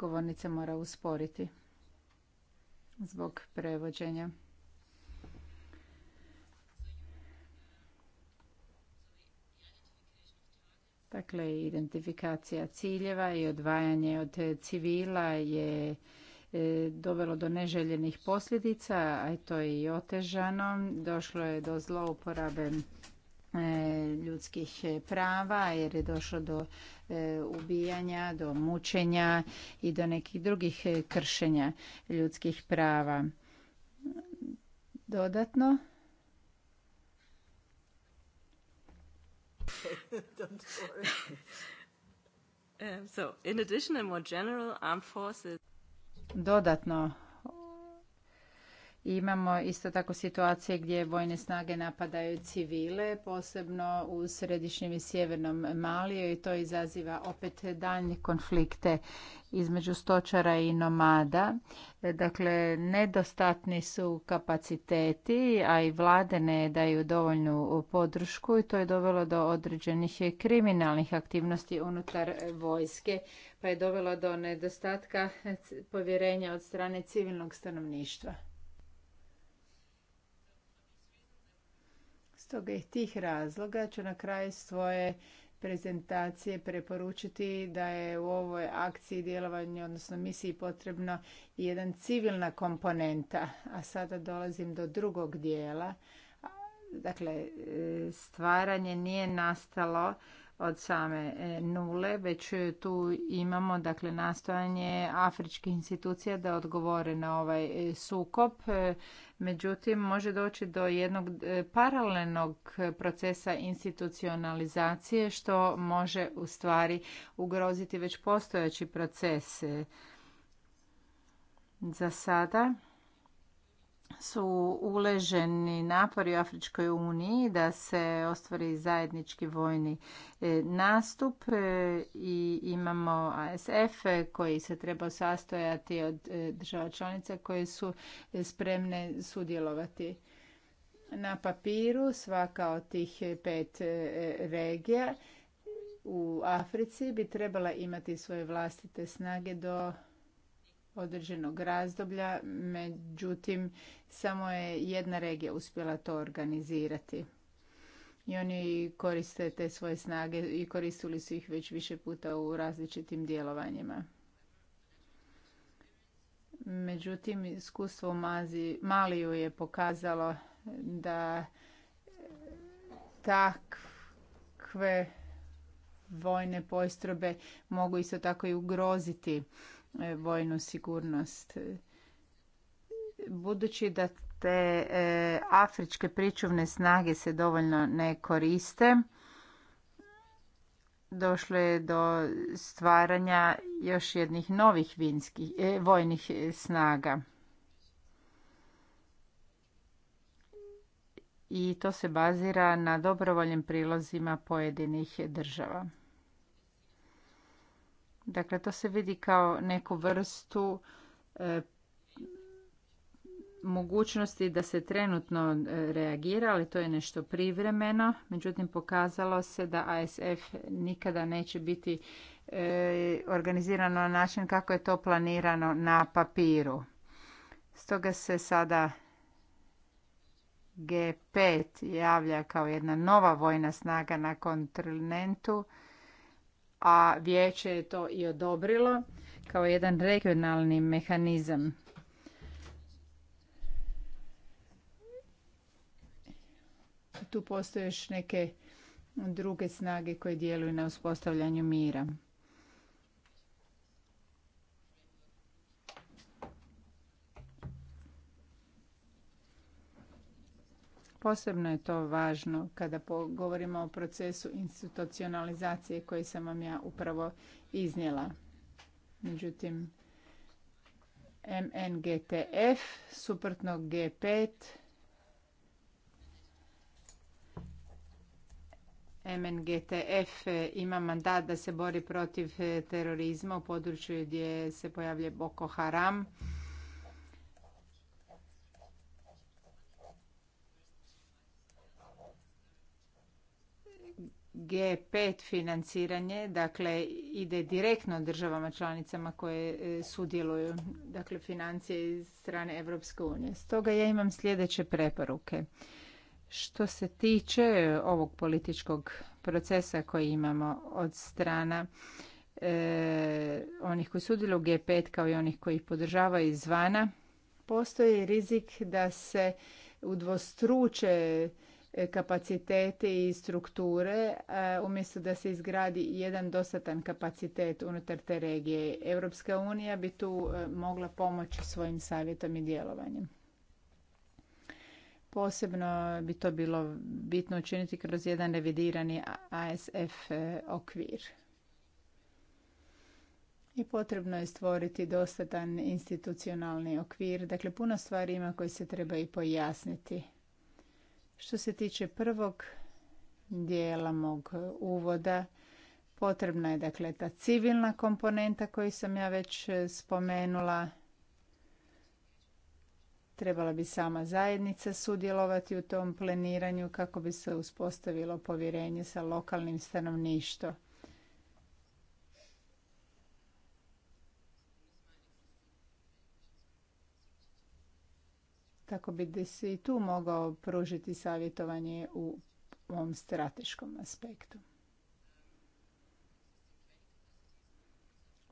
Govornica mora usporiti zbog prevođenja. Dakle, identifikacija ciljeva i odvajanje od civila je e, dovelo do neželjenih posljedica, a to je i otežano. Došlo je do zlouporabe E, ljudskih prava jer je došlo do e, ubijanja, do mučenja i do nekih drugih e, kršenja ljudskih prava. Dodatno um, Dodatno Imamo isto tako situacije gdje vojne snage napadaju civile, posebno u središnjem i sjevernom Maliju i to izaziva opet daljnje konflikte između stočara i nomada. Dakle, nedostatni su kapaciteti, a i vlade ne daju dovoljnu podršku i to je dovelo do određenih kriminalnih aktivnosti unutar vojske, pa je dovelo do nedostatka povjerenja od strane civilnog stanovništva. Stoga i tih razloga ću na kraju svoje prezentacije preporučiti da je u ovoj akciji djelovanja, odnosno misiji potrebna jedan civilna komponenta. A sada dolazim do drugog dijela. Dakle, e, stvaranje nije nastalo od same e, nule, već e, tu imamo dakle nastojanje afričkih institucija da odgovore na ovaj e, sukob. Međutim, može doći do jednog paralelnog procesa institucionalizacije što može u stvari ugroziti već postojeći proces. Za sada su uleženi napori u Afričkoj uniji da se ostvari zajednički vojni e, nastup e, i imamo ASF koji se treba sastojati od e, država članica koje su spremne sudjelovati. Na papiru svaka od tih pet regija u Africi bi trebala imati svoje vlastite snage do određenog razdoblja, međutim samo je jedna regija uspjela to organizirati. I oni koriste te svoje snage i koristili su ih već više puta u različitim djelovanjima. Međutim, iskustvo u Maliju je pokazalo da takve vojne postrobe mogu isto tako i ugroziti E, vojnu sigurnost. Budući da te e, afričke pričuvne snage se dovoljno ne koriste, došlo je do stvaranja još jednih novih vinskih, e, vojnih snaga. I to se bazira na dobrovoljnim prilozima pojedinih država. Dakle, to se vidi kao neku vrstu e, mogućnosti da se trenutno e, reagira, ali to je nešto privremeno. Međutim, pokazalo se da ASF nikada neće biti e, organizirano na način kako je to planirano na papiru. Stoga se sada G5 javlja kao jedna nova vojna snaga na kontinentu a vijeće je to i odobrilo kao jedan regionalni mehanizam. Tu postoje još neke druge snage koje djeluju na uspostavljanju mira. Posebno je to važno kada govorimo o procesu institucionalizacije koji sam vam ja upravo iznijela. Međutim, MNGTF, suprotno G5, MNGTF ima mandat da se bori protiv terorizma u području gdje se pojavljuje Boko Haram. G5 financiranje, dakle ide direktno državama članicama koje e, sudjeluju, dakle financije iz strane Europske unije. Stoga ja imam sljedeće preporuke. Što se tiče ovog političkog procesa koji imamo od strana e, onih koji sudjeluju u G5 kao i onih koji ih podržavaju izvana, postoji rizik da se udvostruče E, kapacitete i strukture e, umjesto da se izgradi jedan dostatan kapacitet unutar te regije. Europska unija bi tu e, mogla pomoći svojim savjetom i djelovanjem. Posebno bi to bilo bitno učiniti kroz jedan revidirani ASF okvir. I potrebno je stvoriti dostatan institucionalni okvir. Dakle, puno stvari ima koje se treba i pojasniti što se tiče prvog dijela mog uvoda, potrebna je dakle ta civilna komponenta koju sam ja već e, spomenula. Trebala bi sama zajednica sudjelovati u tom planiranju kako bi se uspostavilo povjerenje sa lokalnim stanovništvom. Tako bi se i tu mogao pružiti savjetovanje u ovom strateškom aspektu.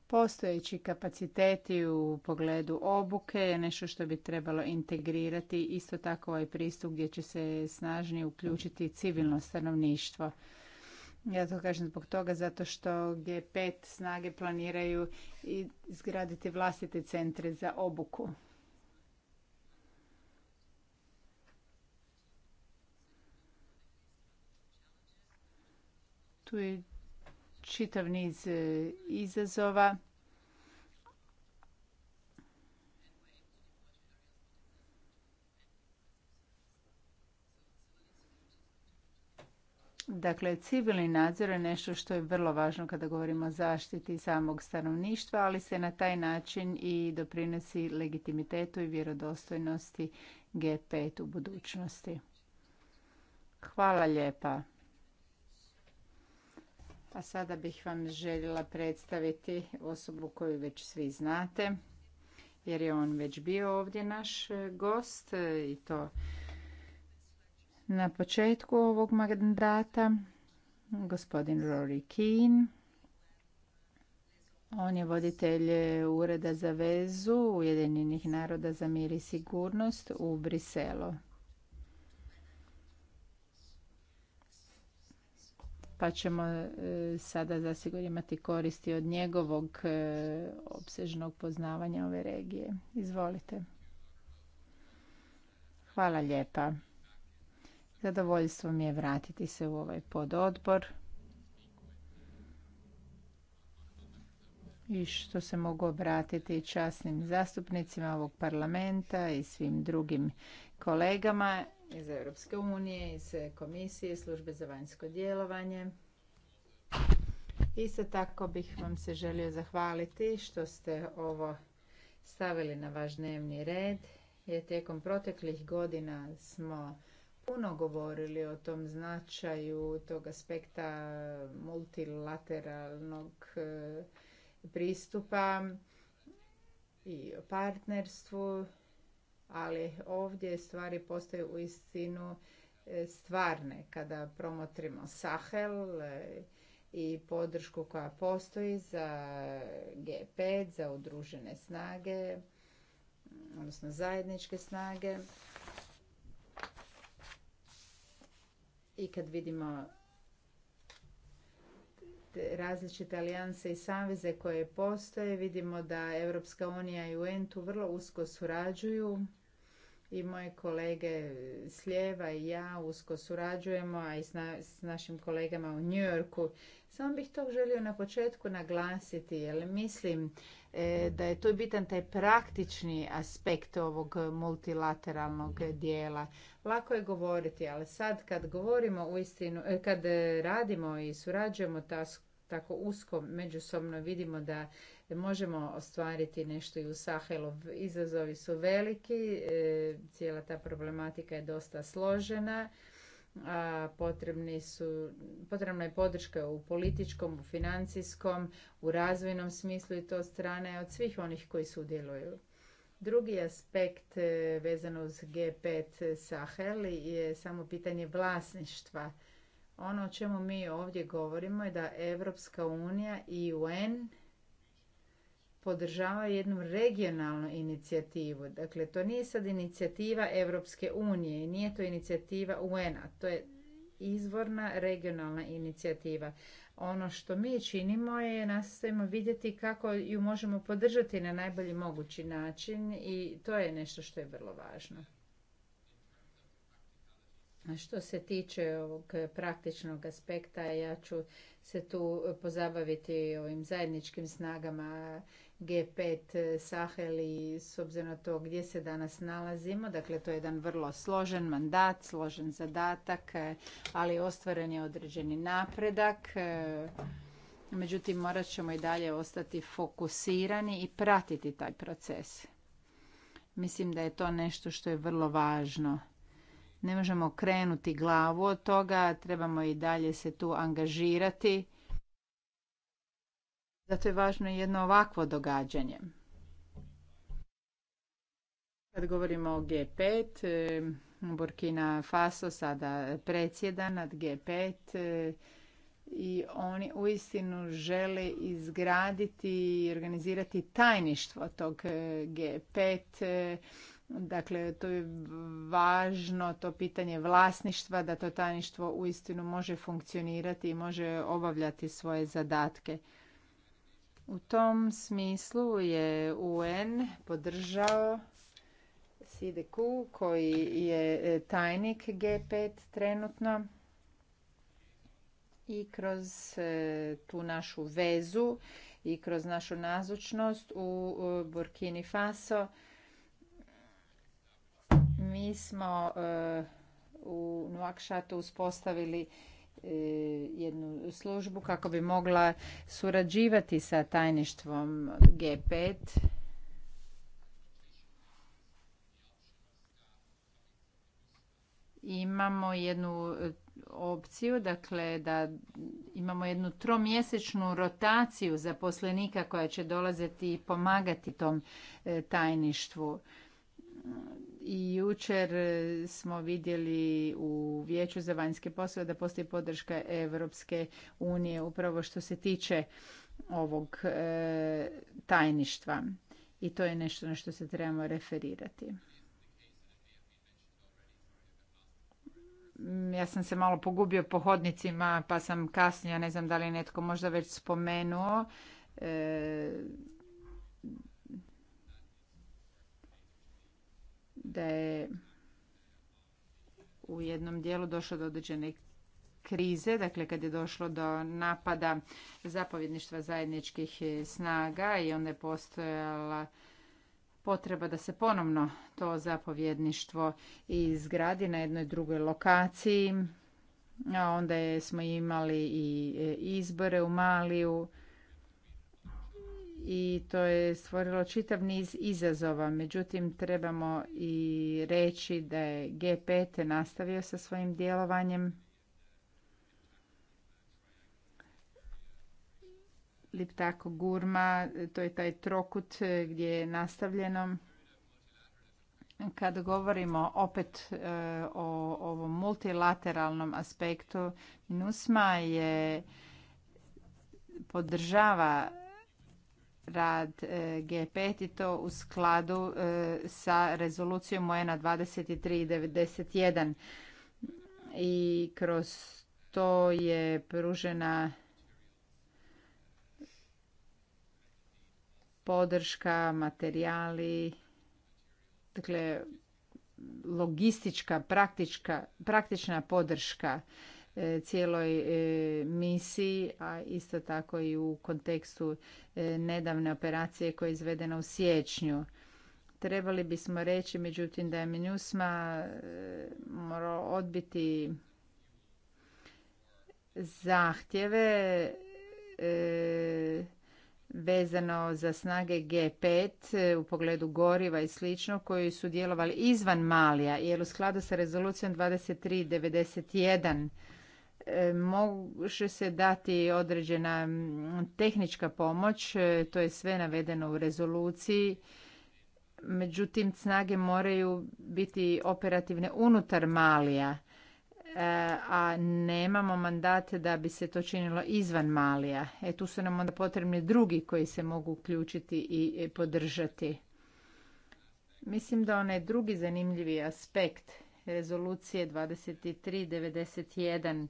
Postojeći kapaciteti u pogledu obuke je nešto što bi trebalo integrirati. Isto tako ovaj pristup gdje će se snažnije uključiti civilno stanovništvo. Ja to kažem zbog toga zato što G5 snage planiraju izgraditi vlastite centre za obuku. Tu je čitav niz e, izazova. Dakle, civilni nadzor je nešto što je vrlo važno kada govorimo o zaštiti samog stanovništva, ali se na taj način i doprinosi legitimitetu i vjerodostojnosti G5 u budućnosti. Hvala lijepa. A sada bih vam željela predstaviti osobu koju već svi znate, jer je on već bio ovdje naš gost i to na početku ovog mandata, gospodin Rory Keane. On je voditelj Ureda za vezu Ujedinjenih naroda za mir i sigurnost u Briselu. pa ćemo e, sada zasigurno imati koristi od njegovog e, obsežnog poznavanja ove regije. Izvolite. Hvala lijepa. Zadovoljstvo mi je vratiti se u ovaj pododbor. i što se mogu obratiti časnim zastupnicima ovog parlamenta i svim drugim kolegama iz Europske unije, iz komisije, službe za vanjsko djelovanje. Isto tako bih vam se želio zahvaliti što ste ovo stavili na vaš dnevni red, jer tijekom proteklih godina smo puno govorili o tom značaju tog aspekta multilateralnog e, pristupa i o partnerstvu ali ovdje stvari postaju u istinu e, stvarne kada promotrimo Sahel e, i podršku koja postoji za G5, za udružene snage, odnosno zajedničke snage. I kad vidimo različite alijanse i saveze koje postoje, vidimo da Europska unija i UN tu vrlo usko surađuju i moje kolege s lijeva i ja usko surađujemo, a i s, našim kolegama u Yorku. Samo bih to želio na početku naglasiti, jer mislim e, da je to bitan taj praktični aspekt ovog multilateralnog dijela. Lako je govoriti, ali sad kad govorimo u istinu, e, kad e, radimo i surađujemo tako usko međusobno, vidimo da E, možemo ostvariti nešto i u Sahelu. Izazovi su veliki, e, cijela ta problematika je dosta složena. A potrebni su, potrebna je podrška u političkom, u financijskom, u razvojnom smislu i to strane od svih onih koji sudjeluju. Drugi aspekt e, vezano uz G5 Sahel je samo pitanje vlasništva. Ono o čemu mi ovdje govorimo je da Evropska unija i UN podržava jednu regionalnu inicijativu. Dakle, to nije sad inicijativa Europske unije, nije to inicijativa UN-a, to je izvorna regionalna inicijativa. Ono što mi činimo je nastavimo vidjeti kako ju možemo podržati na najbolji mogući način i to je nešto što je vrlo važno. A što se tiče ovog praktičnog aspekta, ja ću se tu pozabaviti ovim zajedničkim snagama G5 eh, Sahel i s obzirom na to gdje se danas nalazimo. Dakle, to je jedan vrlo složen mandat, složen zadatak, eh, ali ostvaren je određeni napredak. Eh, međutim, morat ćemo i dalje ostati fokusirani i pratiti taj proces. Mislim da je to nešto što je vrlo važno. Ne možemo krenuti glavu od toga, trebamo i dalje se tu angažirati zato je važno jedno ovakvo događanje. Kad govorimo o G5, e, Burkina Faso sada predsjeda nad G5 e, i oni uistinu žele izgraditi i organizirati tajništvo tog e, G5. Dakle, to je važno, to pitanje vlasništva, da to tajništvo uistinu može funkcionirati i može obavljati svoje zadatke. U tom smislu je UN podržao Sideku koji je e, tajnik G5 trenutno i kroz e, tu našu vezu i kroz našu nazočnost u e, Burkini Faso mi smo u Nuakšatu uspostavili E, jednu službu kako bi mogla surađivati sa tajništvom G5 imamo jednu e, opciju, dakle da imamo jednu tromjesečnu rotaciju zaposlenika koja će dolaziti i pomagati tom e, tajništvu. I jučer e, smo vidjeli u Vijeću za vanjske poslove da postoji podrška Europske unije upravo što se tiče ovog e, tajništva. I to je nešto na što se trebamo referirati. Mm, ja sam se malo pogubio po hodnicima pa sam kasnije, ne znam da li netko možda već spomenuo. E, da je u jednom dijelu došlo do određene krize, dakle kad je došlo do napada zapovjedništva zajedničkih e, snaga i onda je postojala potreba da se ponovno to zapovjedništvo izgradi na jednoj drugoj lokaciji. A onda je, smo imali i e, izbore u Maliju i to je stvorilo čitav niz izazova. Međutim, trebamo i reći da je G5 nastavio sa svojim djelovanjem. Liptako Gurma, to je taj trokut gdje je nastavljeno. Kad govorimo opet e, o ovom multilateralnom aspektu, NUSMA je podržava rad e, G5 i to u skladu e, sa rezolucijom un 2391 i kroz to je pružena podrška, materijali, dakle logistička, praktična podrška E, cijeloj e, misiji, a isto tako i u kontekstu e, nedavne operacije koja je izvedena u siječnju. Trebali bismo reći, međutim, da je MINUSMA morao odbiti zahtjeve vezano za snage G5 u pogledu goriva i slično koji su djelovali izvan Malija jer u skladu sa rezolucijom 2391 može se dati određena tehnička pomoć, e, to je sve navedeno u rezoluciji. Međutim, snage moraju biti operativne unutar Malija, e, a nemamo mandate da bi se to činilo izvan Malija. E, tu su nam onda potrebni drugi koji se mogu uključiti i e, podržati. Mislim da onaj drugi zanimljivi aspekt rezolucije 2391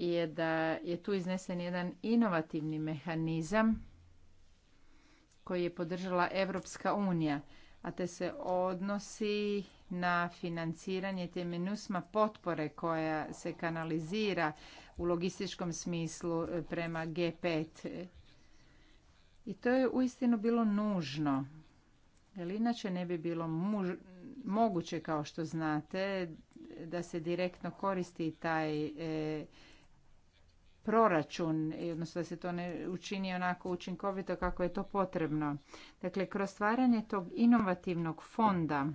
je da je tu iznesen jedan inovativni mehanizam koji je podržala Europska unija, a te se odnosi na financiranje te minusma potpore koja se kanalizira u logističkom smislu e, prema G5. I to je uistinu bilo nužno, jer inače ne bi bilo moguće, kao što znate, da se direktno koristi taj e, proračun, odnosno da se to ne učini onako učinkovito kako je to potrebno. Dakle, kroz stvaranje tog inovativnog fonda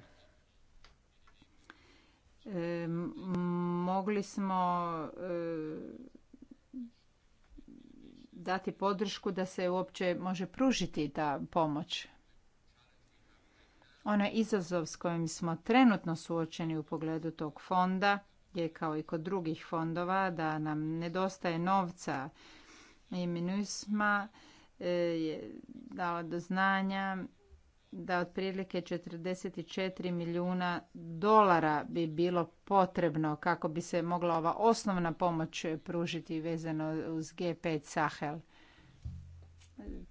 mogli smo dati podršku da se uopće može pružiti ta pomoć. Onaj izazov s kojim smo trenutno suočeni u pogledu tog fonda je kao i kod drugih fondova da nam nedostaje novca i MINUSMA e, je dala do znanja da otprilike 44 milijuna dolara bi bilo potrebno kako bi se mogla ova osnovna pomoć pružiti vezano uz G5 Sahel.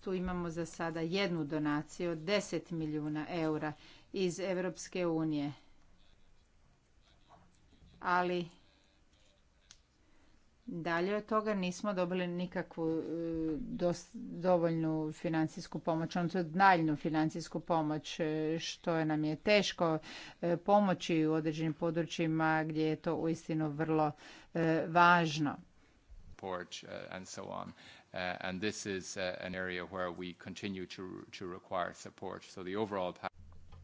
Tu imamo za sada jednu donaciju od 10 milijuna eura iz Europske unije ali dalje od toga nismo dobili nikakvu e, dovoljnu financijsku pomoć, odnosno daljnu financijsku pomoć, e, što je nam je teško e, pomoći u određenim područjima gdje je to uistinu vrlo važno. And so on. and this is uh, an area where we continue to, to require support. So the overall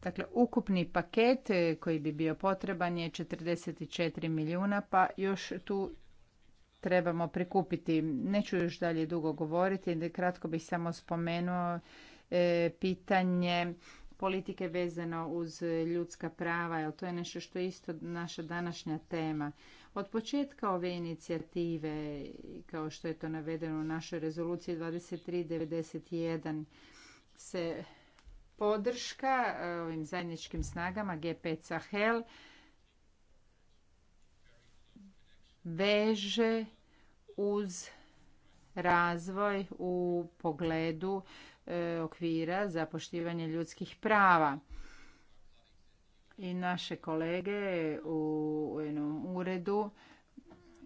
Dakle, ukupni paket e, koji bi bio potreban je 44 milijuna, pa još tu trebamo prikupiti. Neću još dalje dugo govoriti, kratko bih samo spomenuo e, pitanje politike vezano uz ljudska prava, jer to je nešto što je isto naša današnja tema. Od početka ove inicijative, kao što je to navedeno u našoj rezoluciji 2391, se podrška e, ovim zajedničkim snagama G5 Sahel veže uz razvoj u pogledu e, okvira za poštivanje ljudskih prava. I naše kolege u jednom uredu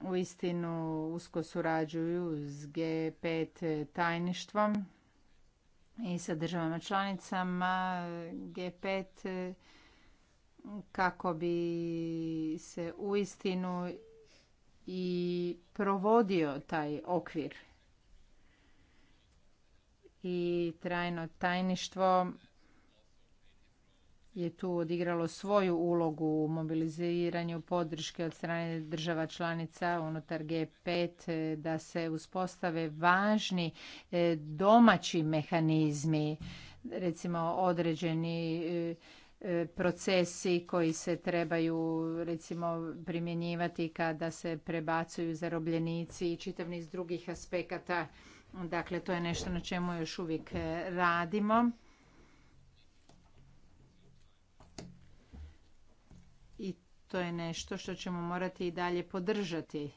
u istinu usko surađuju s G5 tajništvom i sa državama članicama G5 kako bi se uistinu i provodio taj okvir i trajno tajništvo je tu odigralo svoju ulogu u mobiliziranju podrške od strane država članica unutar G5 e, da se uspostave važni e, domaći mehanizmi, recimo određeni e, procesi koji se trebaju recimo primjenjivati kada se prebacuju zarobljenici i čitav niz drugih aspekata. Dakle, to je nešto na čemu još uvijek radimo. to je nešto što ćemo morati i dalje podržati.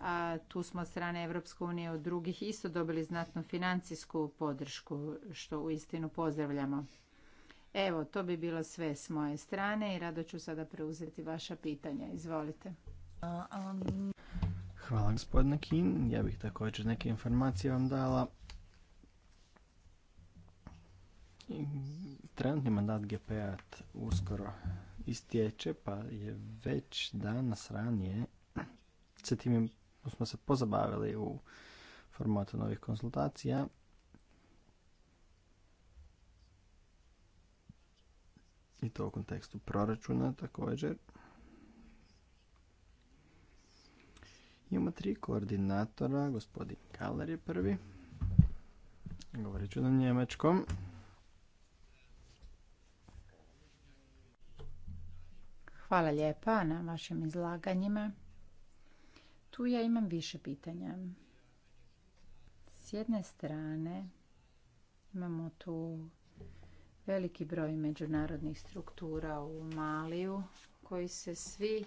A tu smo od strane EU, unije od drugih isto dobili znatnu financijsku podršku, što u istinu pozdravljamo. Evo, to bi bilo sve s moje strane i rado ću sada preuzeti vaša pitanja. Izvolite. Hvala gospodine Kin. Ja bih također neke informacije vam dala. Trenutni mandat GPA uskoro istječe, pa je već danas ranije se time smo se pozabavili u formatu novih konsultacija. I to u kontekstu proračuna također. Imamo tri koordinatora, gospodin Kaller je prvi. Govorit ću na njemačkom. Hvala lijepa na vašim izlaganjima. Tu ja imam više pitanja. S jedne strane imamo tu veliki broj međunarodnih struktura u Maliju koji se svi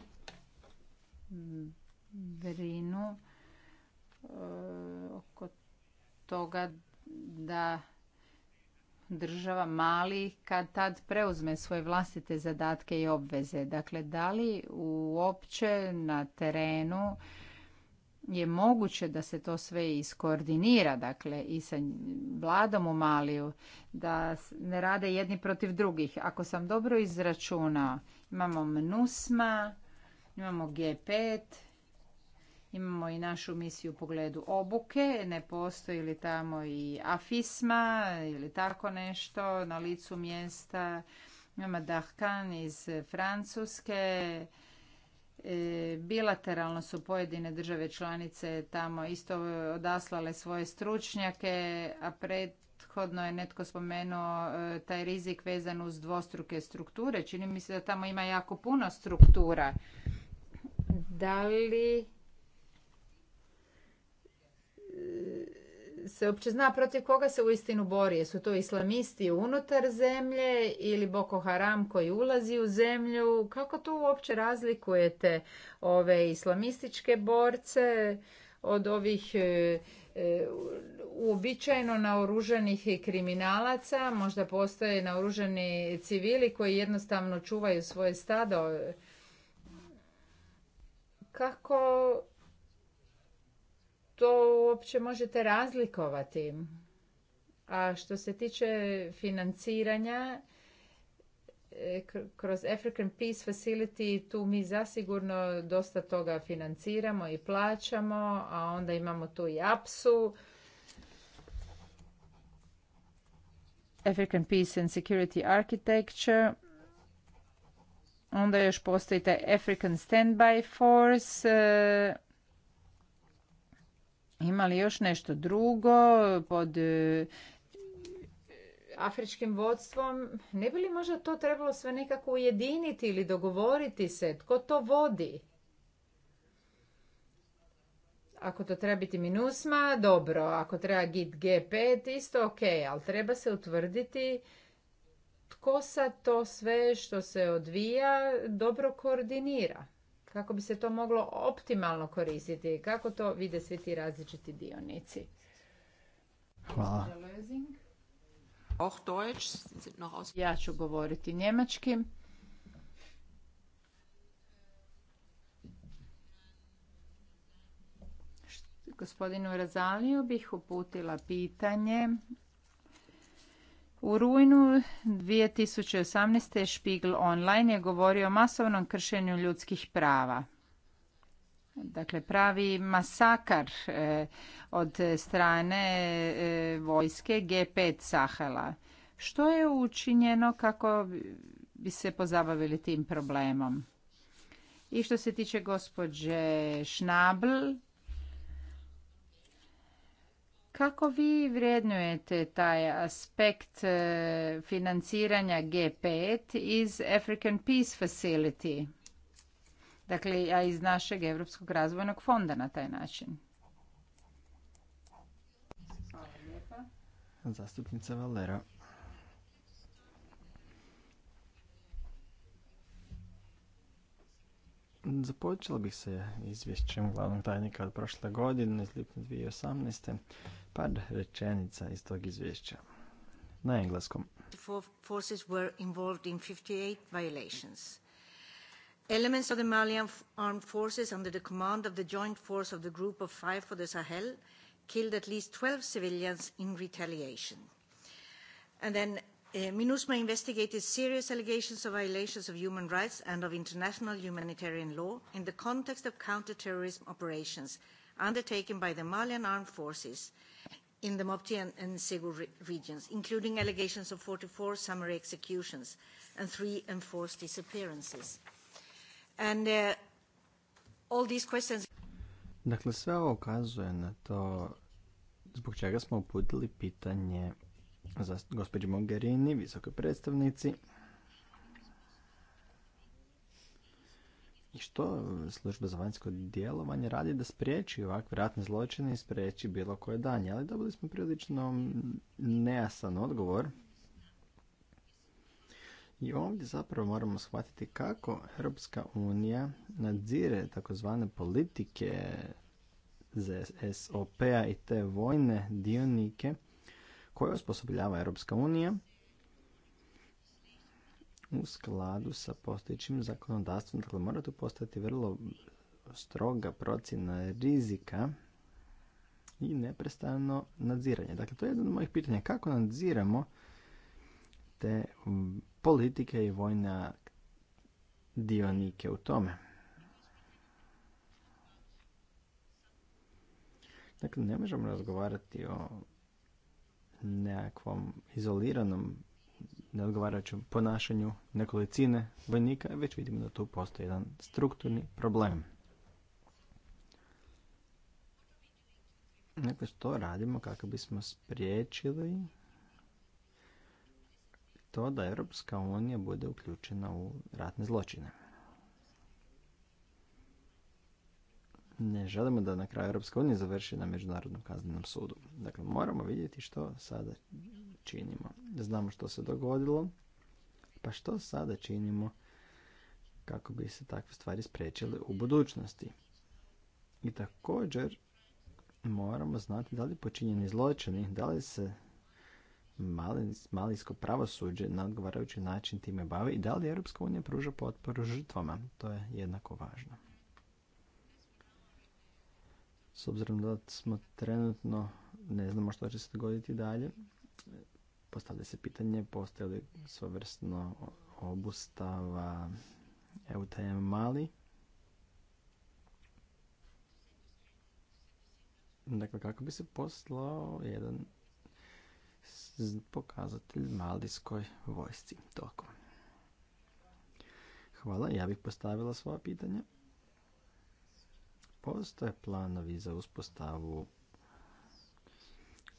mm, brinu e, oko toga da država mali kad tad preuzme svoje vlastite zadatke i obveze. Dakle, da li uopće na terenu je moguće da se to sve iskoordinira, dakle i sa vladom u Maliju, da ne rade jedni protiv drugih. Ako sam dobro izračunao, imamo MNUSMA, imamo G5, Imamo i našu misiju u pogledu obuke, ne postoji li tamo i afisma ili tako nešto na licu mjesta. Imamo Dahkan iz Francuske, e, bilateralno su pojedine države članice tamo isto odaslale svoje stručnjake, a prethodno je netko spomenuo e, taj rizik vezan uz dvostruke strukture. Čini mi se da tamo ima jako puno struktura. Da li se uopće zna protiv koga se uistinu bori. Jesu to islamisti unutar zemlje ili Boko Haram koji ulazi u zemlju? Kako to uopće razlikujete ove islamističke borce od ovih e, e, uobičajeno naoružanih kriminalaca? Možda postoje naoruženi civili koji jednostavno čuvaju svoje stado. Kako to uopće možete razlikovati. A što se tiče financiranja, e, kroz African Peace Facility tu mi zasigurno dosta toga financiramo i plaćamo, a onda imamo tu i APSU. African Peace and Security Architecture. Onda još postoji taj African Standby Force e, ima li još nešto drugo pod e, afričkim vodstvom? Ne bi li možda to trebalo sve nekako ujediniti ili dogovoriti se? Tko to vodi? Ako to treba biti minusma, dobro. Ako treba git G5, isto ok. Ali treba se utvrditi tko sad to sve što se odvija dobro koordinira kako bi se to moglo optimalno koristiti, kako to vide svi ti različiti dionici. Hvala. Ja ću govoriti njemački. Gospodinu Razaliju bih uputila pitanje u rujnu 2018. Špigl Online je govorio o masovnom kršenju ljudskih prava. Dakle, pravi masakar e, od strane e, vojske G5 Sahela. Što je učinjeno kako bi se pozabavili tim problemom? I što se tiče gospođe Šnabl, kako vi vrednujete taj aspekt e, financiranja G5 iz African Peace Facility? Dakle, a iz našeg Europskog razvojnog fonda na taj način. Zastupnica Valera. Započela bih se izvješćem glavnog tajnika od prošle godine, iz lipnja 2018. Par rečenica iz tog izvješća. Na engleskom. Forces were involved in 58 violations. Elements of the Malian armed forces under the command of the joint force of the group of five for the Sahel killed at least 12 civilians in retaliation. And then Uh, MINUSMA investigated serious allegations of violations of human rights and of international humanitarian law in the context of counter-terrorism operations undertaken by the Malian armed forces in the Mopti and, and regions, including allegations of 44 summary executions and three enforced disappearances. And uh, all these questions... Dakle, sve ovo ukazuje na to zbog čega smo uputili pitanje za gospođu Mogherini, visokoj predstavnici. I što služba za vanjsko djelovanje radi da spriječi ovakve ratne zločine i spriječi bilo koje danje? Ali dobili smo prilično nejasan odgovor. I ovdje zapravo moramo shvatiti kako Europska unija nadzire takozvane politike sop a i te vojne dionike – koje osposobljava Europska unija u skladu sa postojećim zakonodavstvom. Dakle, mora tu postati vrlo stroga procjena rizika i neprestano nadziranje. Dakle, to je jedno od mojih pitanja. Kako nadziramo te politike i vojna dionike u tome? Dakle, ne možemo razgovarati o nekakvom izoliranom neodgovarajućem ponašanju nekolicine vojnika, već vidimo da tu postoji jedan strukturni problem. Dakle, što radimo kako bismo spriječili to da Europska unija bude uključena u ratne zločine? ne želimo da na kraju Europska unije završi na Međunarodnom kaznenom sudu. Dakle, moramo vidjeti što sada činimo. Znamo što se dogodilo, pa što sada činimo kako bi se takve stvari spriječile u budućnosti. I također moramo znati da li počinjeni zločini, da li se malijsko pravosuđe na odgovarajući način time bavi i da li Europska unija pruža potporu žrtvama. To je jednako važno. S obzirom da smo trenutno, ne znamo što će se dogoditi dalje, postavlja se pitanje postoje li obustava EUTM Mali. Dakle, kako bi se poslao jedan pokazatelj maldijskoj vojsci. toko. Hvala, ja bih postavila svoja pitanja. Postoje planovi za uspostavu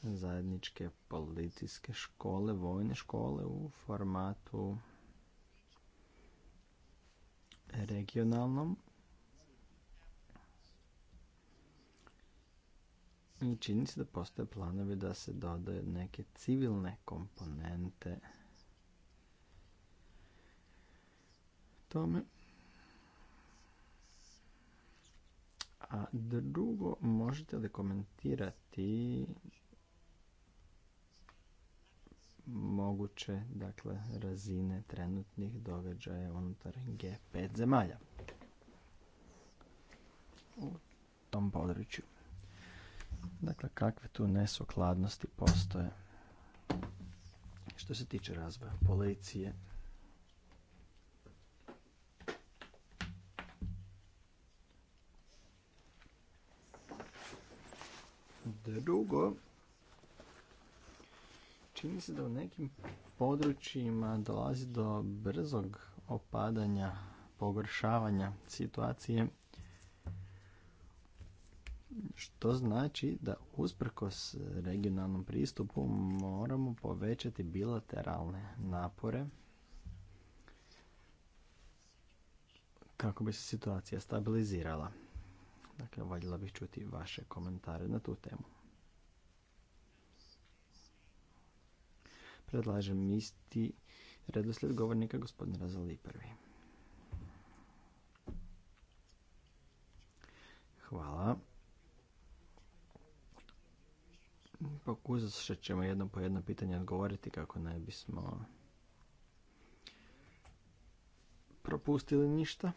zajedničke policijske škole, vojne škole u formatu regionalnom. I čini se da postoje planovi da se dodaju neke civilne komponente tome. A drugo, možete li komentirati moguće dakle, razine trenutnih događaja unutar G5 zemalja u tom području. Dakle, kakve tu nesukladnosti postoje što se tiče razvoja policije, Drugo, čini se da u nekim područjima dolazi do brzog opadanja, pogoršavanja situacije, što znači da usprkos regionalnom pristupu moramo povećati bilateralne napore kako bi se situacija stabilizirala. Dakle, voljela bih čuti vaše komentare na tu temu. Predlažem isti redoslijed govornika gospodin Razali prvi. Hvala. Pokušat ćemo jedno po jedno pitanje odgovoriti kako ne bismo propustili ništa.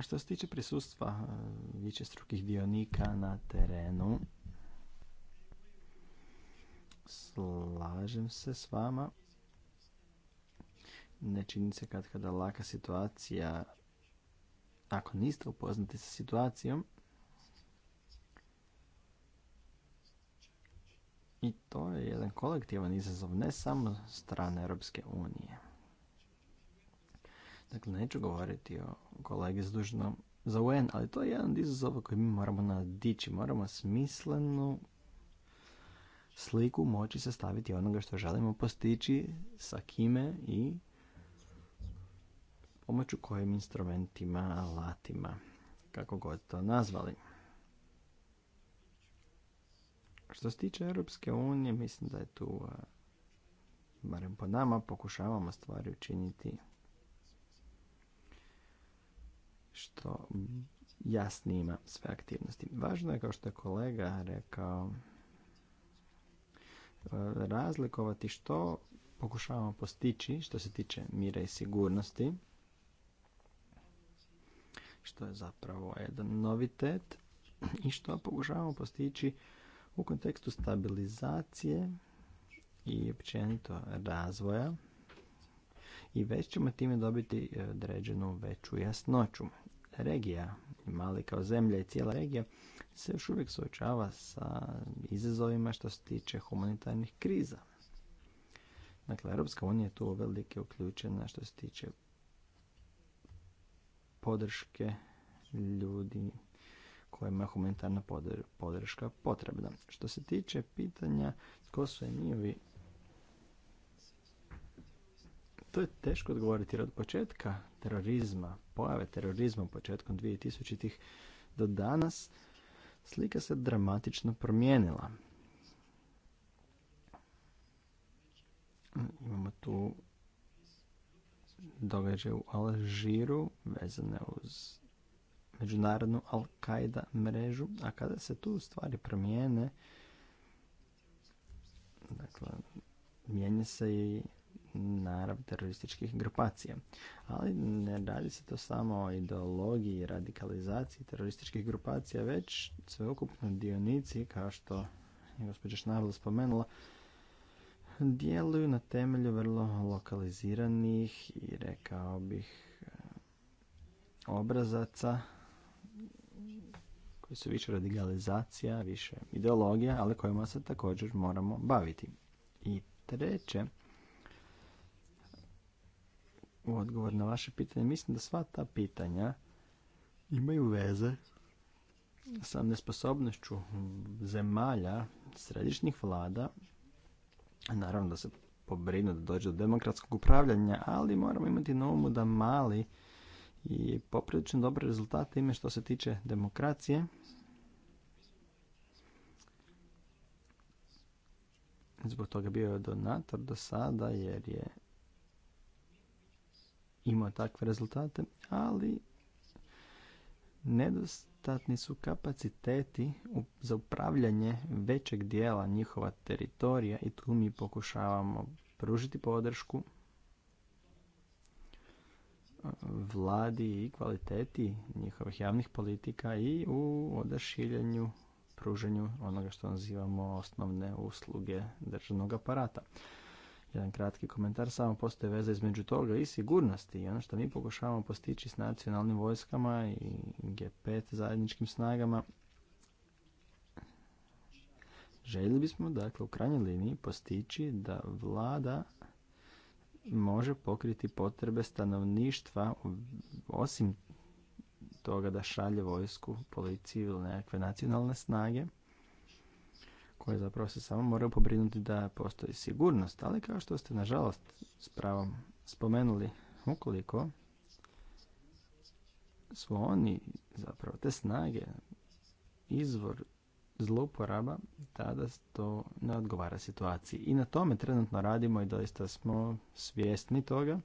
A što se tiče prisustva e, višestrukih dionika na terenu, slažem se s vama. Ne čini se kad kada laka situacija, ako niste upoznati sa situacijom, I to je jedan kolektivan izazov, ne samo strane Europske unije. Dakle, neću govoriti o kolegi s dužnom za UN, ali to je jedan izazov koji mi moramo nadići. Moramo smislenu sliku moći sastaviti onoga što želimo postići, sa kime i pomoću kojim instrumentima, alatima, kako god to nazvali. Što se tiče Europske unije, mislim da je tu, barem po nama, pokušavamo stvari učiniti što jasnima ima sve aktivnosti. Važno je, kao što je kolega rekao, razlikovati što pokušavamo postići što se tiče mira i sigurnosti, što je zapravo jedan novitet i što pokušavamo postići u kontekstu stabilizacije i općenito razvoja i već ćemo time dobiti određenu veću jasnoću regija, mali kao zemlja i cijela regija, se još uvijek suočava sa izazovima što se tiče humanitarnih kriza. Dakle, Europska unija je tu velike uključena što se tiče podrške ljudi kojima je humanitarna podrška potrebna. Što se tiče pitanja tko su emijovi to je teško odgovoriti jer od početka terorizma, pojave terorizma početkom 2000-ih do danas slika se dramatično promijenila. Imamo tu događaje u Alžiru vezane uz međunarodnu Al-Qaida mrežu, a kada se tu stvari promijene, dakle, mijenja se i narav terorističkih grupacija. Ali ne radi se to samo o ideologiji i radikalizaciji terorističkih grupacija, već sveukupno dionici, kao što je gospođa Šnarla spomenula, djeluju na temelju vrlo lokaliziranih i rekao bih obrazaca koji su više radikalizacija, više ideologija, ali kojima se također moramo baviti. I treće, odgovor na vaše pitanje. Mislim da sva ta pitanja imaju veze sa nesposobnošću zemalja, središnjih vlada, naravno da se pobrinu da dođe do demokratskog upravljanja, ali moramo imati na umu da mali i poprilično dobre rezultate ime što se tiče demokracije. Zbog toga bio je donator do sada jer je imao takve rezultate, ali nedostatni su kapaciteti za upravljanje većeg dijela njihova teritorija i tu mi pokušavamo pružiti podršku vladi i kvaliteti njihovih javnih politika i u odašiljanju pružanju onoga što nazivamo osnovne usluge državnog aparata jedan kratki komentar, samo postoje veza između toga i sigurnosti. I ono što mi pokušavamo postići s nacionalnim vojskama i G5 zajedničkim snagama, željeli bismo, dakle, u krajnjoj liniji postići da vlada može pokriti potrebe stanovništva osim toga da šalje vojsku, policiju ili nekakve nacionalne snage koje zapravo se samo moraju pobrinuti da postoji sigurnost, ali kao što ste nažalost s pravom spomenuli, ukoliko su oni zapravo te snage izvor zlouporaba, tada to ne odgovara situaciji. I na tome trenutno radimo i doista smo svjesni toga.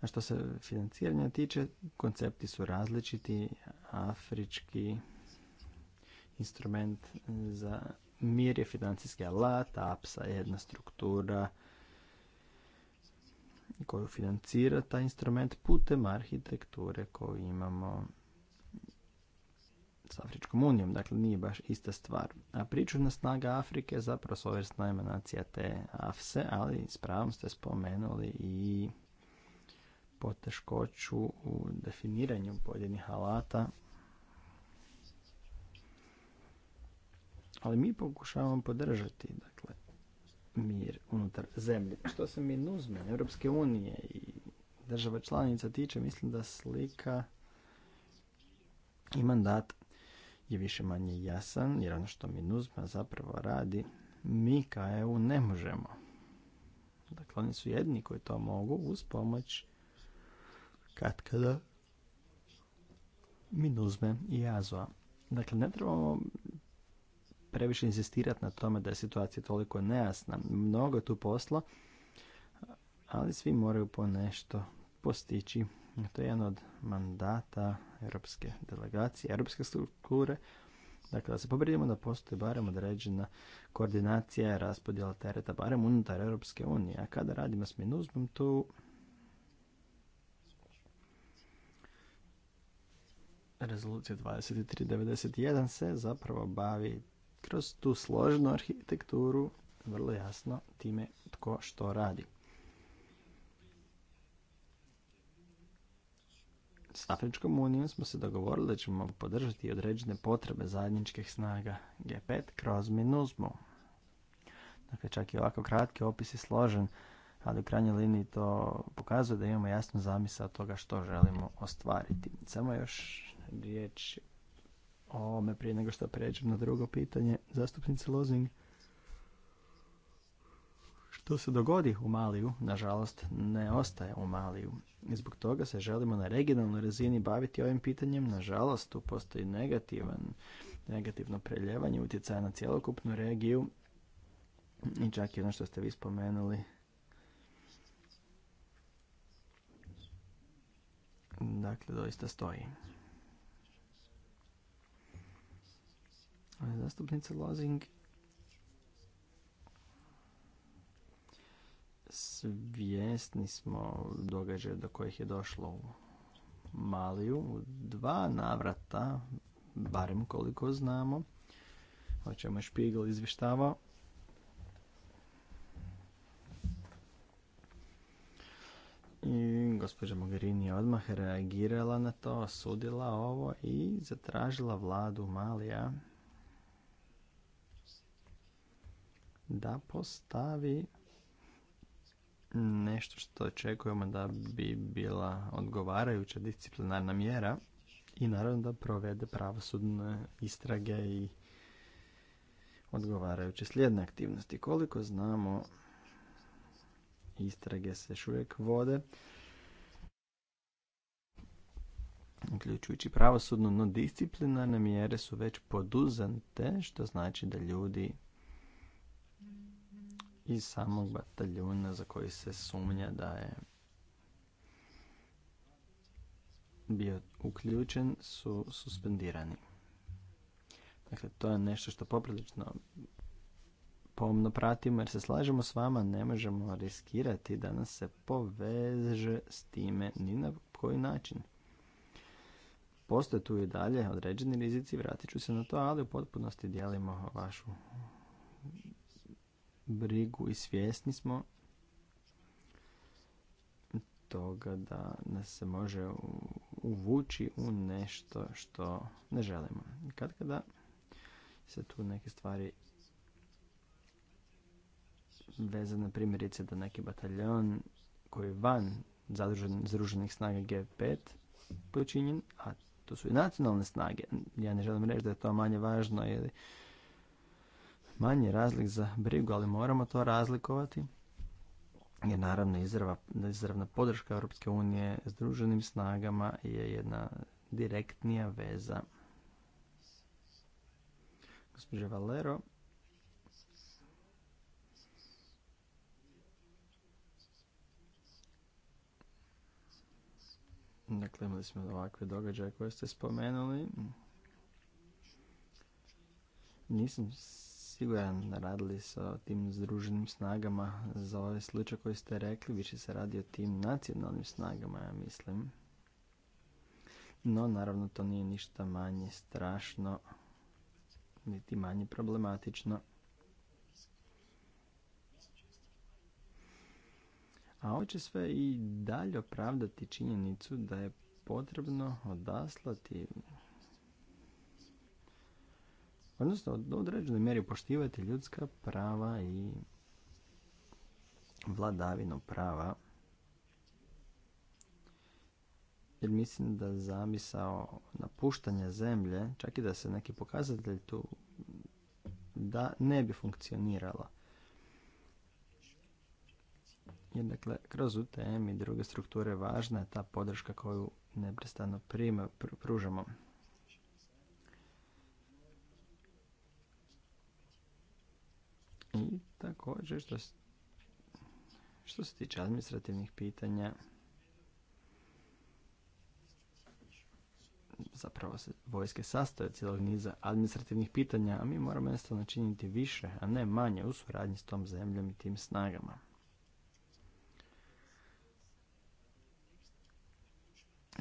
A što se financiranja tiče, koncepti su različiti, afrički, instrument za mir je financijski alat, APSA je jedna struktura koju financira taj instrument putem arhitekture koju imamo s Afričkom unijom, dakle nije baš ista stvar. A pričuvna snaga Afrike je zapravo svojevrsna emanacija te AFSE, ali s pravom ste spomenuli i poteškoću u definiranju pojedinih alata Ali mi pokušavamo podržati dakle, mir unutar zemlje. Što se mi nuzme Europske unije i država članica tiče, mislim da slika i mandat je više manje jasan, jer ono što mi nuzma zapravo radi, mi ka EU ne možemo. Dakle, oni su jedni koji to mogu uz pomoć kad kada minuzme i Azoa. Dakle, ne trebamo previše insistirati na tome da je situacija toliko nejasna. Mnogo je tu posla, ali svi moraju po nešto postići. To je jedan od mandata europske delegacije, europske strukture. Dakle, da se pobrinimo da postoji barem određena koordinacija i raspodjela tereta, barem unutar Europske unije. A kada radimo s minuzmom, tu rezolucija 2391 se zapravo bavi kroz tu složenu arhitekturu vrlo jasno time tko što radi. S Afričkom unijom smo se dogovorili da ćemo podržati određene potrebe zajedničkih snaga G5 kroz minuzmu. Dakle, čak i ovako kratki opis je složen, ali u krajnjoj liniji to pokazuje da imamo jasnu zamisa toga što želimo ostvariti. Samo još riječ o me prije nego što pređem na drugo pitanje. Zastupnice Lozing, što se dogodi u Maliju, nažalost, ne ostaje u Maliju. I zbog toga se želimo na regionalnoj razini baviti ovim pitanjem. Nažalost, tu postoji negativan, negativno preljevanje utjecaja na cjelokupnu regiju. I čak i ono što ste vi spomenuli. Dakle, doista stoji. zastupnice Lozing. Svjesni smo događaja do kojih je došlo u Maliju. U dva navrata, barem koliko znamo, o čemu je Špigel izvještavao, I gospođa Mogherini je odmah reagirala na to, sudila ovo i zatražila vladu Malija da postavi nešto što očekujemo da bi bila odgovarajuća disciplinarna mjera i naravno da provede pravosudne istrage i odgovarajuće slijedne aktivnosti. Koliko znamo, istrage se još uvijek vode, uključujući pravosudno, no disciplinarne mjere su već poduzete što znači da ljudi i samog bataljuna za koji se sumnja da je bio uključen su suspendirani. Dakle, to je nešto što poprilično pomno pratimo jer se slažemo s vama, ne možemo riskirati da nas se poveže s time ni na koji način. Postoje tu i dalje određeni rizici, vratit ću se na to, ali u potpunosti dijelimo vašu brigu i svjesni smo toga da nas se može uvući u nešto što ne želimo. Kad kada se tu neke stvari na primjerice da neki bataljon koji je van zadruženih snaga G5 počinjen, a to su i nacionalne snage. Ja ne želim reći da je to manje važno ili manji razlik za brigu, ali moramo to razlikovati. Jer naravno izrava, izravna podrška Europske unije druženim snagama je jedna direktnija veza. Gospođe Valero. Dakle, imali smo ovakve događaje koje ste spomenuli. Nisam siguran radili sa tim združenim snagama za ovaj slučaj koji ste rekli. Više se radi o tim nacionalnim snagama, ja mislim. No, naravno, to nije ništa manje strašno, niti manje problematično. A ovo sve i dalje opravdati činjenicu da je potrebno odaslati odnosno u određenoj mjeri poštivati ljudska prava i vladavinu prava. Jer mislim da zamisao napuštanja zemlje, čak i da se neki pokazatelj tu da ne bi funkcionirala. Jer dakle, kroz UTM i druge strukture važna je ta podrška koju neprestano prima, pružamo. I također što se, što se tiče administrativnih pitanja, zapravo se vojske sastoje cijelog niza administrativnih pitanja, a mi moramo jednostavno činiti više, a ne manje u suradnji s tom zemljom i tim snagama.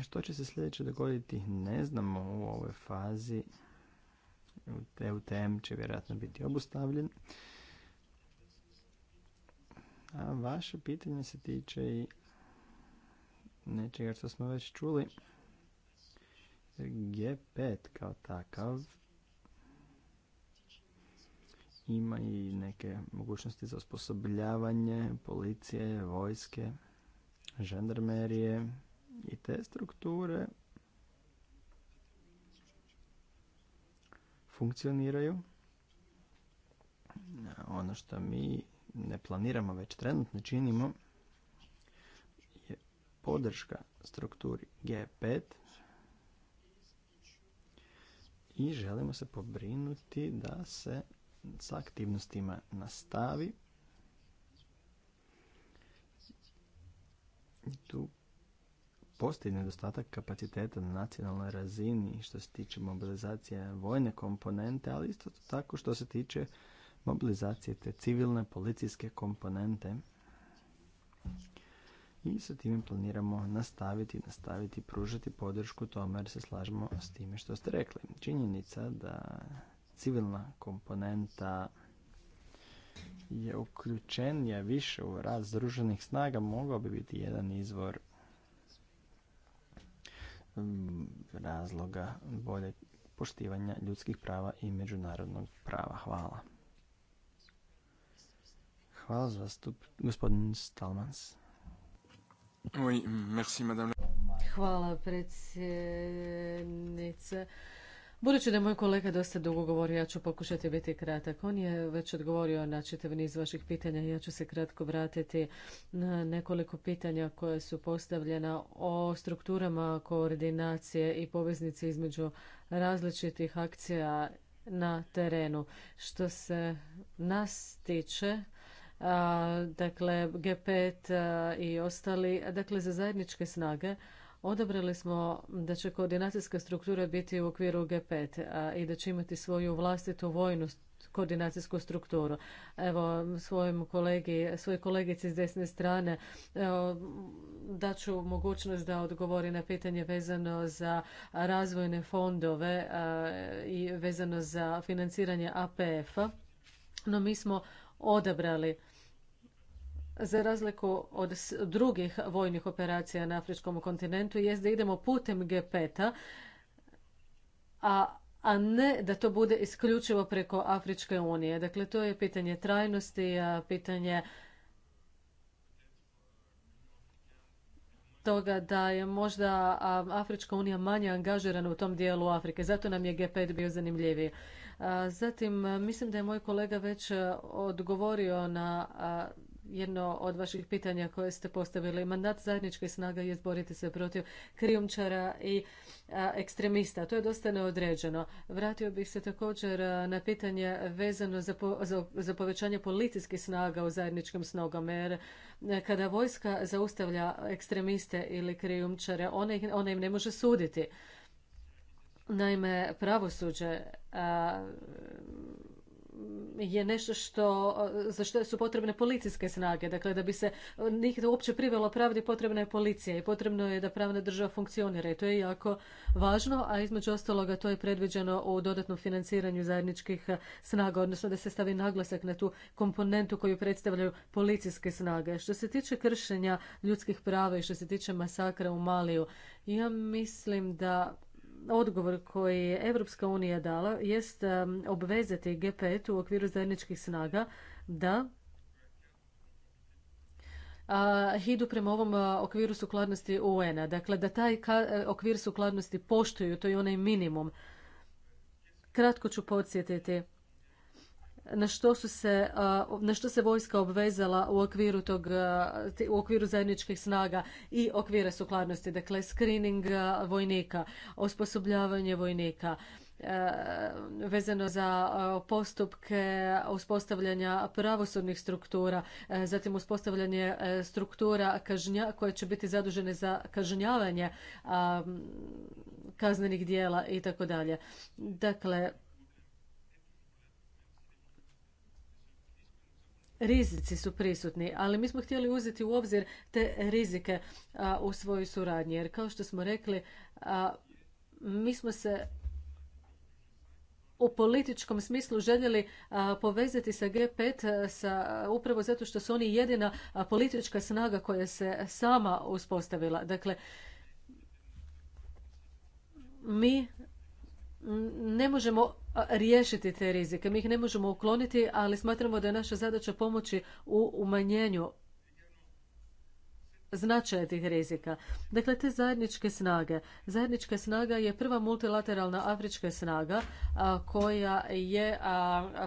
Što će se sljedeće dogoditi ne znamo u ovoj fazi. EUTM će vjerojatno biti obustavljen. A vaše pitanje se tiče i nečega što smo već čuli. G5 kao takav ima i neke mogućnosti za osposobljavanje policije, vojske, žandarmerije i te strukture funkcioniraju. Ono što mi ne planiramo već trenutno činimo je podrška strukturi G5 i želimo se pobrinuti da se s aktivnostima nastavi. Tu postoji nedostatak kapaciteta na nacionalnoj razini što se tiče mobilizacije vojne komponente, ali isto tako što se tiče mobilizacije te civilne policijske komponente i sa time planiramo nastaviti, nastaviti pružati podršku tome jer se slažemo s time što ste rekli. Činjenica da civilna komponenta je uključenija više u rad združenih snaga mogao bi biti jedan izvor mm, razloga bolje poštivanja ljudskih prava i međunarodnog prava. Hvala. Hvala vastup, gospodin Stalmans. Hvala predsjednice. Budući da je moj kolega dosta dugo govorio, ja ću pokušati biti kratak. On je već odgovorio na čitav niz vaših pitanja. Ja ću se kratko vratiti na nekoliko pitanja koje su postavljena o strukturama koordinacije i poveznici između različitih akcija na terenu. Što se nas tiče, dakle G5 i ostali, dakle za zajedničke snage, odabrali smo da će koordinacijska struktura biti u okviru G5 i da će imati svoju vlastitu vojnu koordinacijsku strukturu. Evo, svojim kolegi, svoj kolegici s desne strane daću mogućnost da odgovori na pitanje vezano za razvojne fondove i vezano za financiranje apf No, mi smo odabrali. Za razliku od drugih vojnih operacija na Afričkom kontinentu jest da idemo putem g a a, ne da to bude isključivo preko Afričke unije. Dakle, to je pitanje trajnosti, pitanje toga da je možda Afrička unija manje angažirana u tom dijelu Afrike. Zato nam je G5 bio zanimljiviji. Zatim, mislim da je moj kolega već e, odgovorio na jedno od vaših pitanja koje ste postavili. Mandat zajedničke snaga je boriti se protiv krijumčara i ekstremista. To je dosta neodređeno. Vratio bih se također na pitanje vezano za, povećanje policijskih snaga u zajedničkim snogama. Jer e, kada vojska zaustavlja ekstremiste ili krijumčare, ona im ne može suditi. Naime, pravosuđe je nešto što, za što su potrebne policijske snage. Dakle, da bi se njih uopće privelo pravdi, potrebna je policija i potrebno je da pravna država funkcionira. I to je jako važno, a između ostaloga to je predviđeno u dodatnom financiranju zajedničkih snaga, odnosno da se stavi naglasak na tu komponentu koju predstavljaju policijske snage. Što se tiče kršenja ljudskih prava i što se tiče masakra u Maliju, ja mislim da odgovor koji je Evropska unija dala jest obvezati G5 u okviru zajedničkih snaga da idu prema ovom okviru sukladnosti UN-a. Dakle, da taj e, okvir sukladnosti poštuju, to je onaj minimum. Kratko ću podsjetiti na što, su se, na što se vojska obvezala u okviru, tog, u okviru zajedničkih snaga i okvira sukladnosti, dakle screening vojnika, osposobljavanje vojnika, vezano za postupke uspostavljanja pravosudnih struktura, zatim uspostavljanje struktura kažnja, koje će biti zadužene za kažnjavanje kaznenih dijela i tako dalje. Dakle, rizici su prisutni, ali mi smo htjeli uzeti u obzir te rizike u svojoj suradnji. Jer kao što smo rekli, mi smo se u političkom smislu željeli povezati sa G5 sa, upravo zato što su oni jedina politička snaga koja se sama uspostavila. Dakle, mi ne možemo riješiti te rizike, mi ih ne možemo ukloniti, ali smatramo da je naša zadaća pomoći u umanjenju značaja tih rizika. Dakle, te zajedničke snage. Zajednička snaga je prva multilateralna afrička snaga koja je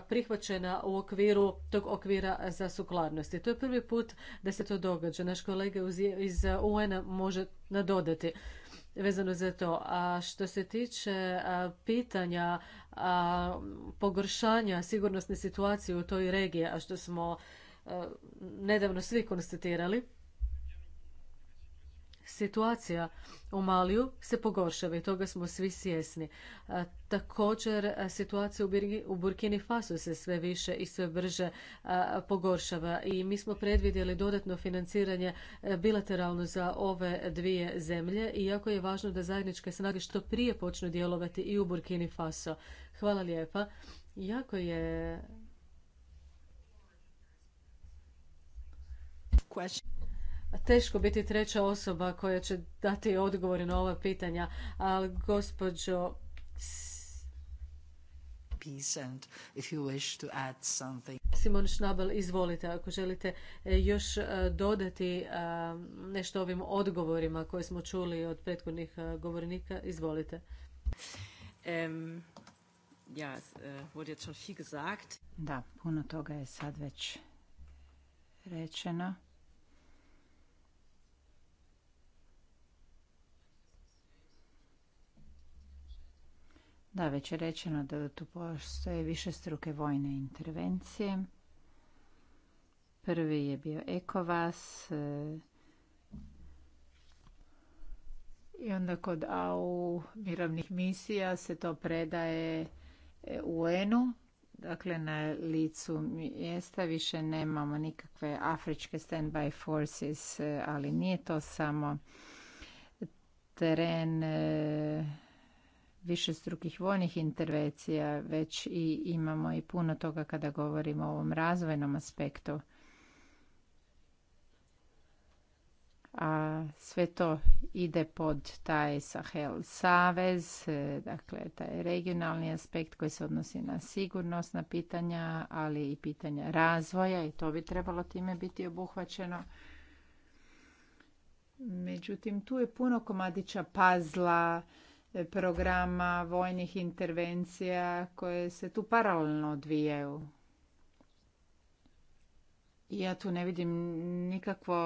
prihvaćena u okviru tog okvira za sukladnosti. To je prvi put da se to događa. Naš kolega iz UN-a može nadodati vezano za to. A što se tiče pitanja pogoršanja sigurnosne situacije u toj regiji, a što smo nedavno svi konstatirali, situacija u Maliju se pogoršava i toga smo svi svjesni. Također situacija u Burkini Faso se sve više i sve brže pogoršava i mi smo predvidjeli dodatno financiranje bilateralno za ove dvije zemlje i jako je važno da zajedničke snage što prije počnu djelovati i u Burkini Faso. Hvala lijepa. Jako je teško biti treća osoba koja će dati odgovore na ova pitanja, ali gospođo Simon Schnabel, izvolite ako želite e, još e, dodati e, nešto ovim odgovorima koje smo čuli od prethodnih govornika, izvolite. Da, puno toga je sad već rečeno. Da, već je rečeno da tu postoje više struke vojne intervencije. Prvi je bio vas. E, I onda kod AU mirovnih misija se to predaje e, UN-u. Dakle, na licu mjesta više nemamo nikakve afričke standby forces, e, ali nije to samo teren više strukih vojnih intervencija, već i imamo i puno toga kada govorimo o ovom razvojnom aspektu. A sve to ide pod taj Sahel savez, e, dakle taj regionalni aspekt koji se odnosi na sigurnosna pitanja, ali i pitanja razvoja i to bi trebalo time biti obuhvaćeno. Međutim, tu je puno komadića pazla, programa vojnih intervencija koje se tu paralelno odvijaju. Ja tu ne vidim nikakvo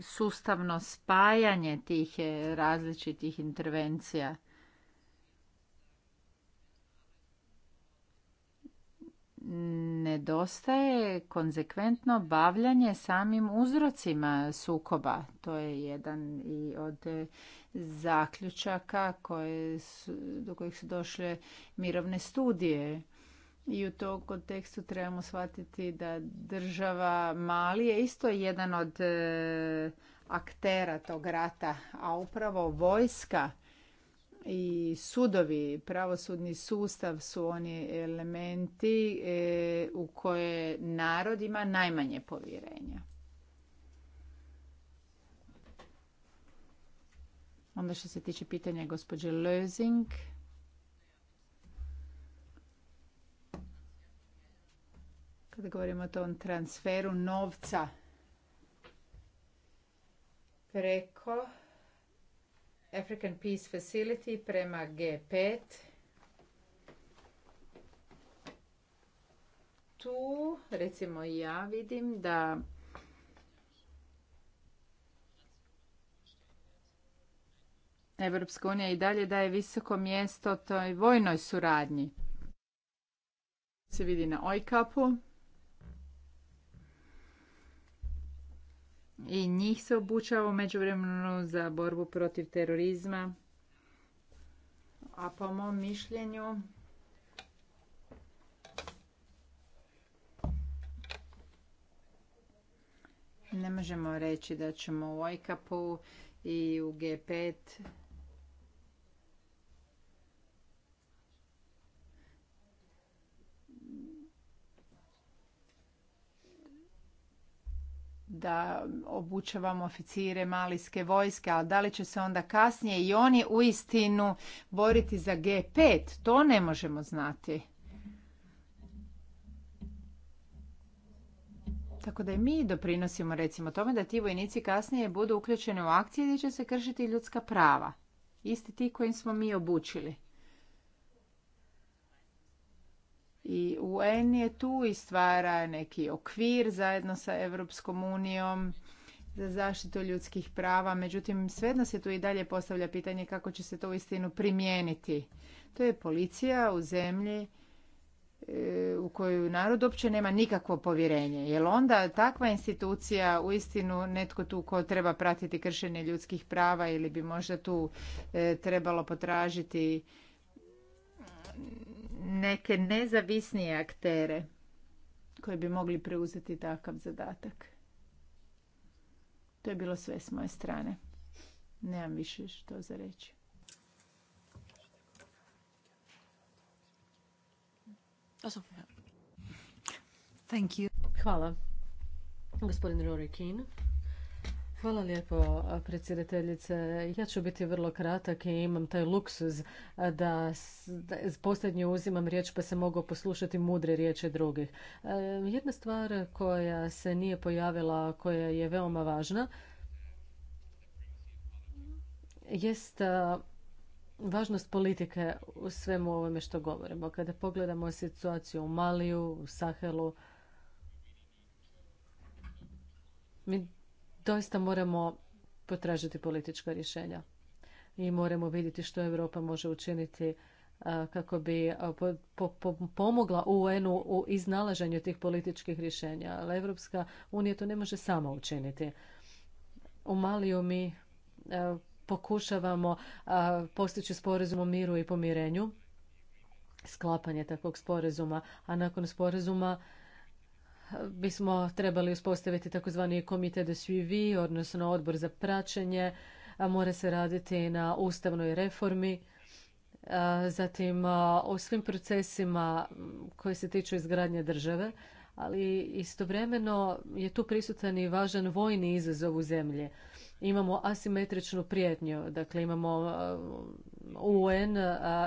sustavno spajanje tih eh, različitih intervencija. nedostaje konzekventno bavljanje samim uzrocima sukoba. To je jedan i od zaključaka koje su, do kojih su došle mirovne studije. I u tom kontekstu trebamo shvatiti da država Mali je isto jedan od e, aktera tog rata, a upravo vojska i sudovi, pravosudni sustav su oni elementi e, u koje narod ima najmanje povjerenja. Onda što se tiče pitanja gospođe Lözing. Kada govorimo o tom transferu novca preko African Peace Facility prema G5. Tu, recimo ja vidim da Evropska unija i dalje daje visoko mjesto toj vojnoj suradnji. Se vidi na ojkapu. i njih se obučava u međuvremenu za borbu protiv terorizma. A po mom mišljenju ne možemo reći da ćemo u ojkapu i u G5 da obučavamo oficire malijske vojske, ali da li će se onda kasnije i oni u istinu boriti za G5? To ne možemo znati. Tako da i mi doprinosimo recimo tome da ti vojnici kasnije budu uključeni u akcije gdje će se kršiti ljudska prava. Isti ti kojim smo mi obučili. i UN je tu i stvara neki okvir zajedno sa Europskom unijom za zaštitu ljudskih prava. Međutim, svejedno se tu i dalje postavlja pitanje kako će se to istinu primijeniti. To je policija u zemlji e, u koju narod uopće nema nikakvo povjerenje. Jer onda takva institucija uistinu netko tu ko treba pratiti kršenje ljudskih prava ili bi možda tu e, trebalo potražiti neke nezavisnije aktere koji bi mogli preuzeti takav zadatak. To je bilo sve s moje strane. Nemam više što za reći. Hvala. Gospodin Rory Keane. Hvala lijepo, predsjedateljice. Ja ću biti vrlo kratak i imam taj luksuz da posljednju uzimam riječ pa se mogu poslušati mudre riječi drugih. Jedna stvar koja se nije pojavila, koja je veoma važna, jest važnost politike u svemu ovome što govorimo. Kada pogledamo situaciju u Maliju, u Sahelu, mi doista moramo potražiti politička rješenja i moramo vidjeti što Europa može učiniti kako bi pomogla UN-u u iznalaženju tih političkih rješenja. Ali Evropska unija to ne može sama učiniti. U Maliju mi pokušavamo postići sporazum o miru i pomirenju, sklapanje takvog sporazuma, a nakon sporazuma bismo trebali uspostaviti takozvani komitet de suivi, odnosno odbor za praćenje, mora se raditi na ustavnoj reformi, zatim o svim procesima koji se tiču izgradnje države, ali istovremeno je tu prisutan i važan vojni izazov u zemlji. Imamo asimetričnu prijetnju, dakle imamo UN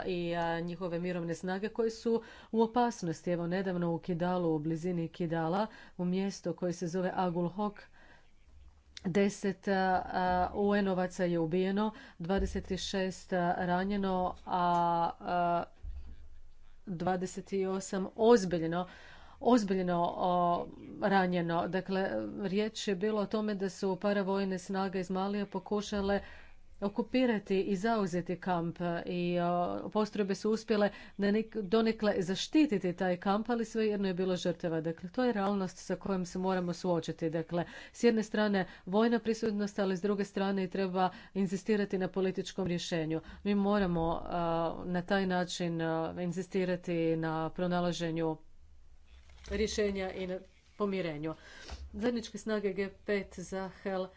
i njihove mirovne snage koje su u opasnosti. Evo nedavno u Kidalu, u blizini Kidala, u mjesto koje se zove Agulhok, Deset UN-ovaca je ubijeno, 26 ranjeno, a 28 ozbiljno ozbiljno ranjeno. Dakle, riječ je bilo o tome da su paravojne snage iz Malija pokušale okupirati i zauzeti kamp e, i e, postrojbe su uspjele donekle zaštititi taj kamp, ali svejedno je bilo žrtava. Dakle, to je realnost sa kojom se moramo suočiti. Dakle, s jedne strane vojna prisutnost, ali s druge strane i treba inzistirati na političkom rješenju. Mi moramo e, na taj način inzistirati na pronalaženju rješenja i na pomirenju. Zajedničke snage G5 Hel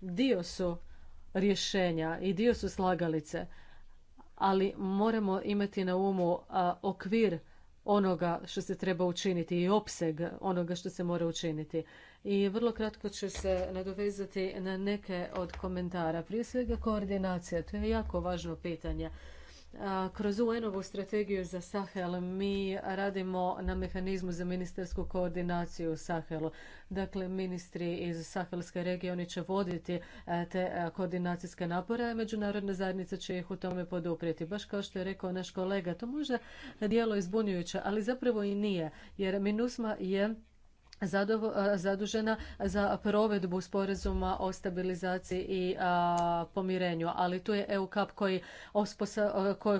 dio su rješenja i dio su slagalice, ali moramo imati na umu okvir onoga što se treba učiniti i opseg onoga što se mora učiniti. I vrlo kratko ću se nadovezati na neke od komentara. Prije svega koordinacija, to je jako važno pitanje. Kroz UN-ovu strategiju za Sahel mi radimo na mehanizmu za ministarsku koordinaciju u Sahelu. Dakle, ministri iz Sahelske regije oni će voditi e, te e, koordinacijske napore, a međunarodna zajednica će ih u tome poduprijeti. Baš kao što je rekao naš kolega, to može dijelo izbunjujuće, ali zapravo i nije, jer MINUSMA je zadužena za provedbu sporazuma o stabilizaciji i pomirenju. Ali tu je EUCAP koji,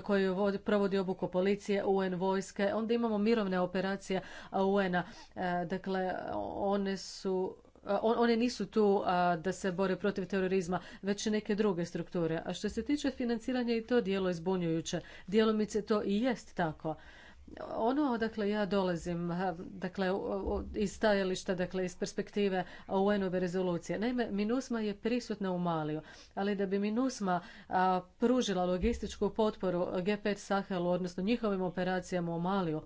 koji, provodi obuku policije, UN vojske. Onda imamo mirovne operacije UN-a. E, dakle, one su one nisu tu da se bore protiv terorizma, već neke druge strukture. A što se tiče financiranja i to dijelo je zbunjujuće. Djelomice to i jest tako ono odakle ja dolazim, dakle iz stajališta, dakle iz perspektive UN-ove rezolucije. Naime, MINUSMA je prisutna u Maliju, ali da bi MINUSMA pružila logističku potporu G5 Sahelu, odnosno njihovim operacijama u Maliju,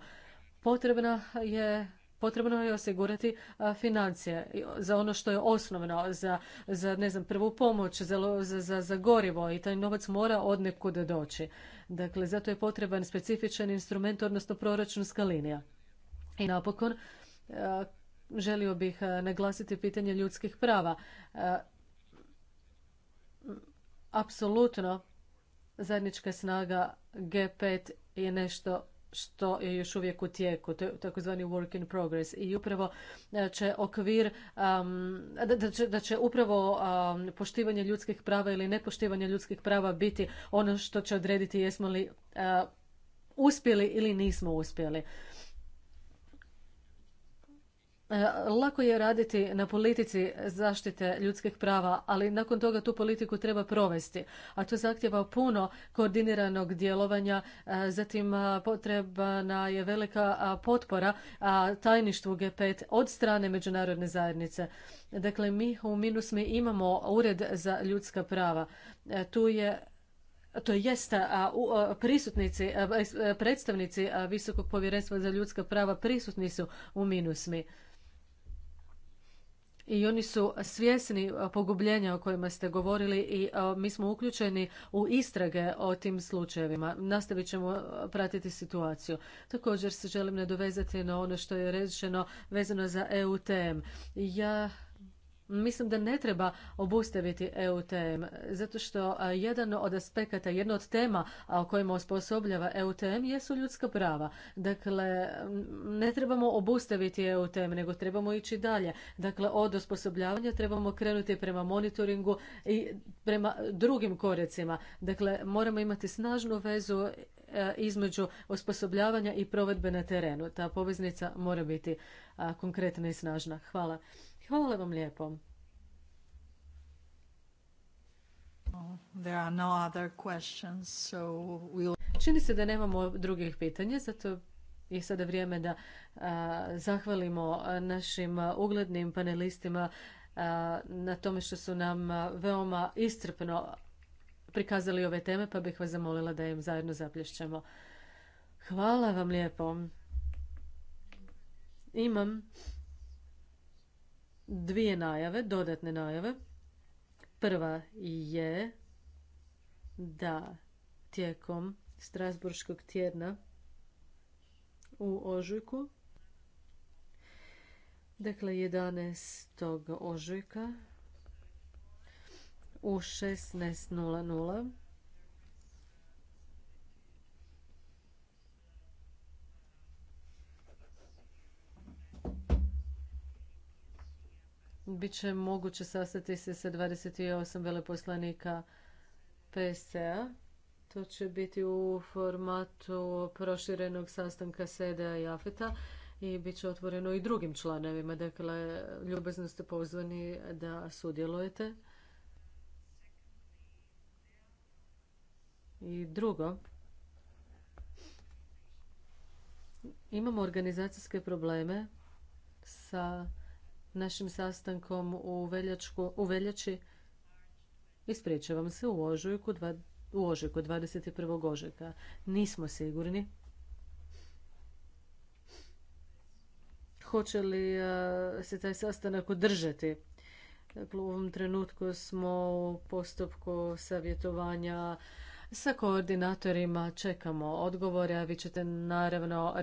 potrebna je potrebno je osigurati financije za ono što je osnovno, za, za ne znam, prvu pomoć, za, gorivo i taj novac mora od nekude doći. Dakle, zato je potreban specifičan instrument, odnosno proračunska linija. I napokon, želio bih naglasiti pitanje ljudskih prava. Apsolutno, zajednička snaga G5 je nešto što je još uvijek u tijeku, to je takozvani work in progress i upravo e, će okvir, da će, da će upravo poštivanje ljudskih prava ili nepoštivanje ljudskih prava biti ono što će odrediti jesmo li e, uspjeli ili nismo uspjeli. E, lako je raditi na politici zaštite ljudskih prava, ali nakon toga tu politiku treba provesti, a to zahtjeva puno koordiniranog djelovanja, e, zatim e, potrebna je velika potpora tajništvu G5 od strane međunarodne zajednice. Dakle, mi u Minusmi imamo ured za ljudska prava. Tu je to jest prisutnici, predstavnici Visokog povjerenstva za ljudska prava prisutni su u minusmi i oni su svjesni e, pogubljenja o kojima ste govorili i e, mi smo uključeni u istrage o tim slučajevima. Nastavit ćemo e, pratiti situaciju. Također se želim nadovezati na ono što je rečeno vezano za EUTM. Ja Mislim da ne treba obustaviti EU EUTM, zato što jedan od aspekata, jedna od tema o kojima osposobljava EU EUTM jesu ljudska prava. Dakle, ne trebamo obustaviti EU EUTM, nego trebamo ići dalje. Dakle, od osposobljavanja trebamo krenuti prema monitoringu i prema drugim korecima. Dakle, moramo imati snažnu vezu e, između osposobljavanja i provedbe na terenu. Ta poveznica mora biti konkretna i snažna. Hvala. Hvala vam lijepo. There Čini se da nemamo drugih pitanja, zato je sada vrijeme da zahvalimo našim uglednim panelistima na tome što su nam veoma istrpno prikazali ove teme, pa bih vas zamolila da im zajedno zaplješćemo. Hvala vam lijepo. Imam dvije najave, dodatne najave. Prva je da tijekom Strasburškog tjedna u Ožujku, dakle 11. Ožujka u 16.00, bit će moguće sastati se sa 28 veleposlanika PSC-a. To će biti u formatu proširenog sastanka SEDA i AFETA i bit će otvoreno i drugim članovima. Dakle, ljubazno ste pozvani da sudjelujete. I drugo, imamo organizacijske probleme sa našim sastankom u, veljačku, u veljači. Ispričavam se, u ožujku, dva, 21. ožujka. Nismo sigurni. Hoće li eh, se taj sastanak održati? Dakle, u ovom trenutku smo u postupku savjetovanja sa koordinatorima čekamo odgovore, a vi ćete naravno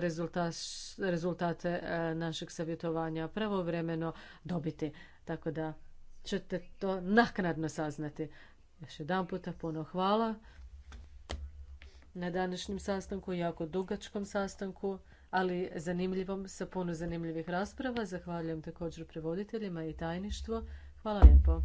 rezultate e, našeg savjetovanja pravovremeno dobiti. Tako da ćete to naknadno saznati. Još jedan puta puno hvala na današnjem sastanku, jako dugačkom sastanku, ali zanimljivom, sa puno zanimljivih rasprava. Zahvaljujem također prevoditeljima i tajništvo. Hvala lijepo.